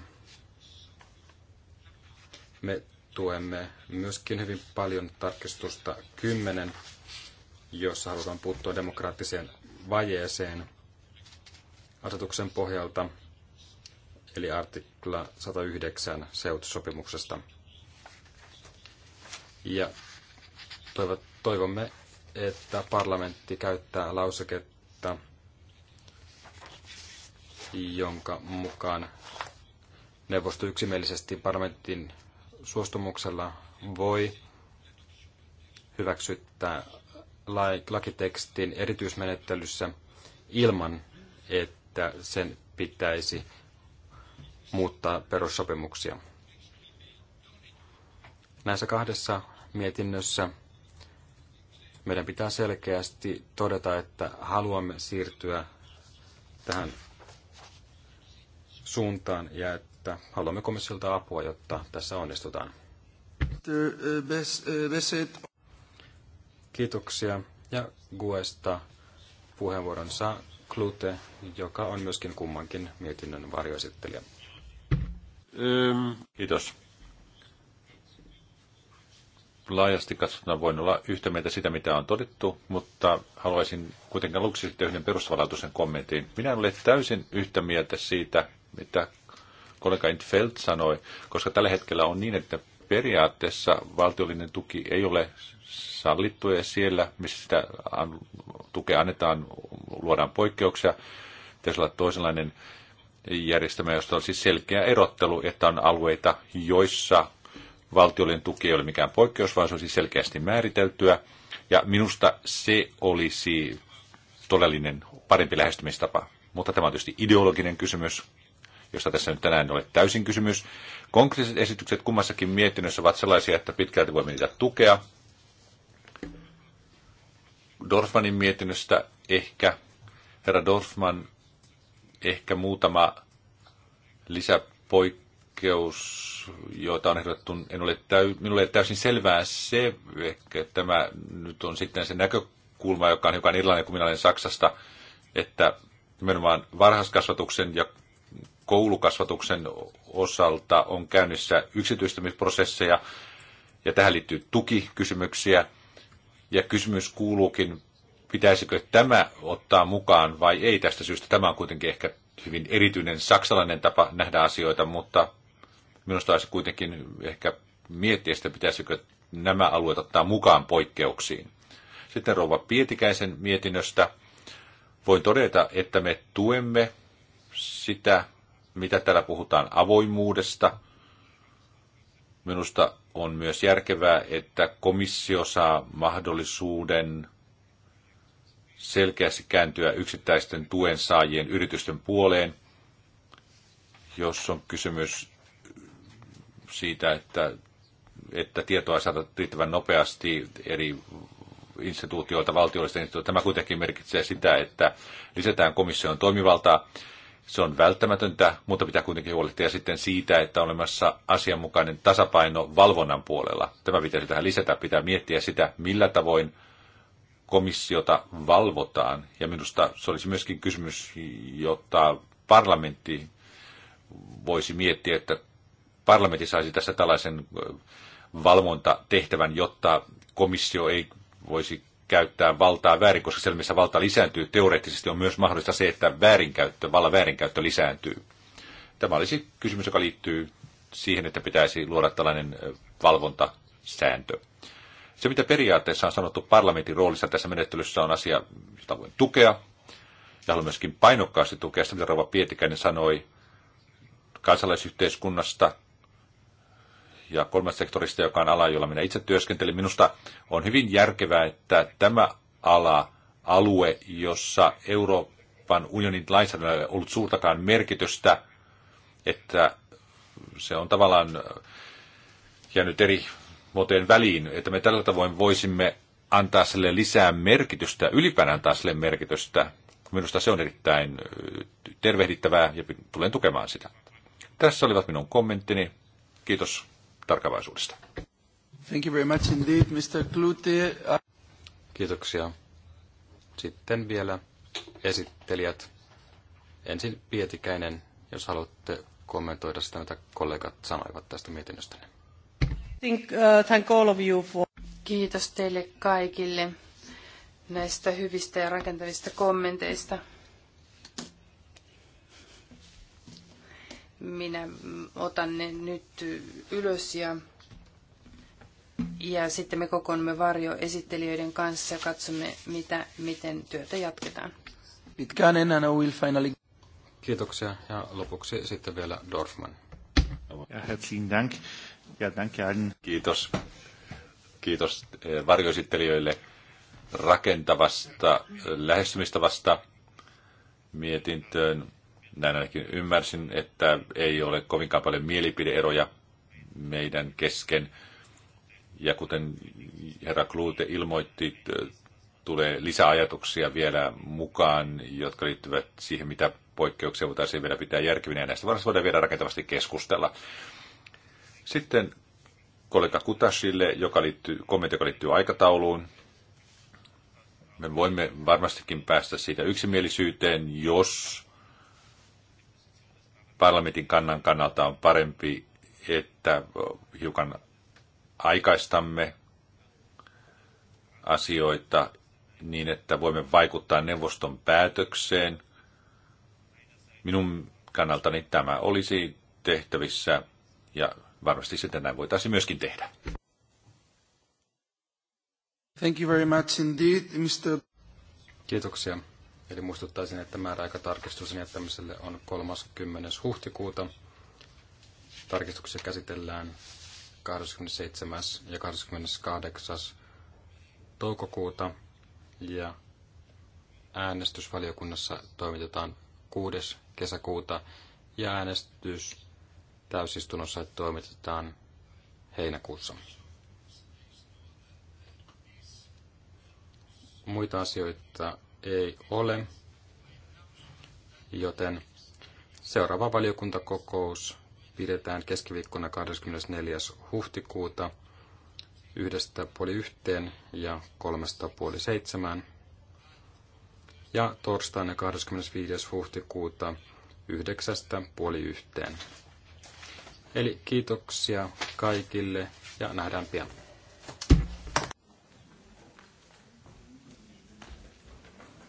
Me tuemme myöskin hyvin paljon tarkistusta 10, jossa halutaan puuttua demokraattiseen vajeeseen asetuksen pohjalta, eli artikla 109 seutusopimuksesta. Ja toivomme, että parlamentti käyttää lauseketta, jonka mukaan neuvosto yksimielisesti parlamentin suostumuksella voi hyväksyttää lakitekstin erityismenettelyssä ilman, että sen pitäisi muuttaa perussopimuksia. Näissä kahdessa mietinnössä meidän pitää selkeästi todeta, että haluamme siirtyä tähän suuntaan ja että että haluamme komissiolta apua, jotta tässä onnistutaan. Kiitoksia. Ja Guesta puheenvuoron saa Klute, joka on myöskin kummankin mietinnön varjoesittelijä. Kiitos. Laajasti katsottuna voin olla yhtä mieltä sitä, mitä on todettu, mutta haluaisin kuitenkin aluksi sitten yhden perustavanlaatuisen kommentin. Minä olen täysin yhtä mieltä siitä, mitä kollega Intfeld sanoi, koska tällä hetkellä on niin, että periaatteessa valtiollinen tuki ei ole sallittu ja siellä, missä sitä tukea annetaan, luodaan poikkeuksia. Pitäisi olla toisenlainen järjestelmä, josta on siis selkeä erottelu, että on alueita, joissa valtiollinen tuki ei ole mikään poikkeus, vaan se olisi siis selkeästi määriteltyä. Ja minusta se olisi todellinen parempi lähestymistapa. Mutta tämä on tietysti ideologinen kysymys josta tässä nyt tänään ole täysin kysymys. Konkreettiset esitykset kummassakin mietinnössä ovat sellaisia, että pitkälti voimme niitä tukea. Dorfmanin mietinnöstä ehkä, herra Dorfman, ehkä muutama lisäpoikkeus, joita on ehdotettu. En ole täy, minulle ei täysin selvää se, ehkä tämä nyt on sitten se näkökulma, joka on hiukan erilainen kuin minä olen Saksasta, että nimenomaan varhaiskasvatuksen ja koulukasvatuksen osalta on käynnissä yksityistämisprosesseja ja tähän liittyy tukikysymyksiä. Ja kysymys kuuluukin, pitäisikö tämä ottaa mukaan vai ei tästä syystä. Tämä on kuitenkin ehkä hyvin erityinen saksalainen tapa nähdä asioita, mutta minusta olisi kuitenkin ehkä miettiä että pitäisikö nämä alueet ottaa mukaan poikkeuksiin. Sitten rouva Pietikäisen mietinnöstä voin todeta, että me tuemme sitä, mitä täällä puhutaan avoimuudesta. Minusta on myös järkevää, että komissio saa mahdollisuuden selkeästi kääntyä yksittäisten tuen saajien yritysten puoleen, jos on kysymys siitä, että, että tietoa saada riittävän nopeasti eri instituutioilta, valtiollisista instituutioilta. Tämä kuitenkin merkitsee sitä, että lisätään komission toimivaltaa se on välttämätöntä, mutta pitää kuitenkin huolehtia sitten siitä, että on olemassa asianmukainen tasapaino valvonnan puolella. Tämä pitäisi tähän lisätä. Pitää miettiä sitä, millä tavoin komissiota valvotaan. Ja minusta se olisi myöskin kysymys, jotta parlamentti voisi miettiä, että parlamentti saisi tässä tällaisen valvontatehtävän, jotta komissio ei voisi käyttää valtaa väärin, koska siellä missä valta lisääntyy, teoreettisesti on myös mahdollista se, että väärinkäyttö, vallan väärinkäyttö lisääntyy. Tämä olisi kysymys, joka liittyy siihen, että pitäisi luoda tällainen valvontasääntö. Se, mitä periaatteessa on sanottu parlamentin roolissa tässä menettelyssä, on asia, jota voin tukea. Ja haluan myöskin painokkaasti tukea sitä, mitä Rova Pietikäinen sanoi kansalaisyhteiskunnasta, ja kolmas sektorista, joka on ala, jolla minä itse työskentelin. Minusta on hyvin järkevää, että tämä ala, alue, jossa Euroopan unionin lainsäädännöllä ei ollut suurtakaan merkitystä, että se on tavallaan jäänyt eri muotojen väliin, että me tällä tavoin voisimme antaa sille lisää merkitystä, ylipäätään antaa sille merkitystä. Minusta se on erittäin äh, tervehdittävää ja tulen tukemaan sitä. Tässä olivat minun kommenttini. Kiitos tarkkaavaisuudesta. Thank you very much indeed, Mr. Klute. Kiitoksia. Sitten vielä esittelijät. Ensin Pietikäinen, jos haluatte kommentoida sitä, mitä kollegat sanoivat tästä mietinnöstä. Uh, thank all for... Kiitos teille kaikille näistä hyvistä ja rakentavista kommenteista. Minä otan ne nyt ylös ja, ja sitten me kokoonnumme esittelijöiden kanssa ja katsomme, mitä, miten työtä jatketaan. Pitkään enää will finally. Kiitoksia ja lopuksi sitten vielä Dorfman. Ja herzlichen Dank. Ja danke Kiitos. Kiitos eh, varjoesittelijöille rakentavasta eh, lähestymistavasta mietintöön näin ainakin ymmärsin, että ei ole kovinkaan paljon mielipideeroja meidän kesken. Ja kuten herra Kluute ilmoitti, tulee lisäajatuksia vielä mukaan, jotka liittyvät siihen, mitä poikkeuksia voitaisiin vielä pitää järkevinä, ja näistä varmasti voidaan vielä rakentavasti keskustella. Sitten kollega Kutashille, joka liittyy, kommentti, joka liittyy aikatauluun. Me voimme varmastikin päästä siitä yksimielisyyteen, jos parlamentin kannan kannalta on parempi, että hiukan aikaistamme asioita niin, että voimme vaikuttaa neuvoston päätökseen. Minun kannaltani tämä olisi tehtävissä ja varmasti sitä näin voitaisiin myöskin tehdä. Thank you very much indeed, Mr. Kiitoksia. Eli muistuttaisin, että määräaikatarkistuksen jättämiselle on 30. huhtikuuta. Tarkistuksia käsitellään 27. ja 28. toukokuuta ja äänestysvaliokunnassa toimitetaan 6. kesäkuuta ja äänestys täysistunnossa toimitetaan heinäkuussa. Muita asioita ei ole, joten seuraava valiokuntakokous pidetään keskiviikkona 24. huhtikuuta yhdestä puoli yhteen ja kolmesta puoli seitsemään. Ja torstaina 25. huhtikuuta yhdeksästä puoli yhteen. Eli kiitoksia kaikille ja nähdään pian.